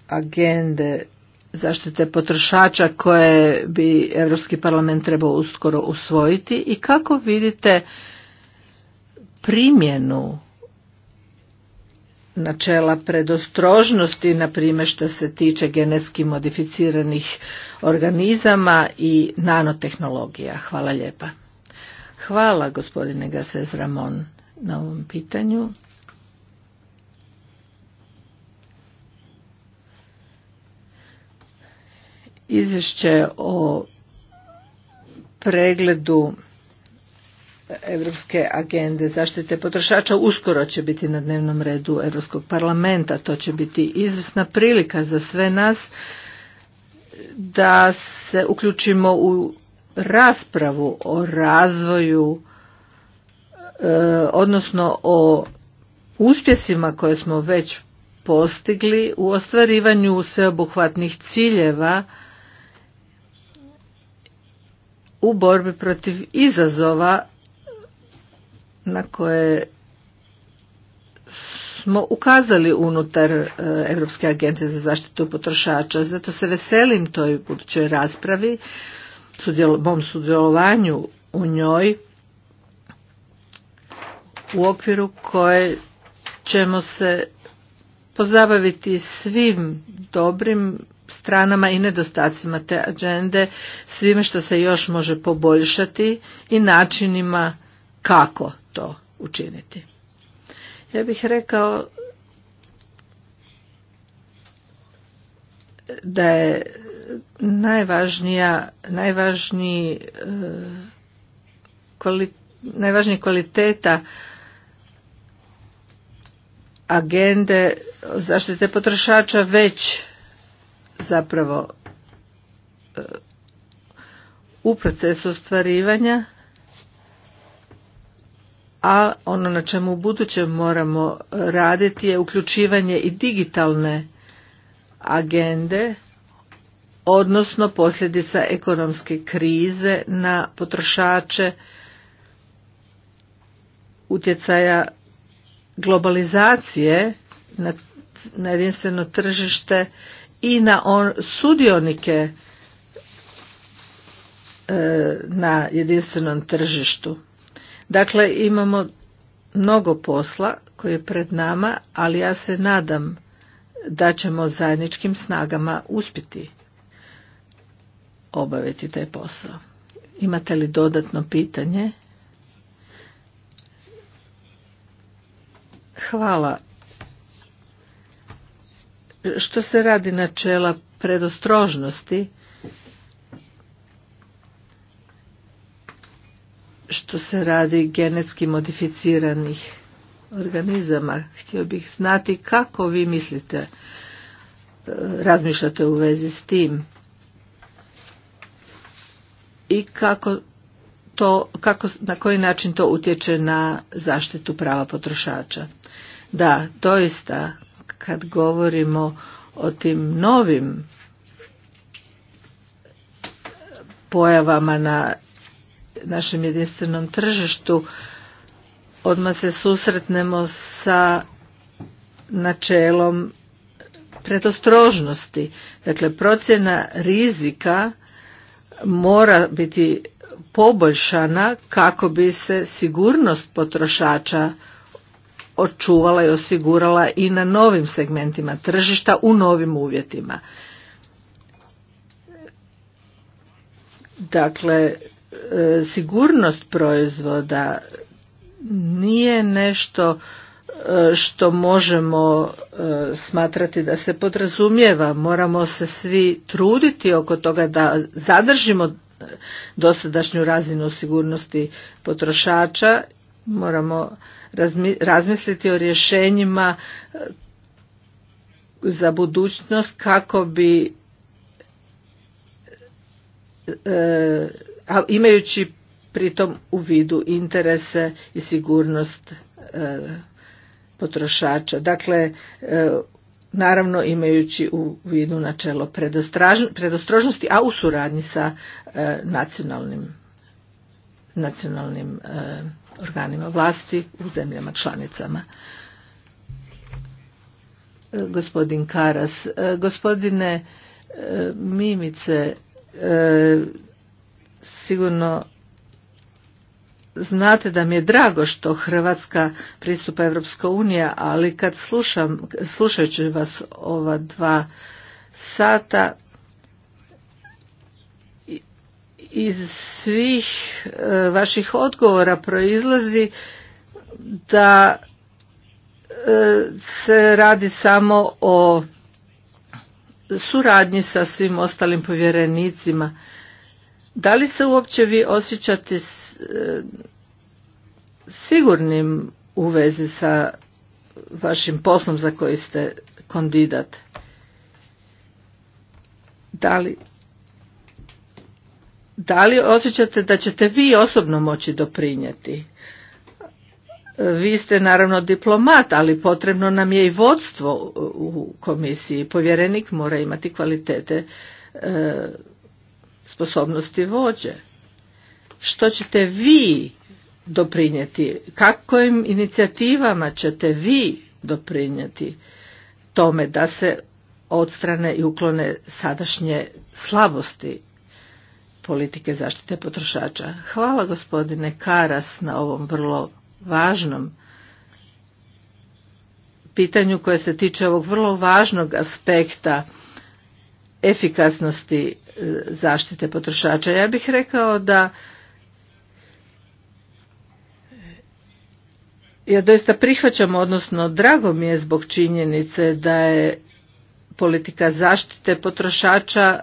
agende zaštite potrošača koje bi Europski parlament trebao uskoro usvojiti i kako vidite primjenu načela predostrožnosti, na primjer što se tiče genetski modificiranih organizama i nanotehnologija. Hvala lijepa. Hvala gospodine gasez Ramon na ovom pitanju. Izvješće o pregledu Europske agende zaštite potrošača uskoro će biti na dnevnom redu Europskog parlamenta. To će biti izvrsna prilika za sve nas da se uključimo u raspravu o razvoju, e, odnosno o uspjesima koje smo već postigli u ostvarivanju sveobuhvatnih ciljeva u borbi protiv izazova na koje smo ukazali unutar Europske agente za zaštitu potrošača. Zato se veselim toj budućoj raspravi, mom sudjelovanju u njoj u okviru koje ćemo se pozabaviti svim dobrim stranama i nedostacima te agende, svime što se još može poboljšati i načinima kako to učiniti. Ja bih rekao da je najvažnija, najvažniji, e, kvaliteta agende zaštite potrošača već zapravo e, u procesu ostvarivanja a ono na čemu u budućem moramo raditi je uključivanje i digitalne agende odnosno posljedica ekonomske krize na potrošače utjecaja globalizacije na, jedinstveno tržište i na sudionike e, na jedinstvenom tržištu Dakle, imamo mnogo posla koji je pred nama, ali ja se nadam da ćemo zajedničkim snagama uspjeti obaviti taj posao. Imate li dodatno pitanje? Hvala. Što se radi načela predostrožnosti, što se radi genetski modificiranih organizama. Htio bih znati kako vi mislite, e, razmišljate u vezi s tim i kako to, kako, na koji način to utječe na zaštitu prava potrošača. Da, doista, kad govorimo o tim novim pojavama na našem jedinstvenom tržištu odmah se susretnemo sa načelom predostrožnosti. Dakle, procjena rizika mora biti poboljšana kako bi se sigurnost potrošača očuvala i osigurala i na novim segmentima tržišta u novim uvjetima. Dakle, E, sigurnost proizvoda nije nešto e, što možemo e, smatrati da se podrazumijeva. Moramo se svi truditi oko toga da zadržimo dosadašnju razinu sigurnosti potrošača. Moramo razmisliti o rješenjima za budućnost kako bi imajući pritom u vidu interese i sigurnost e, potrošača. Dakle, e, naravno imajući u vidu načelo predostrožnosti, a u suradnji sa e, nacionalnim, nacionalnim organima vlasti u zemljama članicama. Gospodin Karas, gospodine Mimice, sigurno znate da mi je drago što Hrvatska pristupa EU, unija, ali kad slušam, slušajući vas ova dva sata, iz svih e, vaših odgovora proizlazi da e, se radi samo o suradnji sa svim ostalim povjerenicima. Da li se uopće vi osjećate e, sigurnim u vezi sa vašim poslom za koji ste kandidat? Da li, da li osjećate da ćete vi osobno moći doprinijeti? Vi ste naravno diplomat, ali potrebno nam je i vodstvo u komisiji. Povjerenik mora imati kvalitete e, sposobnosti vođe. Što ćete vi doprinijeti? Kakvim inicijativama ćete vi doprinijeti tome da se odstrane i uklone sadašnje slabosti politike zaštite potrošača. Hvala gospodine Karas na ovom vrlo važnom pitanju koje se tiče ovog vrlo važnog aspekta efikasnosti zaštite potrošača. Ja bih rekao da ja doista prihvaćam, odnosno drago mi je zbog činjenice da je politika zaštite potrošača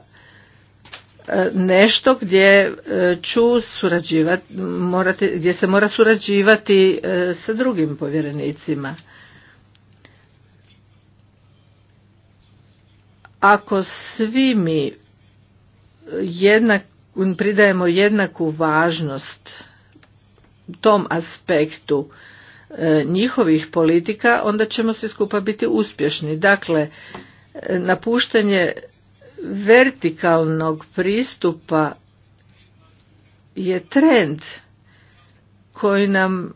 e, nešto gdje e, ću surađivati, morate, gdje se mora surađivati e, sa drugim povjerenicima. Ako svi mi jednak, pridajemo jednaku važnost tom aspektu e, njihovih politika, onda ćemo svi skupa biti uspješni. Dakle, e, napuštanje vertikalnog pristupa je trend koji nam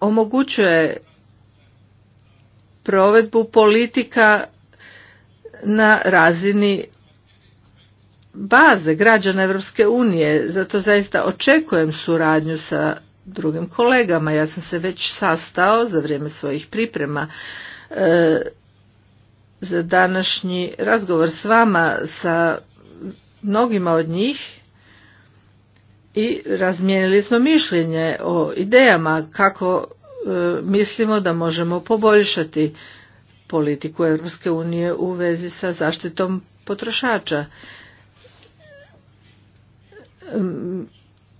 omogućuje provedbu politika na razini baze građana Europske unije, zato zaista očekujem suradnju sa drugim kolegama. Ja sam se već sastao za vrijeme svojih priprema e, za današnji razgovor s vama sa mnogima od njih i razmijenili smo mišljenje o idejama kako e, mislimo da možemo poboljšati politiku Europske unije u vezi sa zaštitom potrošača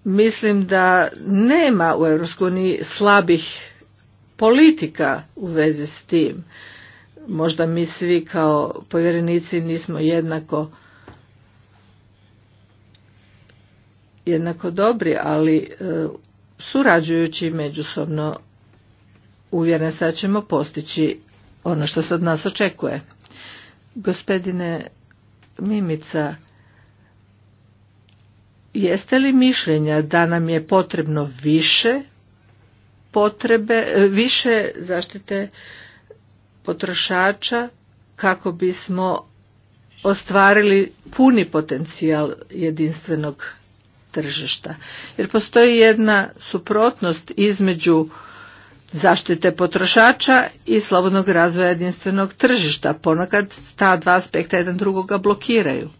mislim da nema u EU slabih politika u vezi s tim. Možda mi svi kao povjerenici nismo jednako jednako dobri, ali e, surađujući međusobno uvjeren sad ćemo postići ono što se od nas očekuje. Gospodine Mimica, Jeste li mišljenja da nam je potrebno više potrebe, e, više zaštite potrošača kako bismo ostvarili puni potencijal jedinstvenog tržišta. Jer postoji jedna suprotnost između zaštite potrošača i slobodnog razvoja jedinstvenog tržišta. Ponakad ta dva aspekta jedan drugoga blokiraju.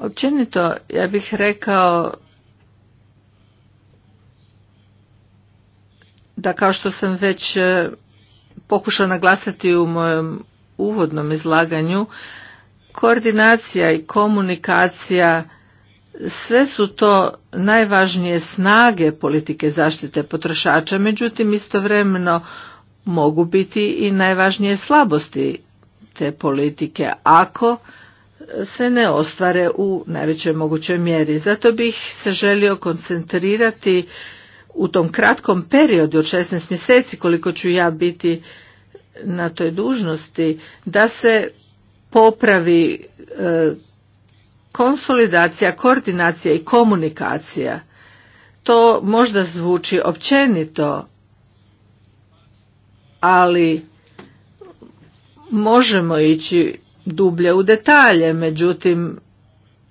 Općenito, ja bih rekao da kao što sam već e, pokušao naglasiti u mojem uvodnom izlaganju, koordinacija i komunikacija sve su to najvažnije snage politike zaštite potrošača, međutim istovremeno mogu biti i najvažnije slabosti te politike ako se ne ostvare u najvećoj mogućoj mjeri. Zato bih se želio koncentrirati u tom kratkom periodu od 16 mjeseci koliko ću ja biti na toj dužnosti da se popravi e, konsolidacija, koordinacija i komunikacija. To možda zvuči općenito, ali možemo ići dublje u detalje, međutim,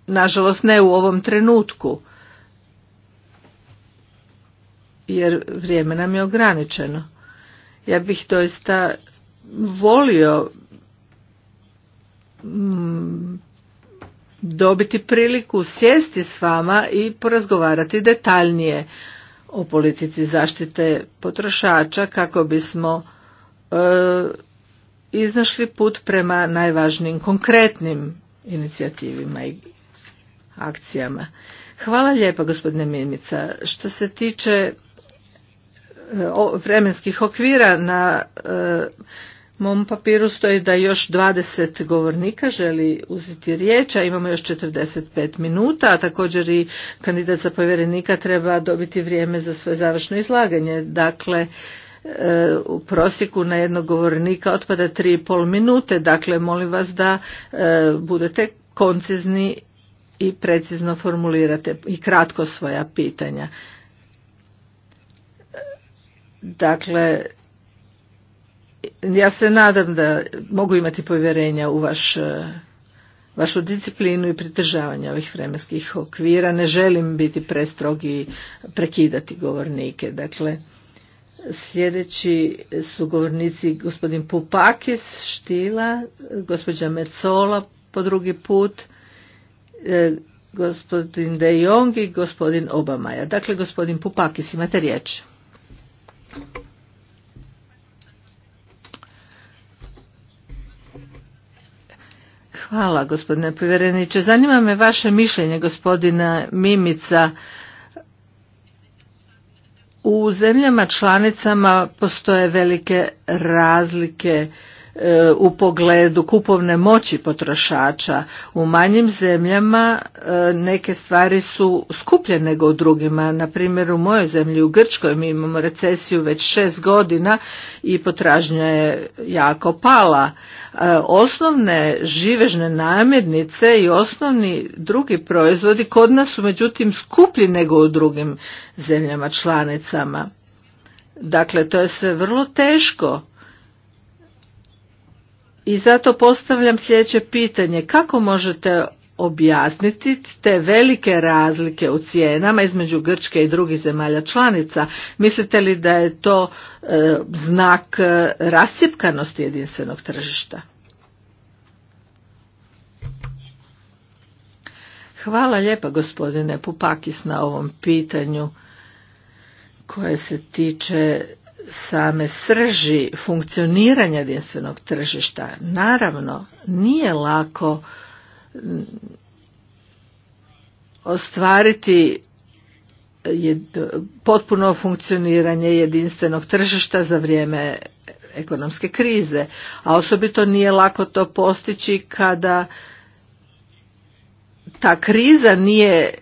nažalost ne u ovom trenutku, jer vrijeme nam je ograničeno. Ja bih doista volio mm, dobiti priliku sjesti s vama i porazgovarati detaljnije o politici zaštite potrošača kako bismo e, iznašli put prema najvažnijim konkretnim inicijativima i akcijama. Hvala lijepa gospodine Mimica. Što se tiče e, vremenskih okvira na e, mom papiru stoji da još 20 govornika želi uzeti riječ, a imamo još 45 minuta, a također i kandidat za povjerenika treba dobiti vrijeme za svoje završno izlaganje. Dakle, u prosjeku na jednog govornika otpada 3,5 minute, dakle molim vas da e, budete koncizni i precizno formulirate i kratko svoja pitanja. Dakle, ja se nadam da mogu imati povjerenja u vaš, e, vašu disciplinu i pridržavanje ovih vremenskih okvira. Ne želim biti prestrogi i prekidati govornike. Dakle, Sljedeći su govornici gospodin Pupakis, Štila, gospođa Mecola po drugi put, e, gospodin De Jong i gospodin Obamaja. Dakle, gospodin Pupakis, imate riječ. Hvala gospodine povjereniče. Zanima me vaše mišljenje gospodina Mimica u zemljama članicama postoje velike razlike u pogledu kupovne moći potrošača. U manjim zemljama e, neke stvari su skuplje nego u drugima. Na primjer u mojoj zemlji u Grčkoj mi imamo recesiju već šest godina i potražnja je jako pala. E, osnovne živežne namirnice i osnovni drugi proizvodi kod nas su međutim skuplji nego u drugim zemljama članicama. Dakle, to je sve vrlo teško i zato postavljam sljedeće pitanje. Kako možete objasniti te velike razlike u cijenama između Grčke i drugih zemalja članica? Mislite li da je to e, znak e, rascjepkanosti jedinstvenog tržišta? Hvala lijepa gospodine Pupakis na ovom pitanju koje se tiče same srži funkcioniranja jedinstvenog tržišta. Naravno, nije lako mm, ostvariti potpuno funkcioniranje jedinstvenog tržišta za vrijeme ekonomske krize, a osobito nije lako to postići kada ta kriza nije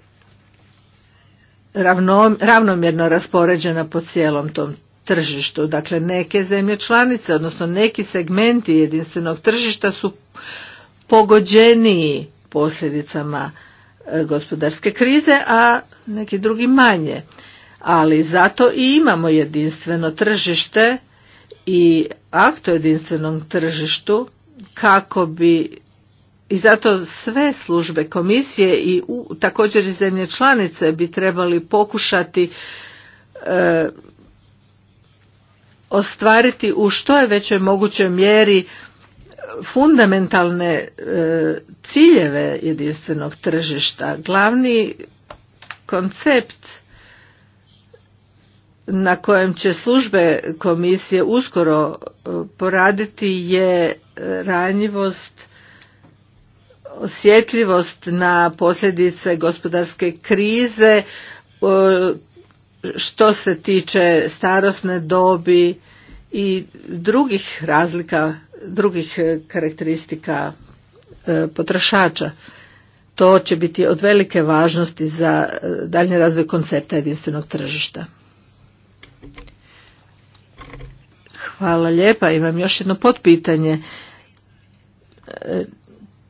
ravnomjerno raspoređena po cijelom tom tržištu. Dakle, neke zemlje članice, odnosno neki segmenti jedinstvenog tržišta su pogođeniji posljedicama e, gospodarske krize, a neki drugi manje. Ali zato i imamo jedinstveno tržište i akt o jedinstvenom tržištu kako bi i zato sve službe komisije i također i zemlje članice bi trebali pokušati e, ostvariti u što je većoj mogućoj mjeri fundamentalne e, ciljeve jedinstvenog tržišta glavni koncept na kojem će službe komisije uskoro e, poraditi je e, ranjivost osjetljivost na posljedice gospodarske krize što se tiče starosne dobi i drugih razlika, drugih e, karakteristika e, potrošača. To će biti od velike važnosti za e, daljnji razvoj koncepta jedinstvenog tržišta. Hvala lijepa, imam još jedno potpitanje.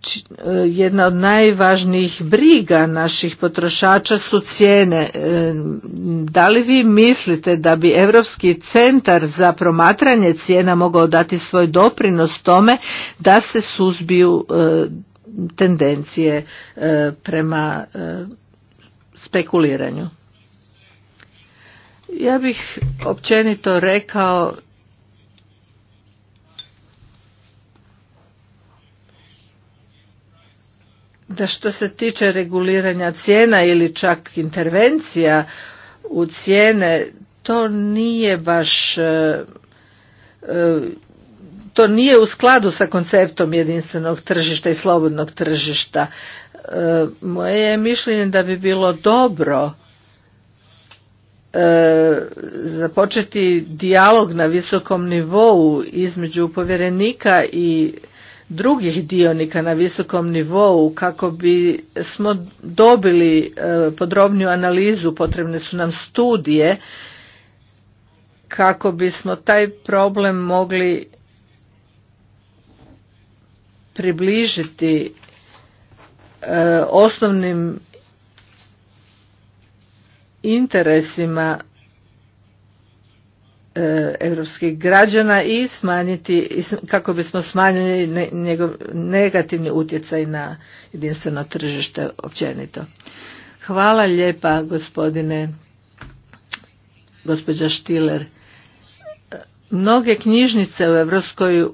Znači, e, jedna od najvažnijih briga naših potrošača su cijene. E, da li vi mislite da bi Europski centar za promatranje cijena mogao dati svoj doprinos tome da se suzbiju e, tendencije prema spekuliranju? Ja bih općenito rekao da što se tiče reguliranja cijena ili čak intervencija u cijene, to nije baš e, e, to nije u skladu sa konceptom jedinstvenog tržišta i slobodnog tržišta. E, moje je mišljenje da bi bilo dobro započeti dijalog na visokom nivou između povjerenika i drugih dionika na visokom nivou kako bi smo dobili e, podrobniju analizu, potrebne su nam studije kako bismo taj problem mogli približiti e, osnovnim interesima E, europskih građana i smanjiti kako bismo smanjili njegov negativni utjecaj na jedinstveno tržište općenito. Hvala lijepa gospodine gospođa Štiler. Mnoge knjižnice u Europskoj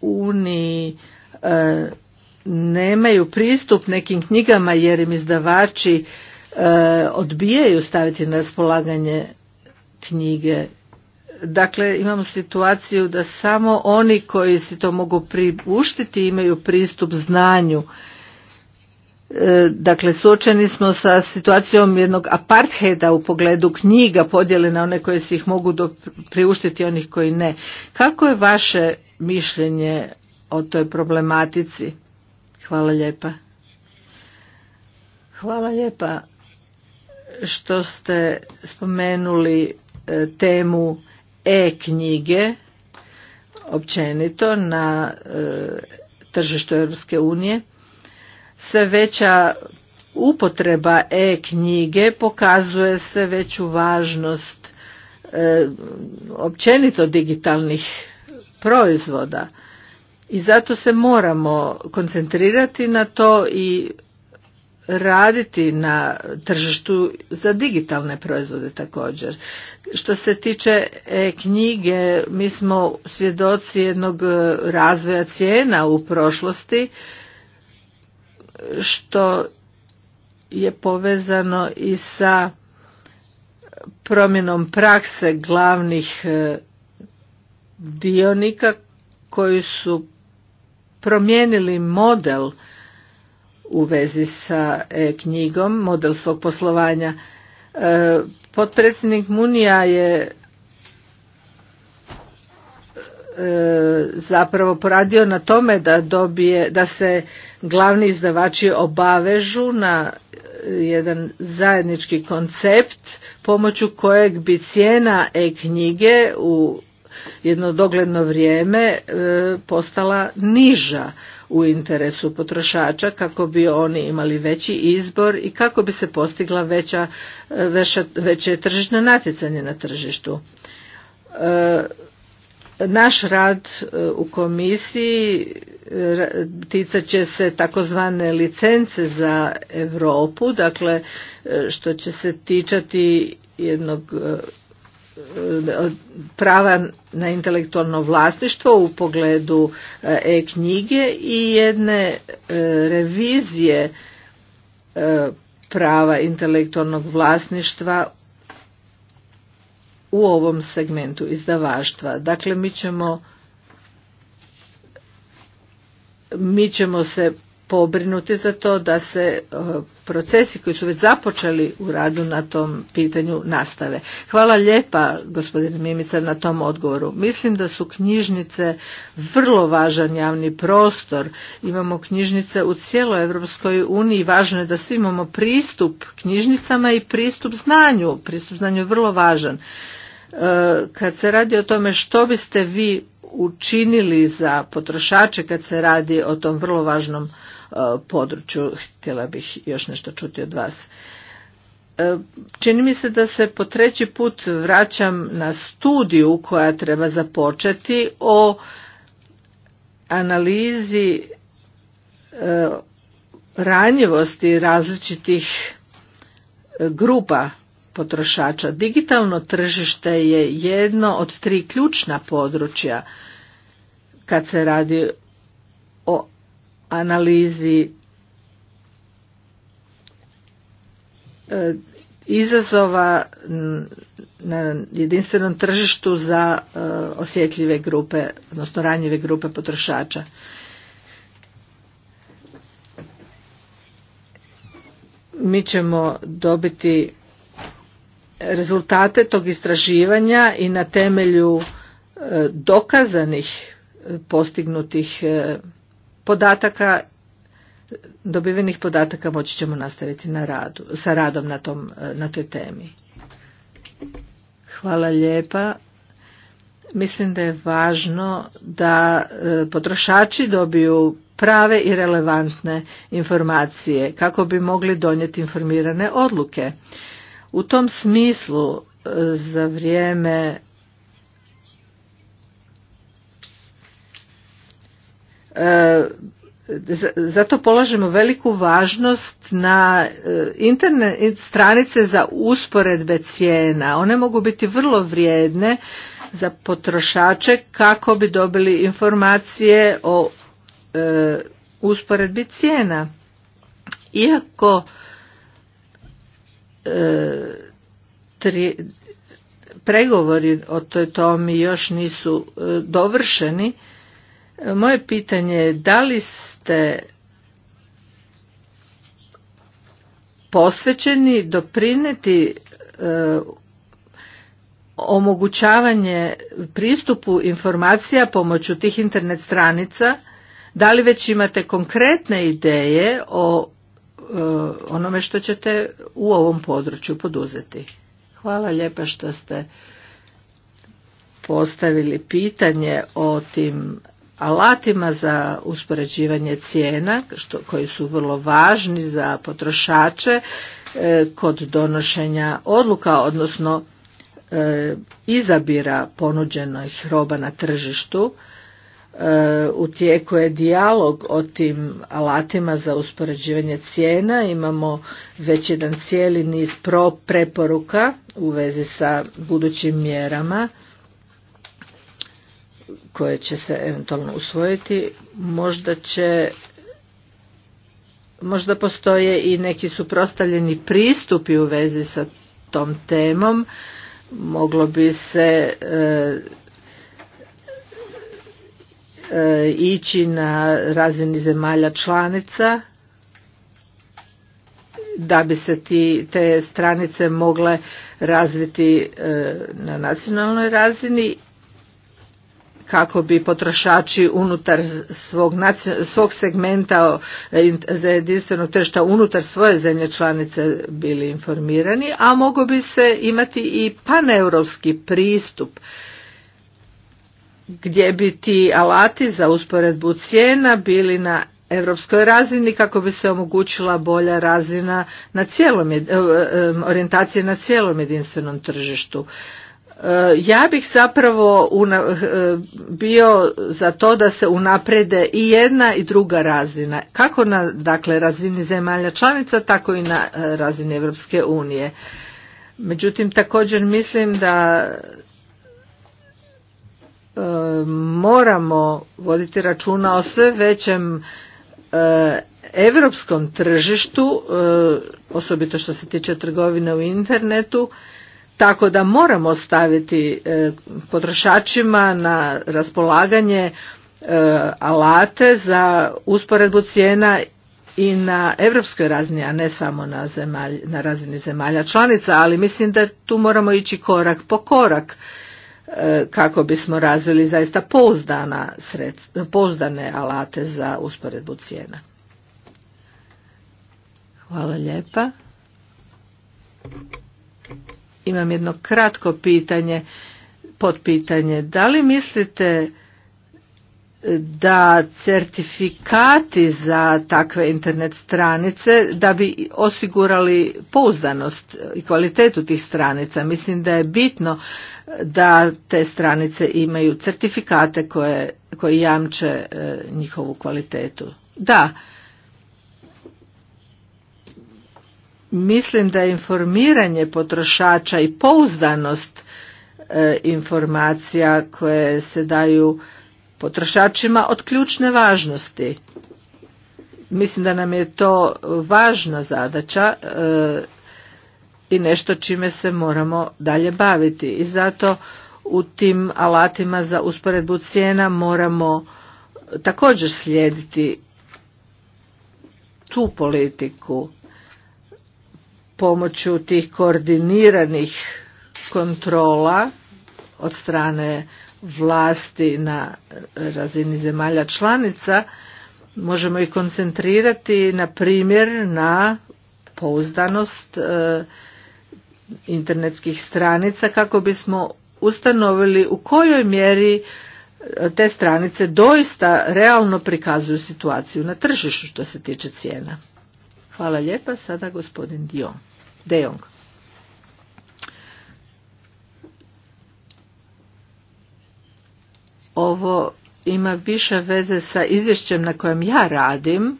uniji e, nemaju pristup nekim knjigama jer im izdavači e, odbijaju staviti na raspolaganje knjige. Dakle, imamo situaciju da samo oni koji si to mogu priuštiti imaju pristup znanju. E, dakle, suočeni smo sa situacijom jednog apartheda u pogledu knjiga podjele na one koje si ih mogu priuštiti onih koji ne. Kako je vaše mišljenje o toj problematici? Hvala lijepa. Hvala lijepa što ste spomenuli E, temu e-knjige općenito na e, tržištu Europske unije. Sve veća upotreba e-knjige pokazuje sve veću važnost e, općenito digitalnih proizvoda i zato se moramo koncentrirati na to i raditi na tržištu za digitalne proizvode također. Što se tiče knjige, mi smo svjedoci jednog e, razvoja cijena u prošlosti, što je povezano i sa promjenom prakse glavnih e, dionika koji su promijenili model u vezi sa e, knjigom, model svog poslovanja. E, potpredsjednik Munija je e, zapravo poradio na tome da dobije, da se glavni izdavači obavežu na jedan zajednički koncept pomoću kojeg bi cijena e-knjige u jedno dogledno vrijeme postala niža u interesu potrošača kako bi oni imali veći izbor i kako bi se postigla veća, veće tržišno natjecanje na tržištu. E, naš rad e, u komisiji e, ticat će se takozvane licence za Europu, dakle što će se tičati jednog prava na intelektualno vlasništvo u pogledu e, e-knjige i jedne e, revizije e, prava intelektualnog vlasništva u ovom segmentu izdavaštva. Dakle, mi ćemo mi ćemo se pobrinuti za to da se e, procesi koji su već započeli u radu na tom pitanju nastave. Hvala lijepa gospodine Mimica na tom odgovoru. Mislim da su knjižnice vrlo važan javni prostor. Imamo knjižnice u cijeloj Europskoj uniji. Važno je da svi imamo pristup knjižnicama i pristup znanju. Pristup znanju je vrlo važan. E, kad se radi o tome što biste vi učinili za potrošače kad se radi o tom vrlo važnom području. Htjela bih još nešto čuti od vas. E, čini mi se da se po treći put vraćam na studiju koja treba započeti o analizi e, ranjivosti različitih e, grupa potrošača. Digitalno tržište je jedno od tri ključna područja kad se radi analizi e, izazova na jedinstvenom tržištu za e, osjetljive grupe, odnosno ranjive grupe potrošača. Mi ćemo dobiti rezultate tog istraživanja i na temelju e, dokazanih postignutih podataka, dobivenih podataka moći ćemo nastaviti na radu, sa radom na, tom, na toj temi. Hvala lijepa. Mislim da je važno da e, potrošači dobiju prave i relevantne informacije kako bi mogli donijeti informirane odluke. U tom smislu e, za vrijeme E, zato polažemo veliku važnost na e, internet stranice za usporedbe cijena. One mogu biti vrlo vrijedne za potrošače kako bi dobili informacije o e, usporedbi cijena. Iako pregovori o toj tomi još nisu dovršeni, moje pitanje je da li ste posvećeni doprineti e, omogućavanje pristupu informacija pomoću tih internet stranica da li već imate konkretne ideje o e, onome što ćete u ovom području poduzeti hvala lijepa što ste postavili pitanje o tim alatima za uspoređivanje cijena što, koji su vrlo važni za potrošače e, kod donošenja odluka odnosno e, izabira ponuđenih roba na tržištu e, u tijeku je dijalog o tim alatima za uspoređivanje cijena imamo već jedan cijeli niz pro preporuka u vezi sa budućim mjerama koje će se eventualno usvojiti možda će možda postoje i neki suprostavljeni pristupi u vezi sa tom temom moglo bi se e, e, ići na razini zemalja članica da bi se ti, te stranice mogle razviti e, na nacionalnoj razini kako bi potrošači unutar svog, svog segmenta e, za jedinstvenog tržišta unutar svoje zemlje članice bili informirani, a mogu bi se imati i paneuropski pristup gdje bi ti alati za usporedbu cijena bili na europskoj razini kako bi se omogućila bolja razina na cijelom, e, e, orijentacije na cijelom jedinstvenom tržištu. E, ja bih zapravo e, bio za to da se unaprede i jedna i druga razina, kako na dakle, razini zemalja članica, tako i na e, razini Europske unije. Međutim, također mislim da moramo voditi računa o sve većem europskom tržištu, osobito što se tiče trgovine u internetu, tako da moramo staviti e, potrošačima na raspolaganje e, alate za usporedbu cijena i na europskoj razini, a ne samo na, na razini zemalja članica, ali mislim da tu moramo ići korak po korak e, kako bismo razvili zaista pouzdana sred, pouzdane alate za usporedbu cijena. Hvala lijepa imam jedno kratko pitanje, potpitanje, Da li mislite da certifikati za takve internet stranice da bi osigurali pouzdanost i kvalitetu tih stranica. Mislim da je bitno da te stranice imaju certifikate koje, koje jamče e, njihovu kvalitetu. Da, mislim da je informiranje potrošača i pouzdanost e, informacija koje se daju potrošačima od ključne važnosti mislim da nam je to važna zadaća e, i nešto čime se moramo dalje baviti i zato u tim alatima za usporedbu cijena moramo također slijediti tu politiku pomoću tih koordiniranih kontrola od strane vlasti na razini zemalja članica možemo i koncentrirati na primjer na pouzdanost e, internetskih stranica kako bismo ustanovili u kojoj mjeri e, te stranice doista realno prikazuju situaciju na tržištu što se tiče cijena. Hvala lijepa, sada gospodin Dion. De Ovo ima više veze sa izvješćem na kojem ja radim,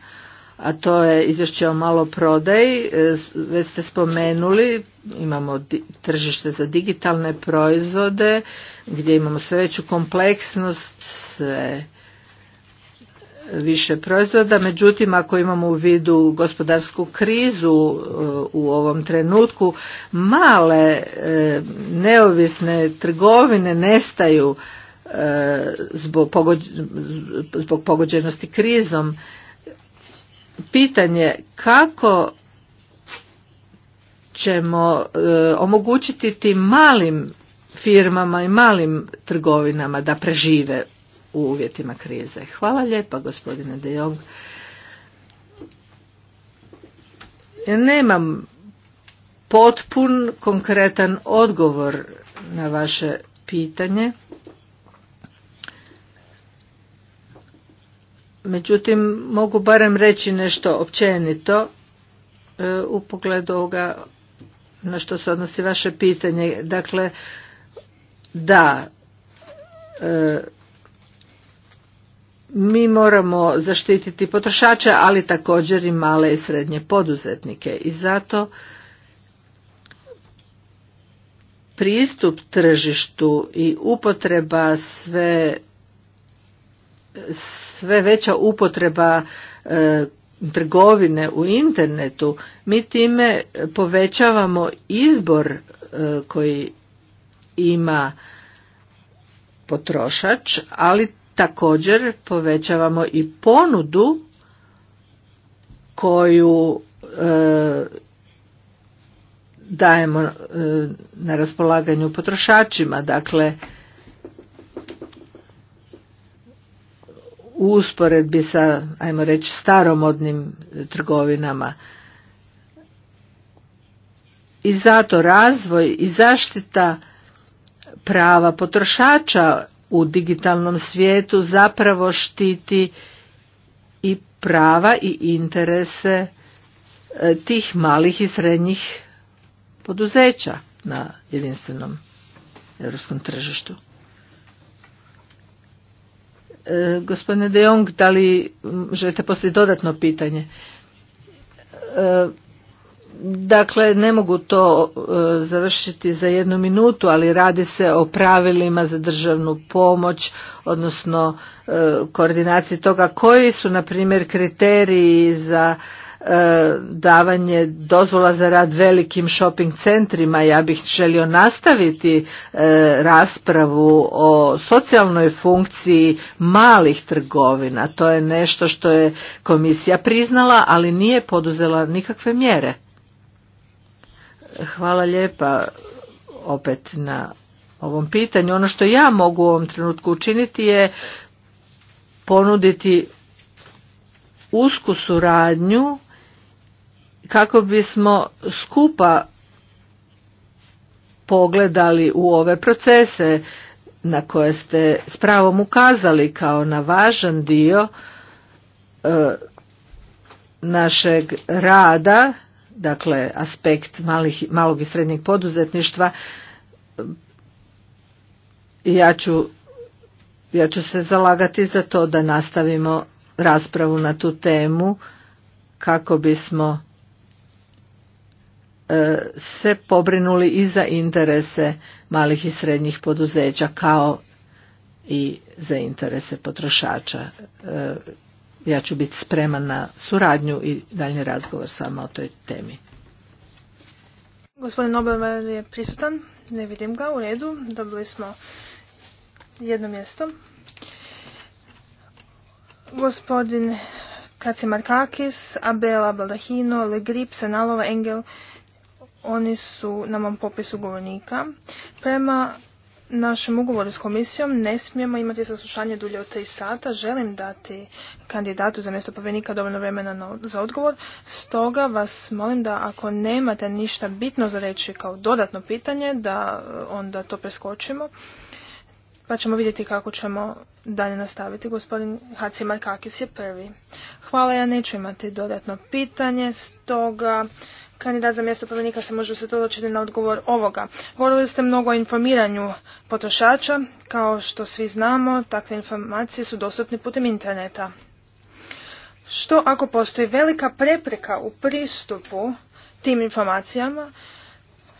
a to je izvješće o maloprodaji. E, već ste spomenuli, imamo tržište za digitalne proizvode, gdje imamo sve veću kompleksnost, sve više proizvoda, međutim ako imamo u vidu gospodarsku krizu e, u ovom trenutku, male e, neovisne trgovine nestaju e, zbog pogođenosti krizom. Pitanje kako ćemo omogućiti tim malim firmama i malim trgovinama da prežive u uvjetima krize. Hvala lijepa gospodine De Jong. Nemam potpun konkretan odgovor na vaše pitanje. Međutim, mogu barem reći nešto općenito e, u pogledu ovoga na što se odnosi vaše pitanje. Dakle, da, e, mi moramo zaštititi potrošače, ali također i male i srednje poduzetnike. I zato pristup tržištu i upotreba sve sve veća upotreba e, trgovine u internetu mi time povećavamo izbor e, koji ima potrošač ali Također povećavamo i ponudu koju e, dajemo e, na raspolaganju potrošačima. Dakle, u usporedbi sa, ajmo reći, staromodnim trgovinama. I zato razvoj i zaštita prava potrošača u digitalnom svijetu zapravo štiti i prava i interese e, tih malih i srednjih poduzeća na jedinstvenom europskom tržištu. E, gospodine De Jong, da li želite postaviti dodatno pitanje? E, Dakle, ne mogu to e, završiti za jednu minutu, ali radi se o pravilima za državnu pomoć, odnosno e, koordinaciji toga koji su, na primjer, kriteriji za e, davanje dozvola za rad velikim shopping centrima. Ja bih želio nastaviti raspravu o socijalnoj funkciji malih trgovina. To je nešto što je komisija priznala, ali nije poduzela nikakve mjere. Hvala lijepa opet na ovom pitanju. Ono što ja mogu u ovom trenutku učiniti je ponuditi usku suradnju kako bismo skupa pogledali u ove procese na koje ste s pravom ukazali kao na važan dio e, našeg rada dakle aspekt malih, malog i srednjeg poduzetništva ja ću, ja ću se zalagati za to da nastavimo raspravu na tu temu kako bismo e, se pobrinuli i za interese malih i srednjih poduzeća kao i za interese potrošača e, ja ću biti spreman na suradnju i daljnji razgovor s vama o toj temi.
Gospodin Oberman je prisutan, ne vidim ga, u redu, dobili smo jedno mjesto. Gospodin Kacimarkakis, Abela Baldahino, Le Grip, Senalova, Engel, oni su na mom popisu govornika. Prema našem ugovoru s komisijom ne smijemo imati saslušanje dulje od tri sata. Želim dati kandidatu za mjesto povjerenika dovoljno vremena za odgovor. Stoga vas molim da ako nemate ništa bitno za reći kao dodatno pitanje, da e, onda to preskočimo. Pa ćemo vidjeti kako ćemo dalje nastaviti. Gospodin Haci Markakis je prvi. Hvala, ja neću imati dodatno pitanje, stoga kandidat za mjesto povjerenika se može usredotočiti na odgovor ovoga. Govorili ste mnogo o informiranju potrošača. Kao što svi znamo, takve informacije su dostupne putem interneta. Što ako postoji velika prepreka u pristupu tim informacijama,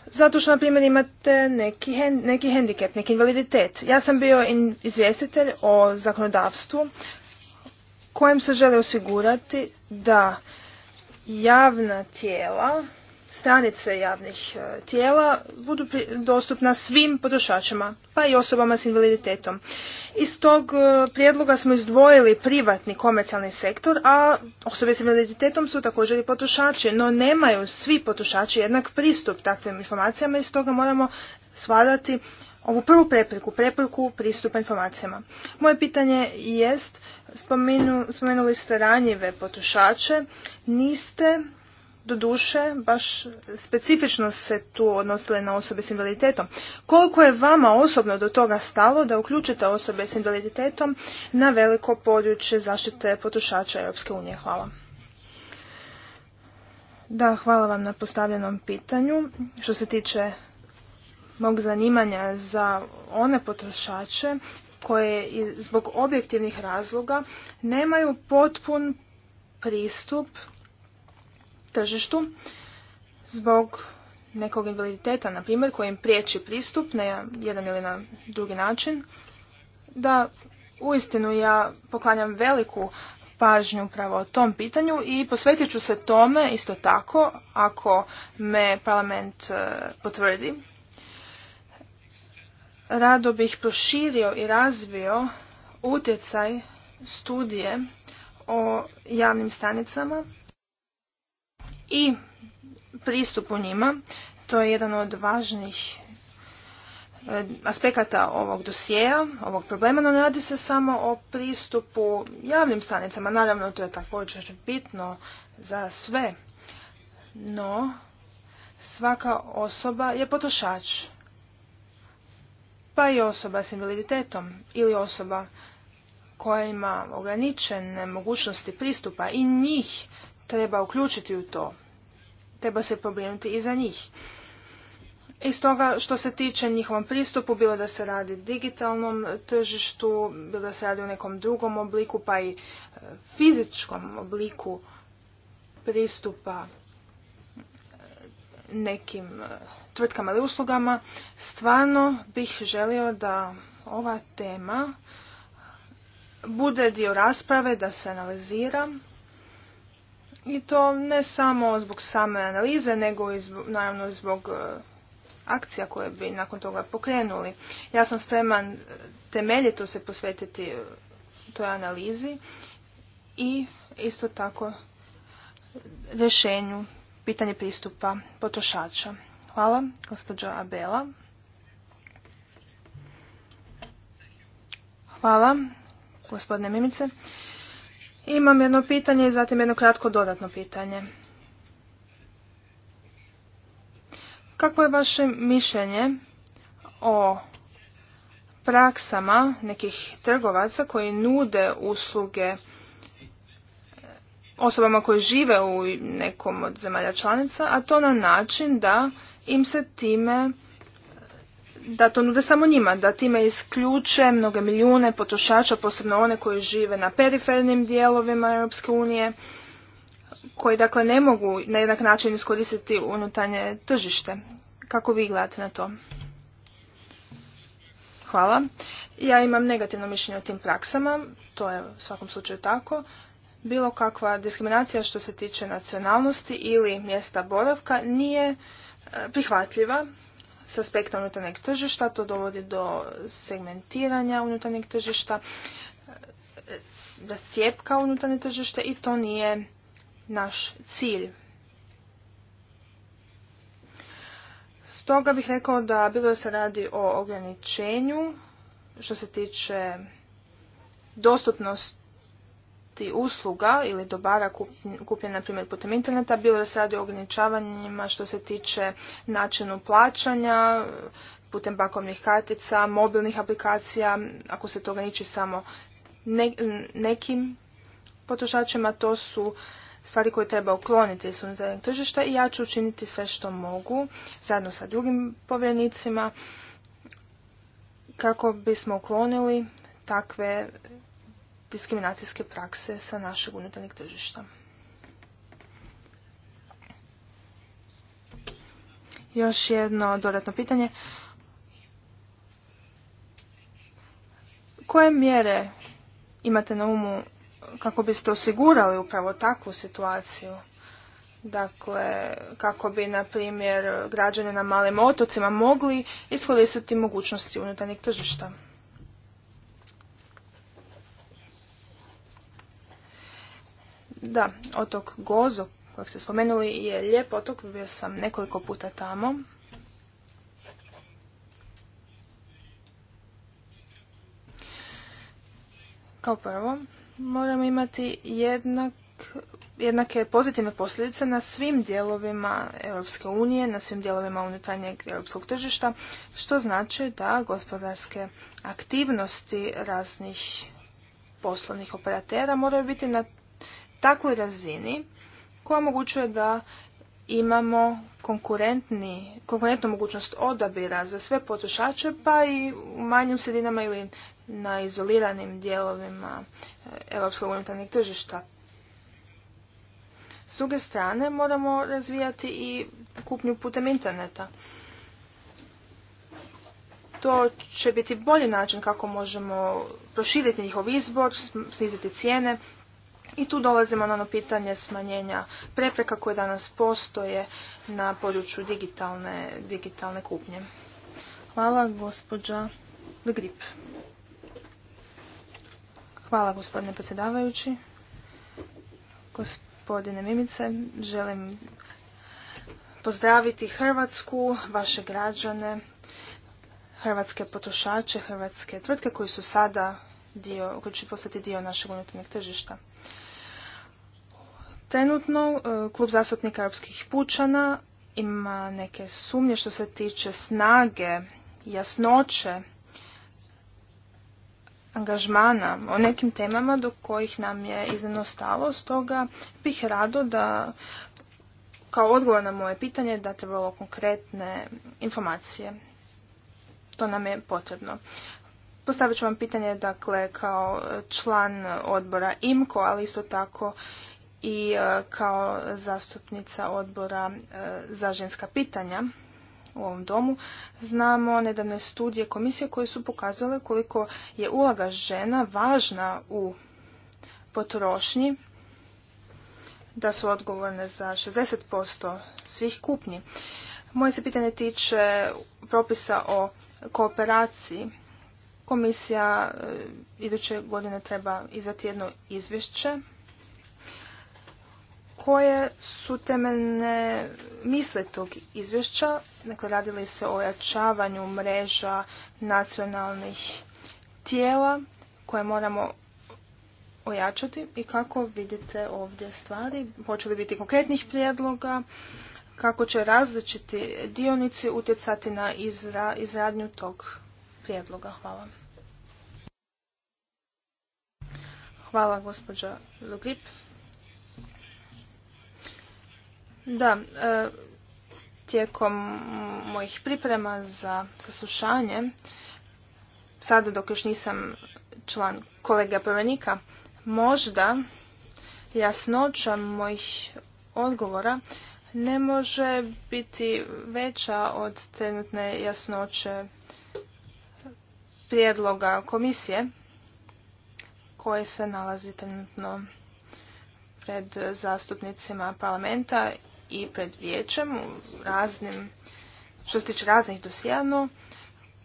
zato što, na primjer, imate neki, hen, neki hendikep, neki invaliditet. Ja sam bio izvjestitelj o zakonodavstvu kojem se žele osigurati da javna tijela, stranice javnih e, tijela budu dostupna svim potrošačima, pa i osobama s invaliditetom. Iz tog e, prijedloga smo izdvojili privatni komercijalni sektor, a osobe s invaliditetom su također i potrošači, no nemaju svi potrošači jednak pristup takvim informacijama i stoga moramo svadati ovu prvu prepreku, prepreku pristupa informacijama. Moje pitanje jest, spomenuli ste ranjive potrošače, niste duše baš specifično se tu odnosile na osobe s invaliditetom. Koliko je vama osobno do toga stalo da uključite osobe s invaliditetom na veliko područje zaštite potrošača Europske unije? Hvala. Da, hvala vam na postavljenom pitanju. Što se tiče mog zanimanja za one potrošače koje zbog objektivnih razloga nemaju potpun pristup tržištu zbog nekog invaliditeta, na primjer, koji im priječi pristup na jedan ili na drugi način, da uistinu ja poklanjam veliku pažnju upravo o tom pitanju i posvetit ću se tome isto tako ako me parlament eh, potvrdi Rado bih proširio i razvio utjecaj studije o javnim stanicama i pristupu njima. To je jedan od važnih eh, aspekata ovog dosijeja, ovog problema, no ne radi se samo o pristupu javnim stanicama. Naravno, to je također bitno za sve, no svaka osoba je potrošač pa i osoba s invaliditetom ili osoba koja ima ograničene mogućnosti pristupa i njih treba uključiti u to. Treba se pobrinuti i za njih. I stoga što se tiče njihovom pristupu, bilo da se radi digitalnom tržištu, bilo da se radi u nekom drugom obliku, pa i e, fizičkom obliku pristupa e, nekim e, tvrtkama ili uslugama, stvarno bih želio da ova tema bude dio rasprave, da se analizira i to ne samo zbog same analize, nego i naravno zbog e, akcija koje bi nakon toga pokrenuli. Ja sam spreman temeljito se posvetiti e, toj analizi i isto tako rješenju pitanje pristupa potrošača. Hvala, gospođa Abela. Hvala, gospodine Mimice. Imam jedno pitanje i zatim jedno kratko dodatno pitanje. Kako je vaše mišljenje o praksama nekih trgovaca koji nude usluge osobama koje žive u nekom od zemalja članica, a to na način da im se time da to nude samo njima, da time isključe mnoge milijune potrošača, posebno one koji žive na perifernim dijelovima Europske unije, koji dakle ne mogu na jednak način iskoristiti unutarnje tržište. Kako vi gledate na to? Hvala. Ja imam negativno mišljenje o tim praksama, to je u svakom slučaju tako. Bilo kakva diskriminacija što se tiče nacionalnosti ili mjesta boravka nije prihvatljiva s aspekta unutarnjeg tržišta, to dovodi do segmentiranja unutarnjeg tržišta, rascijepka unutarnje tržište i to nije naš cilj. Stoga bih rekao da bilo da se radi o ograničenju što se tiče dostupnost usluga ili dobara kupljena, na primjer, putem interneta, bilo da se radi o ograničavanjima što se tiče načinu plaćanja, putem bankovnih kartica, mobilnih aplikacija, ako se to ograniči samo nekim potrošačima, to su stvari koje treba ukloniti iz unutarnjeg tržišta i ja ću učiniti sve što mogu zajedno sa drugim povjerenicima kako bismo uklonili takve diskriminacijske prakse sa našeg unutarnjeg tržišta. Još jedno dodatno pitanje. Koje mjere imate na umu kako biste osigurali upravo takvu situaciju? Dakle, kako bi, na primjer, građane na malim otocima mogli iskoristiti mogućnosti unutarnjeg tržišta. Da, otok Gozo, kojeg ste spomenuli, je lijep otok, bio sam nekoliko puta tamo. Kao prvo, moramo imati jednake pozitivne posljedice na svim dijelovima Europske unije, na svim dijelovima unutarnjeg europskog tržišta, što znači da gospodarske aktivnosti raznih poslovnih operatera moraju biti na takvoj razini koja omogućuje da imamo konkurentnu mogućnost odabira za sve potrošače pa i u manjim sredinama ili na izoliranim dijelovima e, europskog unutarnjeg tržišta. S druge strane moramo razvijati i kupnju putem interneta. To će biti bolji način kako možemo proširiti njihov izbor, sniziti cijene, i tu dolazimo na ono pitanje smanjenja prepreka koje danas postoje na području digitalne, digitalne kupnje. Hvala gospođa Grip. Hvala gospodine predsjedavajući. Gospodine Mimice, želim pozdraviti Hrvatsku, vaše građane, hrvatske potrošače, hrvatske tvrtke koji su sada dio, koji će postati dio našeg unutarnjeg tržišta. Trenutno e, klub zastupnika europskih pučana ima neke sumnje što se tiče snage, jasnoće, angažmana o nekim temama do kojih nam je iznimno stalo, stoga bih rado da kao odgovor na moje pitanje da trebalo konkretne informacije. To nam je potrebno. Postavit ću vam pitanje, dakle, kao član odbora IMKO, ali isto tako i e, kao zastupnica odbora e, za ženska pitanja u ovom domu znamo nedavne studije komisije koje su pokazale koliko je ulaga žena važna u potrošnji da su odgovorne za 60% svih kupnji. Moje se pitanje tiče propisa o kooperaciji. Komisija e, iduće godine treba izdati jedno izvješće koje su temeljne misle tog izvješća, dakle radili se o ojačavanju mreža nacionalnih tijela koje moramo ojačati i kako vidite ovdje stvari, hoće li biti konkretnih prijedloga, kako će različiti dionici utjecati na izra, izradnju tog prijedloga. Hvala. Hvala gospođa Lugrip. Da, e, tijekom mojih priprema za saslušanje, sada dok još nisam član kolega prvenika, možda jasnoća mojih odgovora ne može biti veća od trenutne jasnoće prijedloga komisije koje se nalazi trenutno pred zastupnicima parlamenta i pred vijećem raznim, što se tiče raznih dosijanu,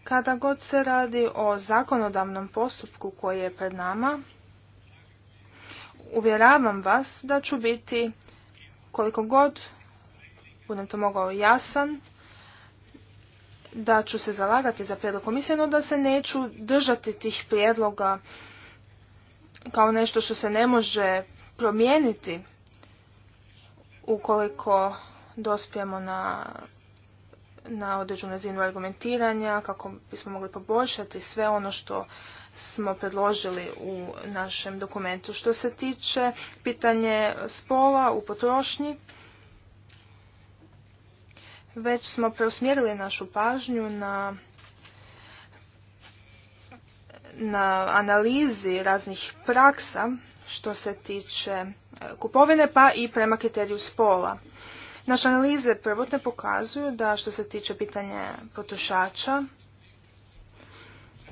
kada god se radi o zakonodavnom postupku koji je pred nama, uvjeravam vas da ću biti koliko god budem to mogao jasan, da ću se zalagati za prijedlog komisije, no da se neću držati tih prijedloga kao nešto što se ne može promijeniti ukoliko dospijemo na, na određenu razinu argumentiranja, kako bismo mogli poboljšati sve ono što smo predložili u našem dokumentu. Što se tiče pitanje spola u potrošnji, već smo preusmjerili našu pažnju na na analizi raznih praksa što se tiče e, kupovine pa i prema kriteriju spola. Naše analize prvotne pokazuju da što se tiče pitanja potrošača,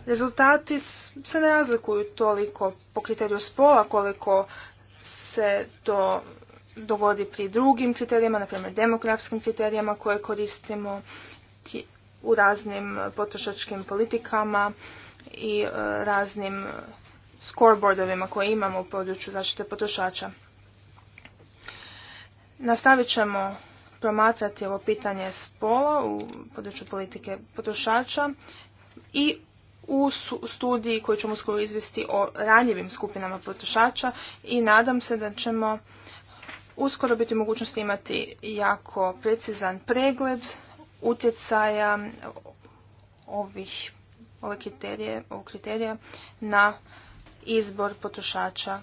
rezultati se ne razlikuju toliko po kriteriju spola koliko se to dogodi pri drugim kriterijima, na primjer demografskim kriterijima koje koristimo u raznim potrošačkim politikama i e, raznim scoreboardovima koje imamo u području zaštite potrošača. Nastavit ćemo promatrati ovo pitanje spola u području politike potrošača i u studiji koju ćemo skoro izvesti o ranjivim skupinama potrošača i nadam se da ćemo uskoro biti mogućnosti imati jako precizan pregled utjecaja ovih kriterija na izbor potrošača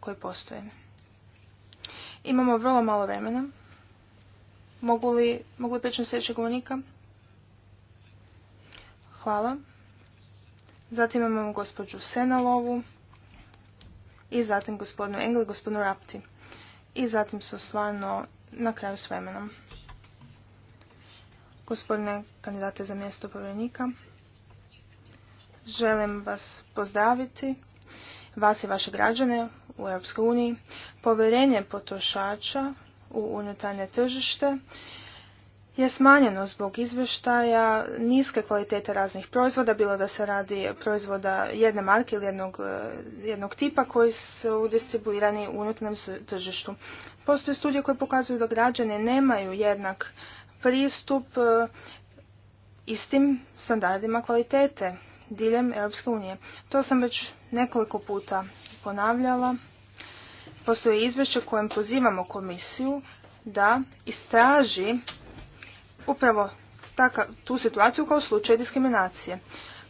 koji postoje. Imamo vrlo malo vremena. Mogu li, mogu li prijeći na sljedećeg govornika? Hvala. Zatim imamo gospođu Senalovu i zatim gospodinu i gospodinu Rapti. I zatim su stvarno na kraju s vremenom. Gospodine kandidate za mjesto povjerenika, želim vas pozdraviti vas i vaše građane u EU, povjerenje potrošača u unutarnje tržište je smanjeno zbog izvještaja niske kvalitete raznih proizvoda, bilo da se radi proizvoda jedne marke ili jednog, e, jednog tipa koji su distribuirani u unutarnjem tržištu. Postoje studije koje pokazuju da građani nemaju jednak pristup e, istim standardima kvalitete diljem Europske unije. To sam već nekoliko puta ponavljala. Postoje izvješće kojem pozivamo komisiju da istraži upravo tu situaciju kao slučaj diskriminacije.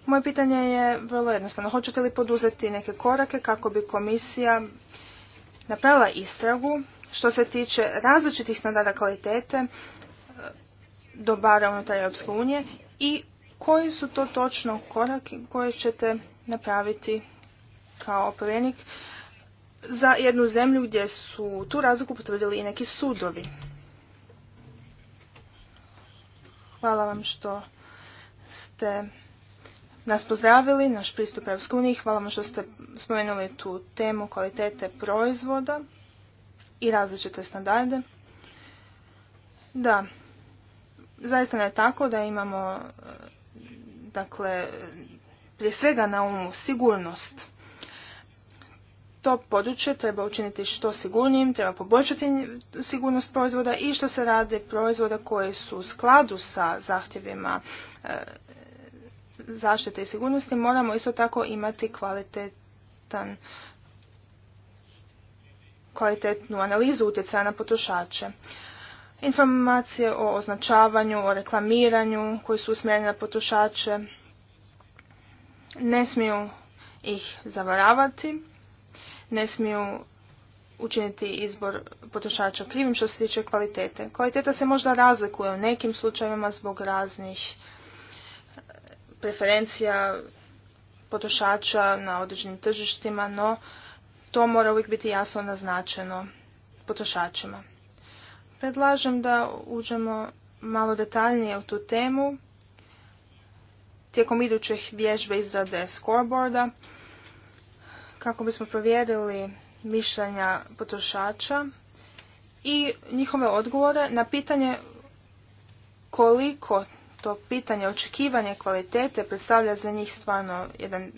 Moje pitanje je vrlo jednostavno. Hoćete li poduzeti neke korake kako bi komisija napravila istragu što se tiče različitih standarda kvalitete e, dobara unutar Europske unije i koji su to točno koraki koje ćete napraviti kao povjerenik za jednu zemlju gdje su tu razliku potvrdili i neki sudovi. Hvala vam što ste nas pozdravili, naš pristup Europskoj Hvala vam što ste spomenuli tu temu kvalitete proizvoda i različite standarde. Da, zaista je tako da imamo dakle, prije svega na umu sigurnost. To područje treba učiniti što sigurnijim, treba poboljšati sigurnost proizvoda i što se rade proizvoda koje su u skladu sa zahtjevima e, zaštite i sigurnosti, moramo isto tako imati kvalitetan kvalitetnu analizu utjecaja na potrošače informacije o označavanju, o reklamiranju koji su usmjereni na potrošače. Ne smiju ih zavaravati, ne smiju učiniti izbor potrošača krivim što se tiče kvalitete. Kvaliteta se možda razlikuje u nekim slučajevima zbog raznih e, preferencija potrošača na određenim tržištima, no to mora uvijek biti jasno naznačeno potrošačima. Predlažem da uđemo malo detaljnije u tu temu tijekom idućih vježbe izrade scoreboarda kako bismo provjerili mišljenja potrošača i njihove odgovore na pitanje koliko to pitanje očekivanje kvalitete predstavlja za njih stvarno jedan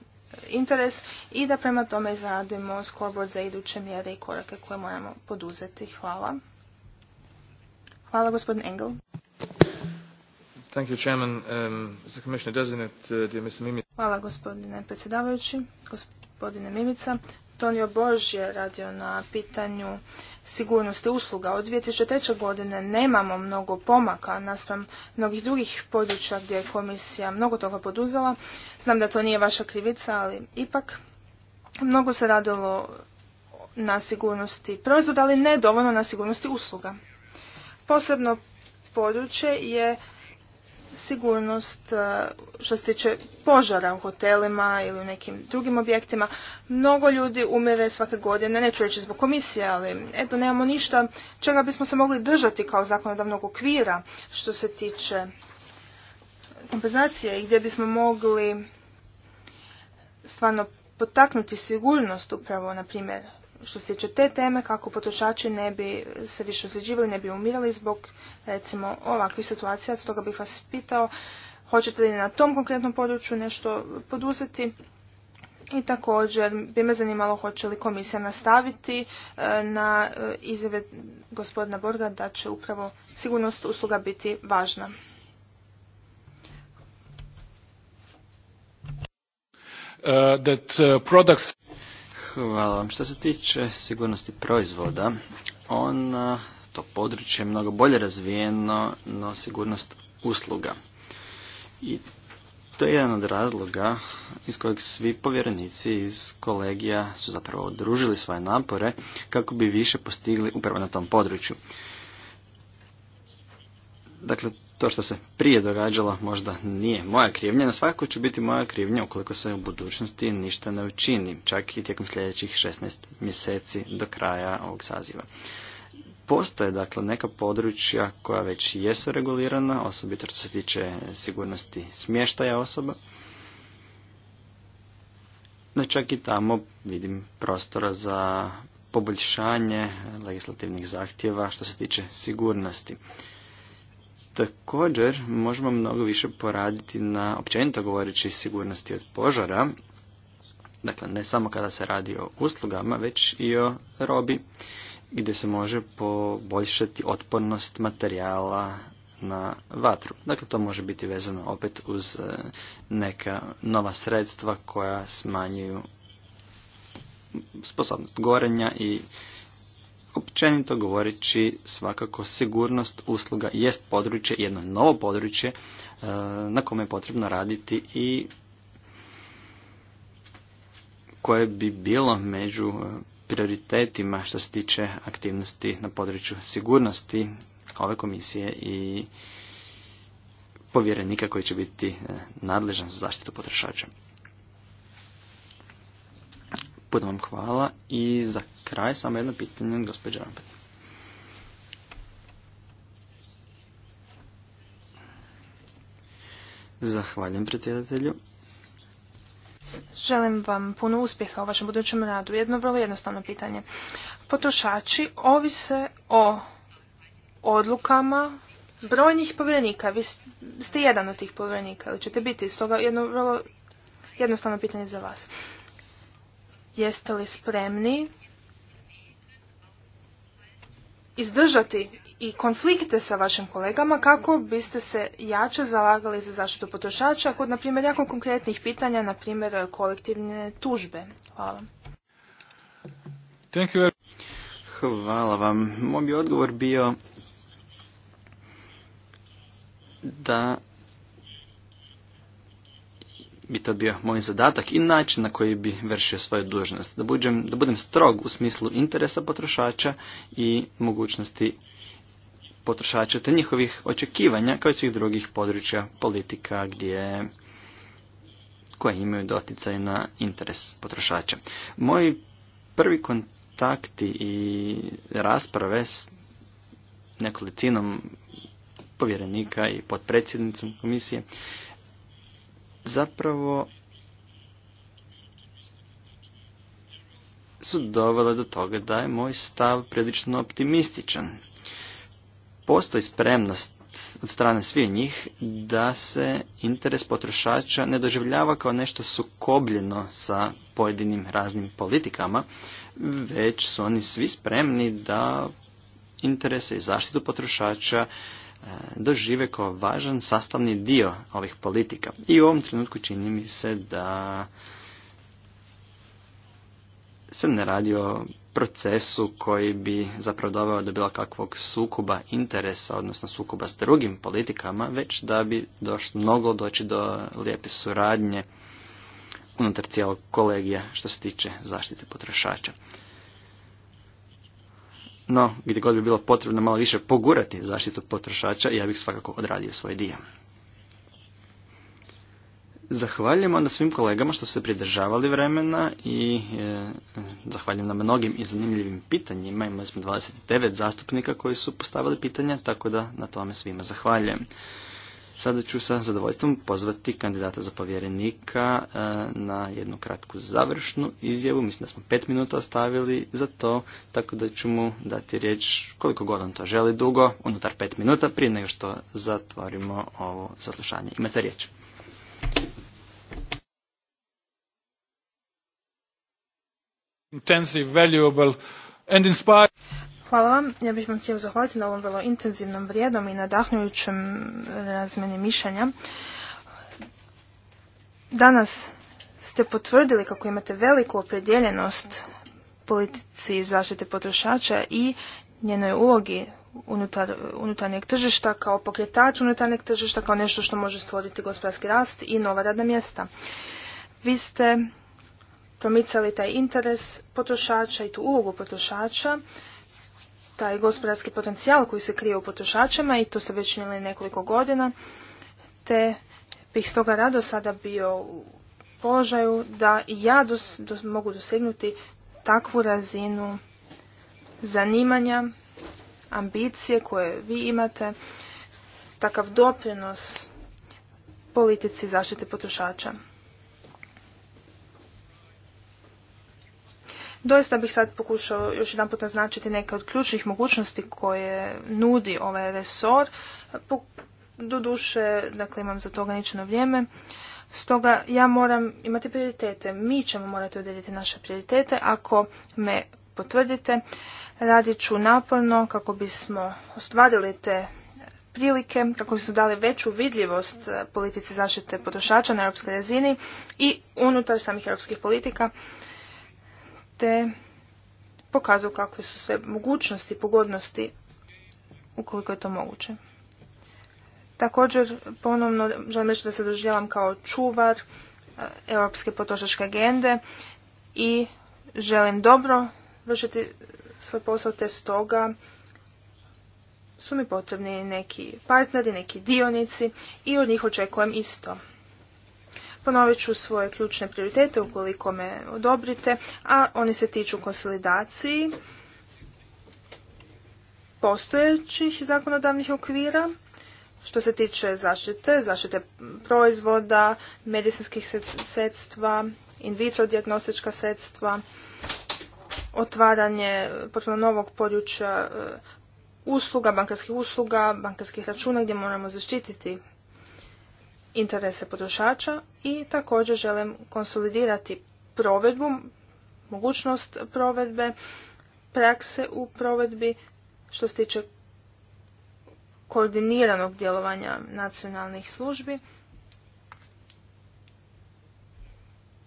interes i da prema tome izradimo scoreboard za iduće mjere i korake koje moramo poduzeti. Hvala. Hvala gospodin Engel. Um, uh, Hvala gospodine predsjedavajući, gospodine Mimica. Tonio Bož je radio na pitanju sigurnosti usluga. Od 2003. godine nemamo mnogo pomaka naspram mnogih drugih područja gdje je komisija mnogo toga poduzela. Znam da to nije vaša krivica, ali ipak mnogo se radilo na sigurnosti proizvoda, ali ne dovoljno na sigurnosti usluga. Posebno područje je sigurnost e, što se tiče požara u hotelima ili u nekim drugim objektima. Mnogo ljudi umire svake godine, neću reći zbog komisije, ali eto nemamo ništa čega bismo se mogli držati kao zakonodavnog okvira što se tiče kompenzacije i gdje bismo mogli stvarno potaknuti sigurnost upravo, na primjer, što se tiče te teme kako potrošači ne bi se više osjeđivali, ne bi umirali zbog recimo ovakvih situacija. Stoga bih vas pitao hoćete li na tom konkretnom području nešto poduzeti i također bi me zanimalo hoće li komisija nastaviti e, na e, izjave gospodina Borga da će upravo sigurnost usluga biti važna.
Uh, uh, Hvala vam. Što se tiče sigurnosti proizvoda, on, to područje je mnogo bolje razvijeno no sigurnost usluga. I to je jedan od razloga iz kojeg svi povjerenici iz kolegija su zapravo odružili svoje napore kako bi više postigli upravo na tom području. Dakle, to što se prije događalo možda nije moja krivnja, na svakako će biti moja krivnja ukoliko se u budućnosti ništa ne učini, čak i tijekom sljedećih 16 mjeseci do kraja ovog saziva. Postoje dakle neka područja koja već jesu regulirana, osobito što se tiče sigurnosti smještaja osoba. No čak i tamo vidim prostora za poboljšanje legislativnih zahtjeva što se tiče sigurnosti. Također možemo mnogo više poraditi na općenito govoreći sigurnosti od požara, dakle ne samo kada se radi o uslugama, već i o robi gdje se može poboljšati otpornost materijala na vatru. Dakle, to može biti vezano opet uz e, neka nova sredstva koja smanjuju sposobnost gorenja i općenito govoreći svakako sigurnost usluga jest područje, jedno novo područje e, na kome je potrebno raditi i koje bi bilo među e, prioritetima što se tiče aktivnosti na području sigurnosti ove komisije i povjerenika koji će biti e, nadležan za zaštitu potrošača. Puno vam hvala i za kraj samo jedno pitanje gospođa Zahvaljujem predsjedatelju.
Želim vam puno uspjeha u vašem budućem radu. Jedno vrlo jednostavno pitanje. Potrošači ovise o odlukama brojnih povjerenika. Vi ste jedan od tih povjerenika, ali ćete biti. Stoga jedno vrlo jednostavno pitanje za vas. Jeste li spremni izdržati i konflikte sa vašim kolegama kako biste se jače zalagali za zaštitu potrošača kod, na primjer, jako konkretnih pitanja, na primjer, kolektivne tužbe? Hvala.
Thank Hvala vam. Moj bi odgovor bio da bi to bio moj zadatak i način na koji bi vršio svoju dužnost. Da budem, strog u smislu interesa potrošača i mogućnosti potrošača te njihovih očekivanja kao i svih drugih područja politika gdje koje imaju doticaj na interes potrošača. Moji prvi kontakti i rasprave s nekolicinom povjerenika i potpredsjednicom komisije zapravo su dovele do toga da je moj stav prilično optimističan. Postoji spremnost od strane svih njih da se interes potrošača ne doživljava kao nešto sukobljeno sa pojedinim raznim politikama, već su oni svi spremni da interese i zaštitu potrošača dožive kao važan sastavni dio ovih politika. I u ovom trenutku čini mi se da se ne radi o procesu koji bi zapravo doveo do bilo kakvog sukoba interesa, odnosno sukoba s drugim politikama, već da bi došlo mnogo doći do lijepe suradnje unutar cijelog kolegija što se tiče zaštite potrošača. No, gdje god bi bilo potrebno malo više pogurati zaštitu potrošača, ja bih svakako odradio svoj dio. Zahvaljujem onda svim kolegama što su se pridržavali vremena i e, zahvaljujem na mnogim i zanimljivim pitanjima. Imali smo 29 zastupnika koji su postavili pitanja, tako da na tome svima zahvaljujem. Sada ću sa zadovoljstvom pozvati kandidata za povjerenika e, na jednu kratku završnu izjavu. Mislim da smo pet minuta ostavili za to, tako da ću mu dati riječ koliko god on to želi dugo, unutar pet minuta, prije nego što zatvorimo ovo saslušanje. Imate riječ. Intensive,
valuable and inspiring.
Hvala vam. Ja bih vam htio zahvaliti na ovom vrlo intenzivnom, vrijedom i nadahnujućem razmeni mišljenja. Danas ste potvrdili kako imate veliku opredjeljenost politici zaštite potrošača i njenoj ulogi unutar, unutarnjeg tržišta kao pokretač unutarnjeg tržišta kao nešto što može stvoriti gospodarski rast i nova radna mjesta. Vi ste promicali taj interes potrošača i tu ulogu potrošača taj gospodarski potencijal koji se krije u potrošačima i to ste već činili nekoliko godina, te bih stoga rado sada bio u položaju da i ja mogu dosegnuti takvu razinu zanimanja, ambicije koje vi imate, takav doprinos politici zaštite potrošača. Doista bih sad pokušao još jedan put naznačiti neke od ključnih mogućnosti koje nudi ovaj resor. Doduše, dakle imam za to ograničeno vrijeme. Stoga ja moram imati prioritete. Mi ćemo morati odrediti naše prioritete. Ako me potvrdite, radit ću naporno kako bismo ostvarili te prilike, kako bismo dali veću vidljivost e, politici zaštite potrošača na europskoj razini i unutar samih europskih politika te pokazao kakve su sve mogućnosti, pogodnosti ukoliko je to moguće. Također, ponovno želim reći da se doživljavam kao čuvar e, Europske potrošačke agende i želim dobro vršiti svoj posao, te stoga su mi potrebni neki partneri, neki dionici i od njih očekujem isto. Ponovit ću svoje ključne prioritete ukoliko me odobrite, a oni se tiču konsolidaciji postojećih zakonodavnih okvira, što se tiče zaštite, zaštite proizvoda, medicinskih sredstva, in vitro diagnostička sredstva, otvaranje potpuno novog područja e, usluga, bankarskih usluga, bankarskih računa gdje moramo zaštititi interese potrošača i također želim konsolidirati provedbu, mogućnost provedbe, prakse u provedbi što se tiče koordiniranog djelovanja nacionalnih službi,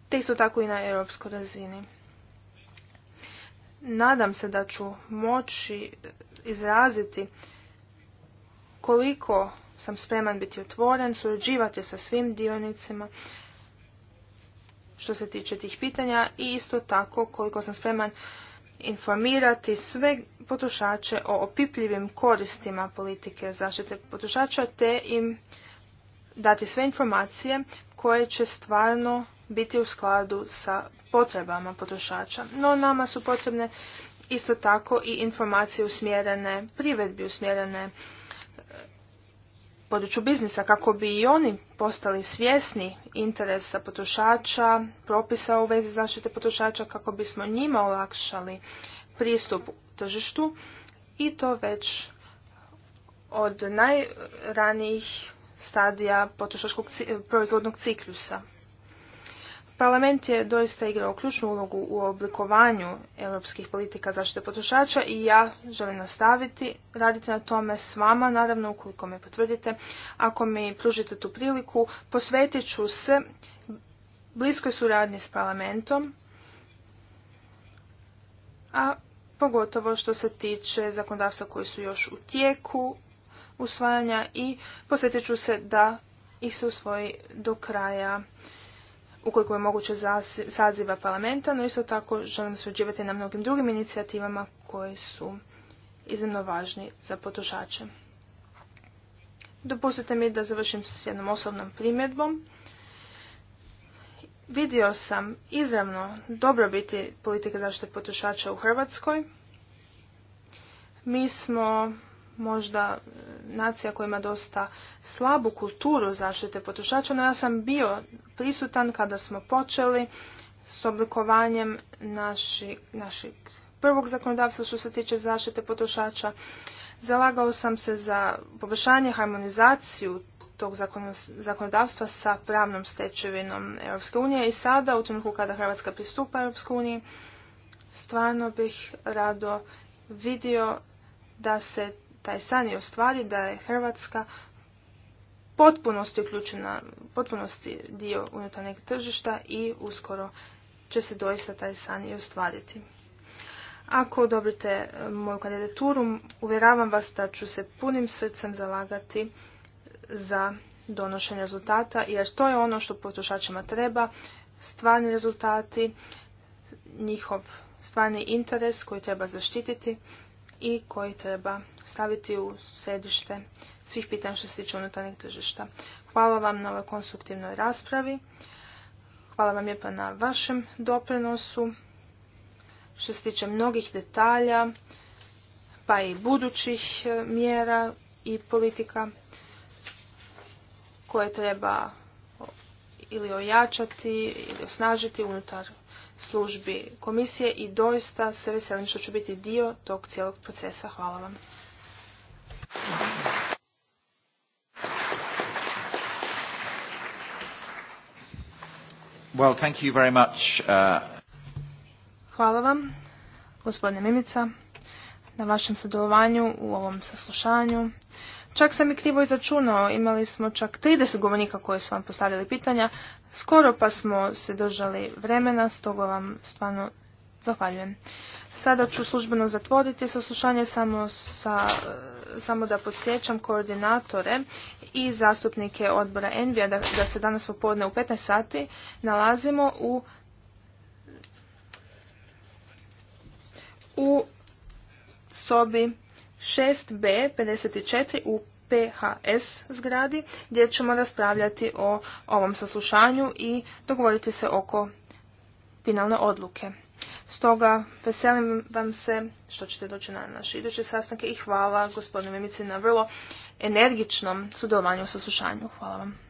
te isto tako i na europskoj razini. Nadam se da ću moći izraziti koliko sam spreman biti otvoren, surađivati sa svim dionicima što se tiče tih pitanja i isto tako koliko sam spreman informirati sve potrošače o opipljivim koristima politike zaštite potrošača te im dati sve informacije koje će stvarno biti u skladu sa potrebama potrošača. No nama su potrebne isto tako i informacije usmjerene, privedbi usmjerene području biznisa kako bi i oni postali svjesni interesa potrošača, propisa u vezi zaštite potrošača kako bismo njima olakšali pristup tržištu i to već od najranijih stadija potrošačkog proizvodnog ciklusa. Parlament je doista igrao ključnu ulogu u oblikovanju europskih politika zaštite potrošača i ja želim nastaviti raditi na tome s vama, naravno ukoliko me potvrdite. Ako mi pružite tu priliku, posvetit ću se bliskoj suradnji s parlamentom, a pogotovo što se tiče zakonodavstva koji su još u tijeku usvajanja i posvetit ću se da ih se usvoji do kraja ukoliko je moguće saziva parlamenta, no isto tako želim surađivati na mnogim drugim inicijativama koje su iznimno važni za potrošače. Dopustite mi da završim s jednom osobnom primjedbom. Vidio sam izravno dobrobiti politike zaštite potrošača u Hrvatskoj. Mi smo možda e, nacija koja ima dosta slabu kulturu zaštite potrošača, no ja sam bio prisutan kada smo počeli s oblikovanjem naših našeg prvog zakonodavstva što se tiče zaštite potrošača. Zalagao sam se za poboljšanje harmonizaciju tog zakonodavstva sa pravnom stečevinom EU unije i sada u trenutku kada Hrvatska pristupa EU, uniji stvarno bih rado vidio da se taj san i ostvari da je Hrvatska potpunosti uključena, potpunosti dio unutarnjeg tržišta i uskoro će se doista taj san i ostvariti. Ako odobrite eh, moju kandidaturu, uvjeravam vas da ću se punim srcem zalagati za donošenje rezultata, jer to je ono što potrošačima treba, stvarni rezultati, njihov stvarni interes koji treba zaštititi i koji treba staviti u središte svih pitanja što se tiče unutarnjeg tržišta. Hvala vam na ovoj konstruktivnoj raspravi. Hvala vam lijepa na vašem doprinosu što se tiče mnogih detalja, pa i budućih e, mjera i politika koje treba ili ojačati ili osnažiti unutar službi komisije i doista se veselim što ću biti dio tog cijelog procesa. Hvala vam.
Well, thank you very much, uh,
Hvala vam, gospodine Mimica, na vašem sudjelovanju u ovom saslušanju. Čak sam i krivo izračunao, imali smo čak 30 govornika koji su vam postavili pitanja, skoro pa smo se držali vremena, stoga vam stvarno zahvaljujem. Sada ću službeno zatvoriti saslušanje samo, sa, samo da podsjećam koordinatore i zastupnike odbora Envija da, da se danas popodne u 15 sati nalazimo u u sobi 6B54 u PHS zgradi gdje ćemo raspravljati o ovom saslušanju i dogovoriti se oko finalne odluke. Stoga veselim vam se što ćete doći na naše iduće sastanke i hvala gospodinu Mimici na vrlo
energičnom sudovanju u saslušanju. Hvala vam.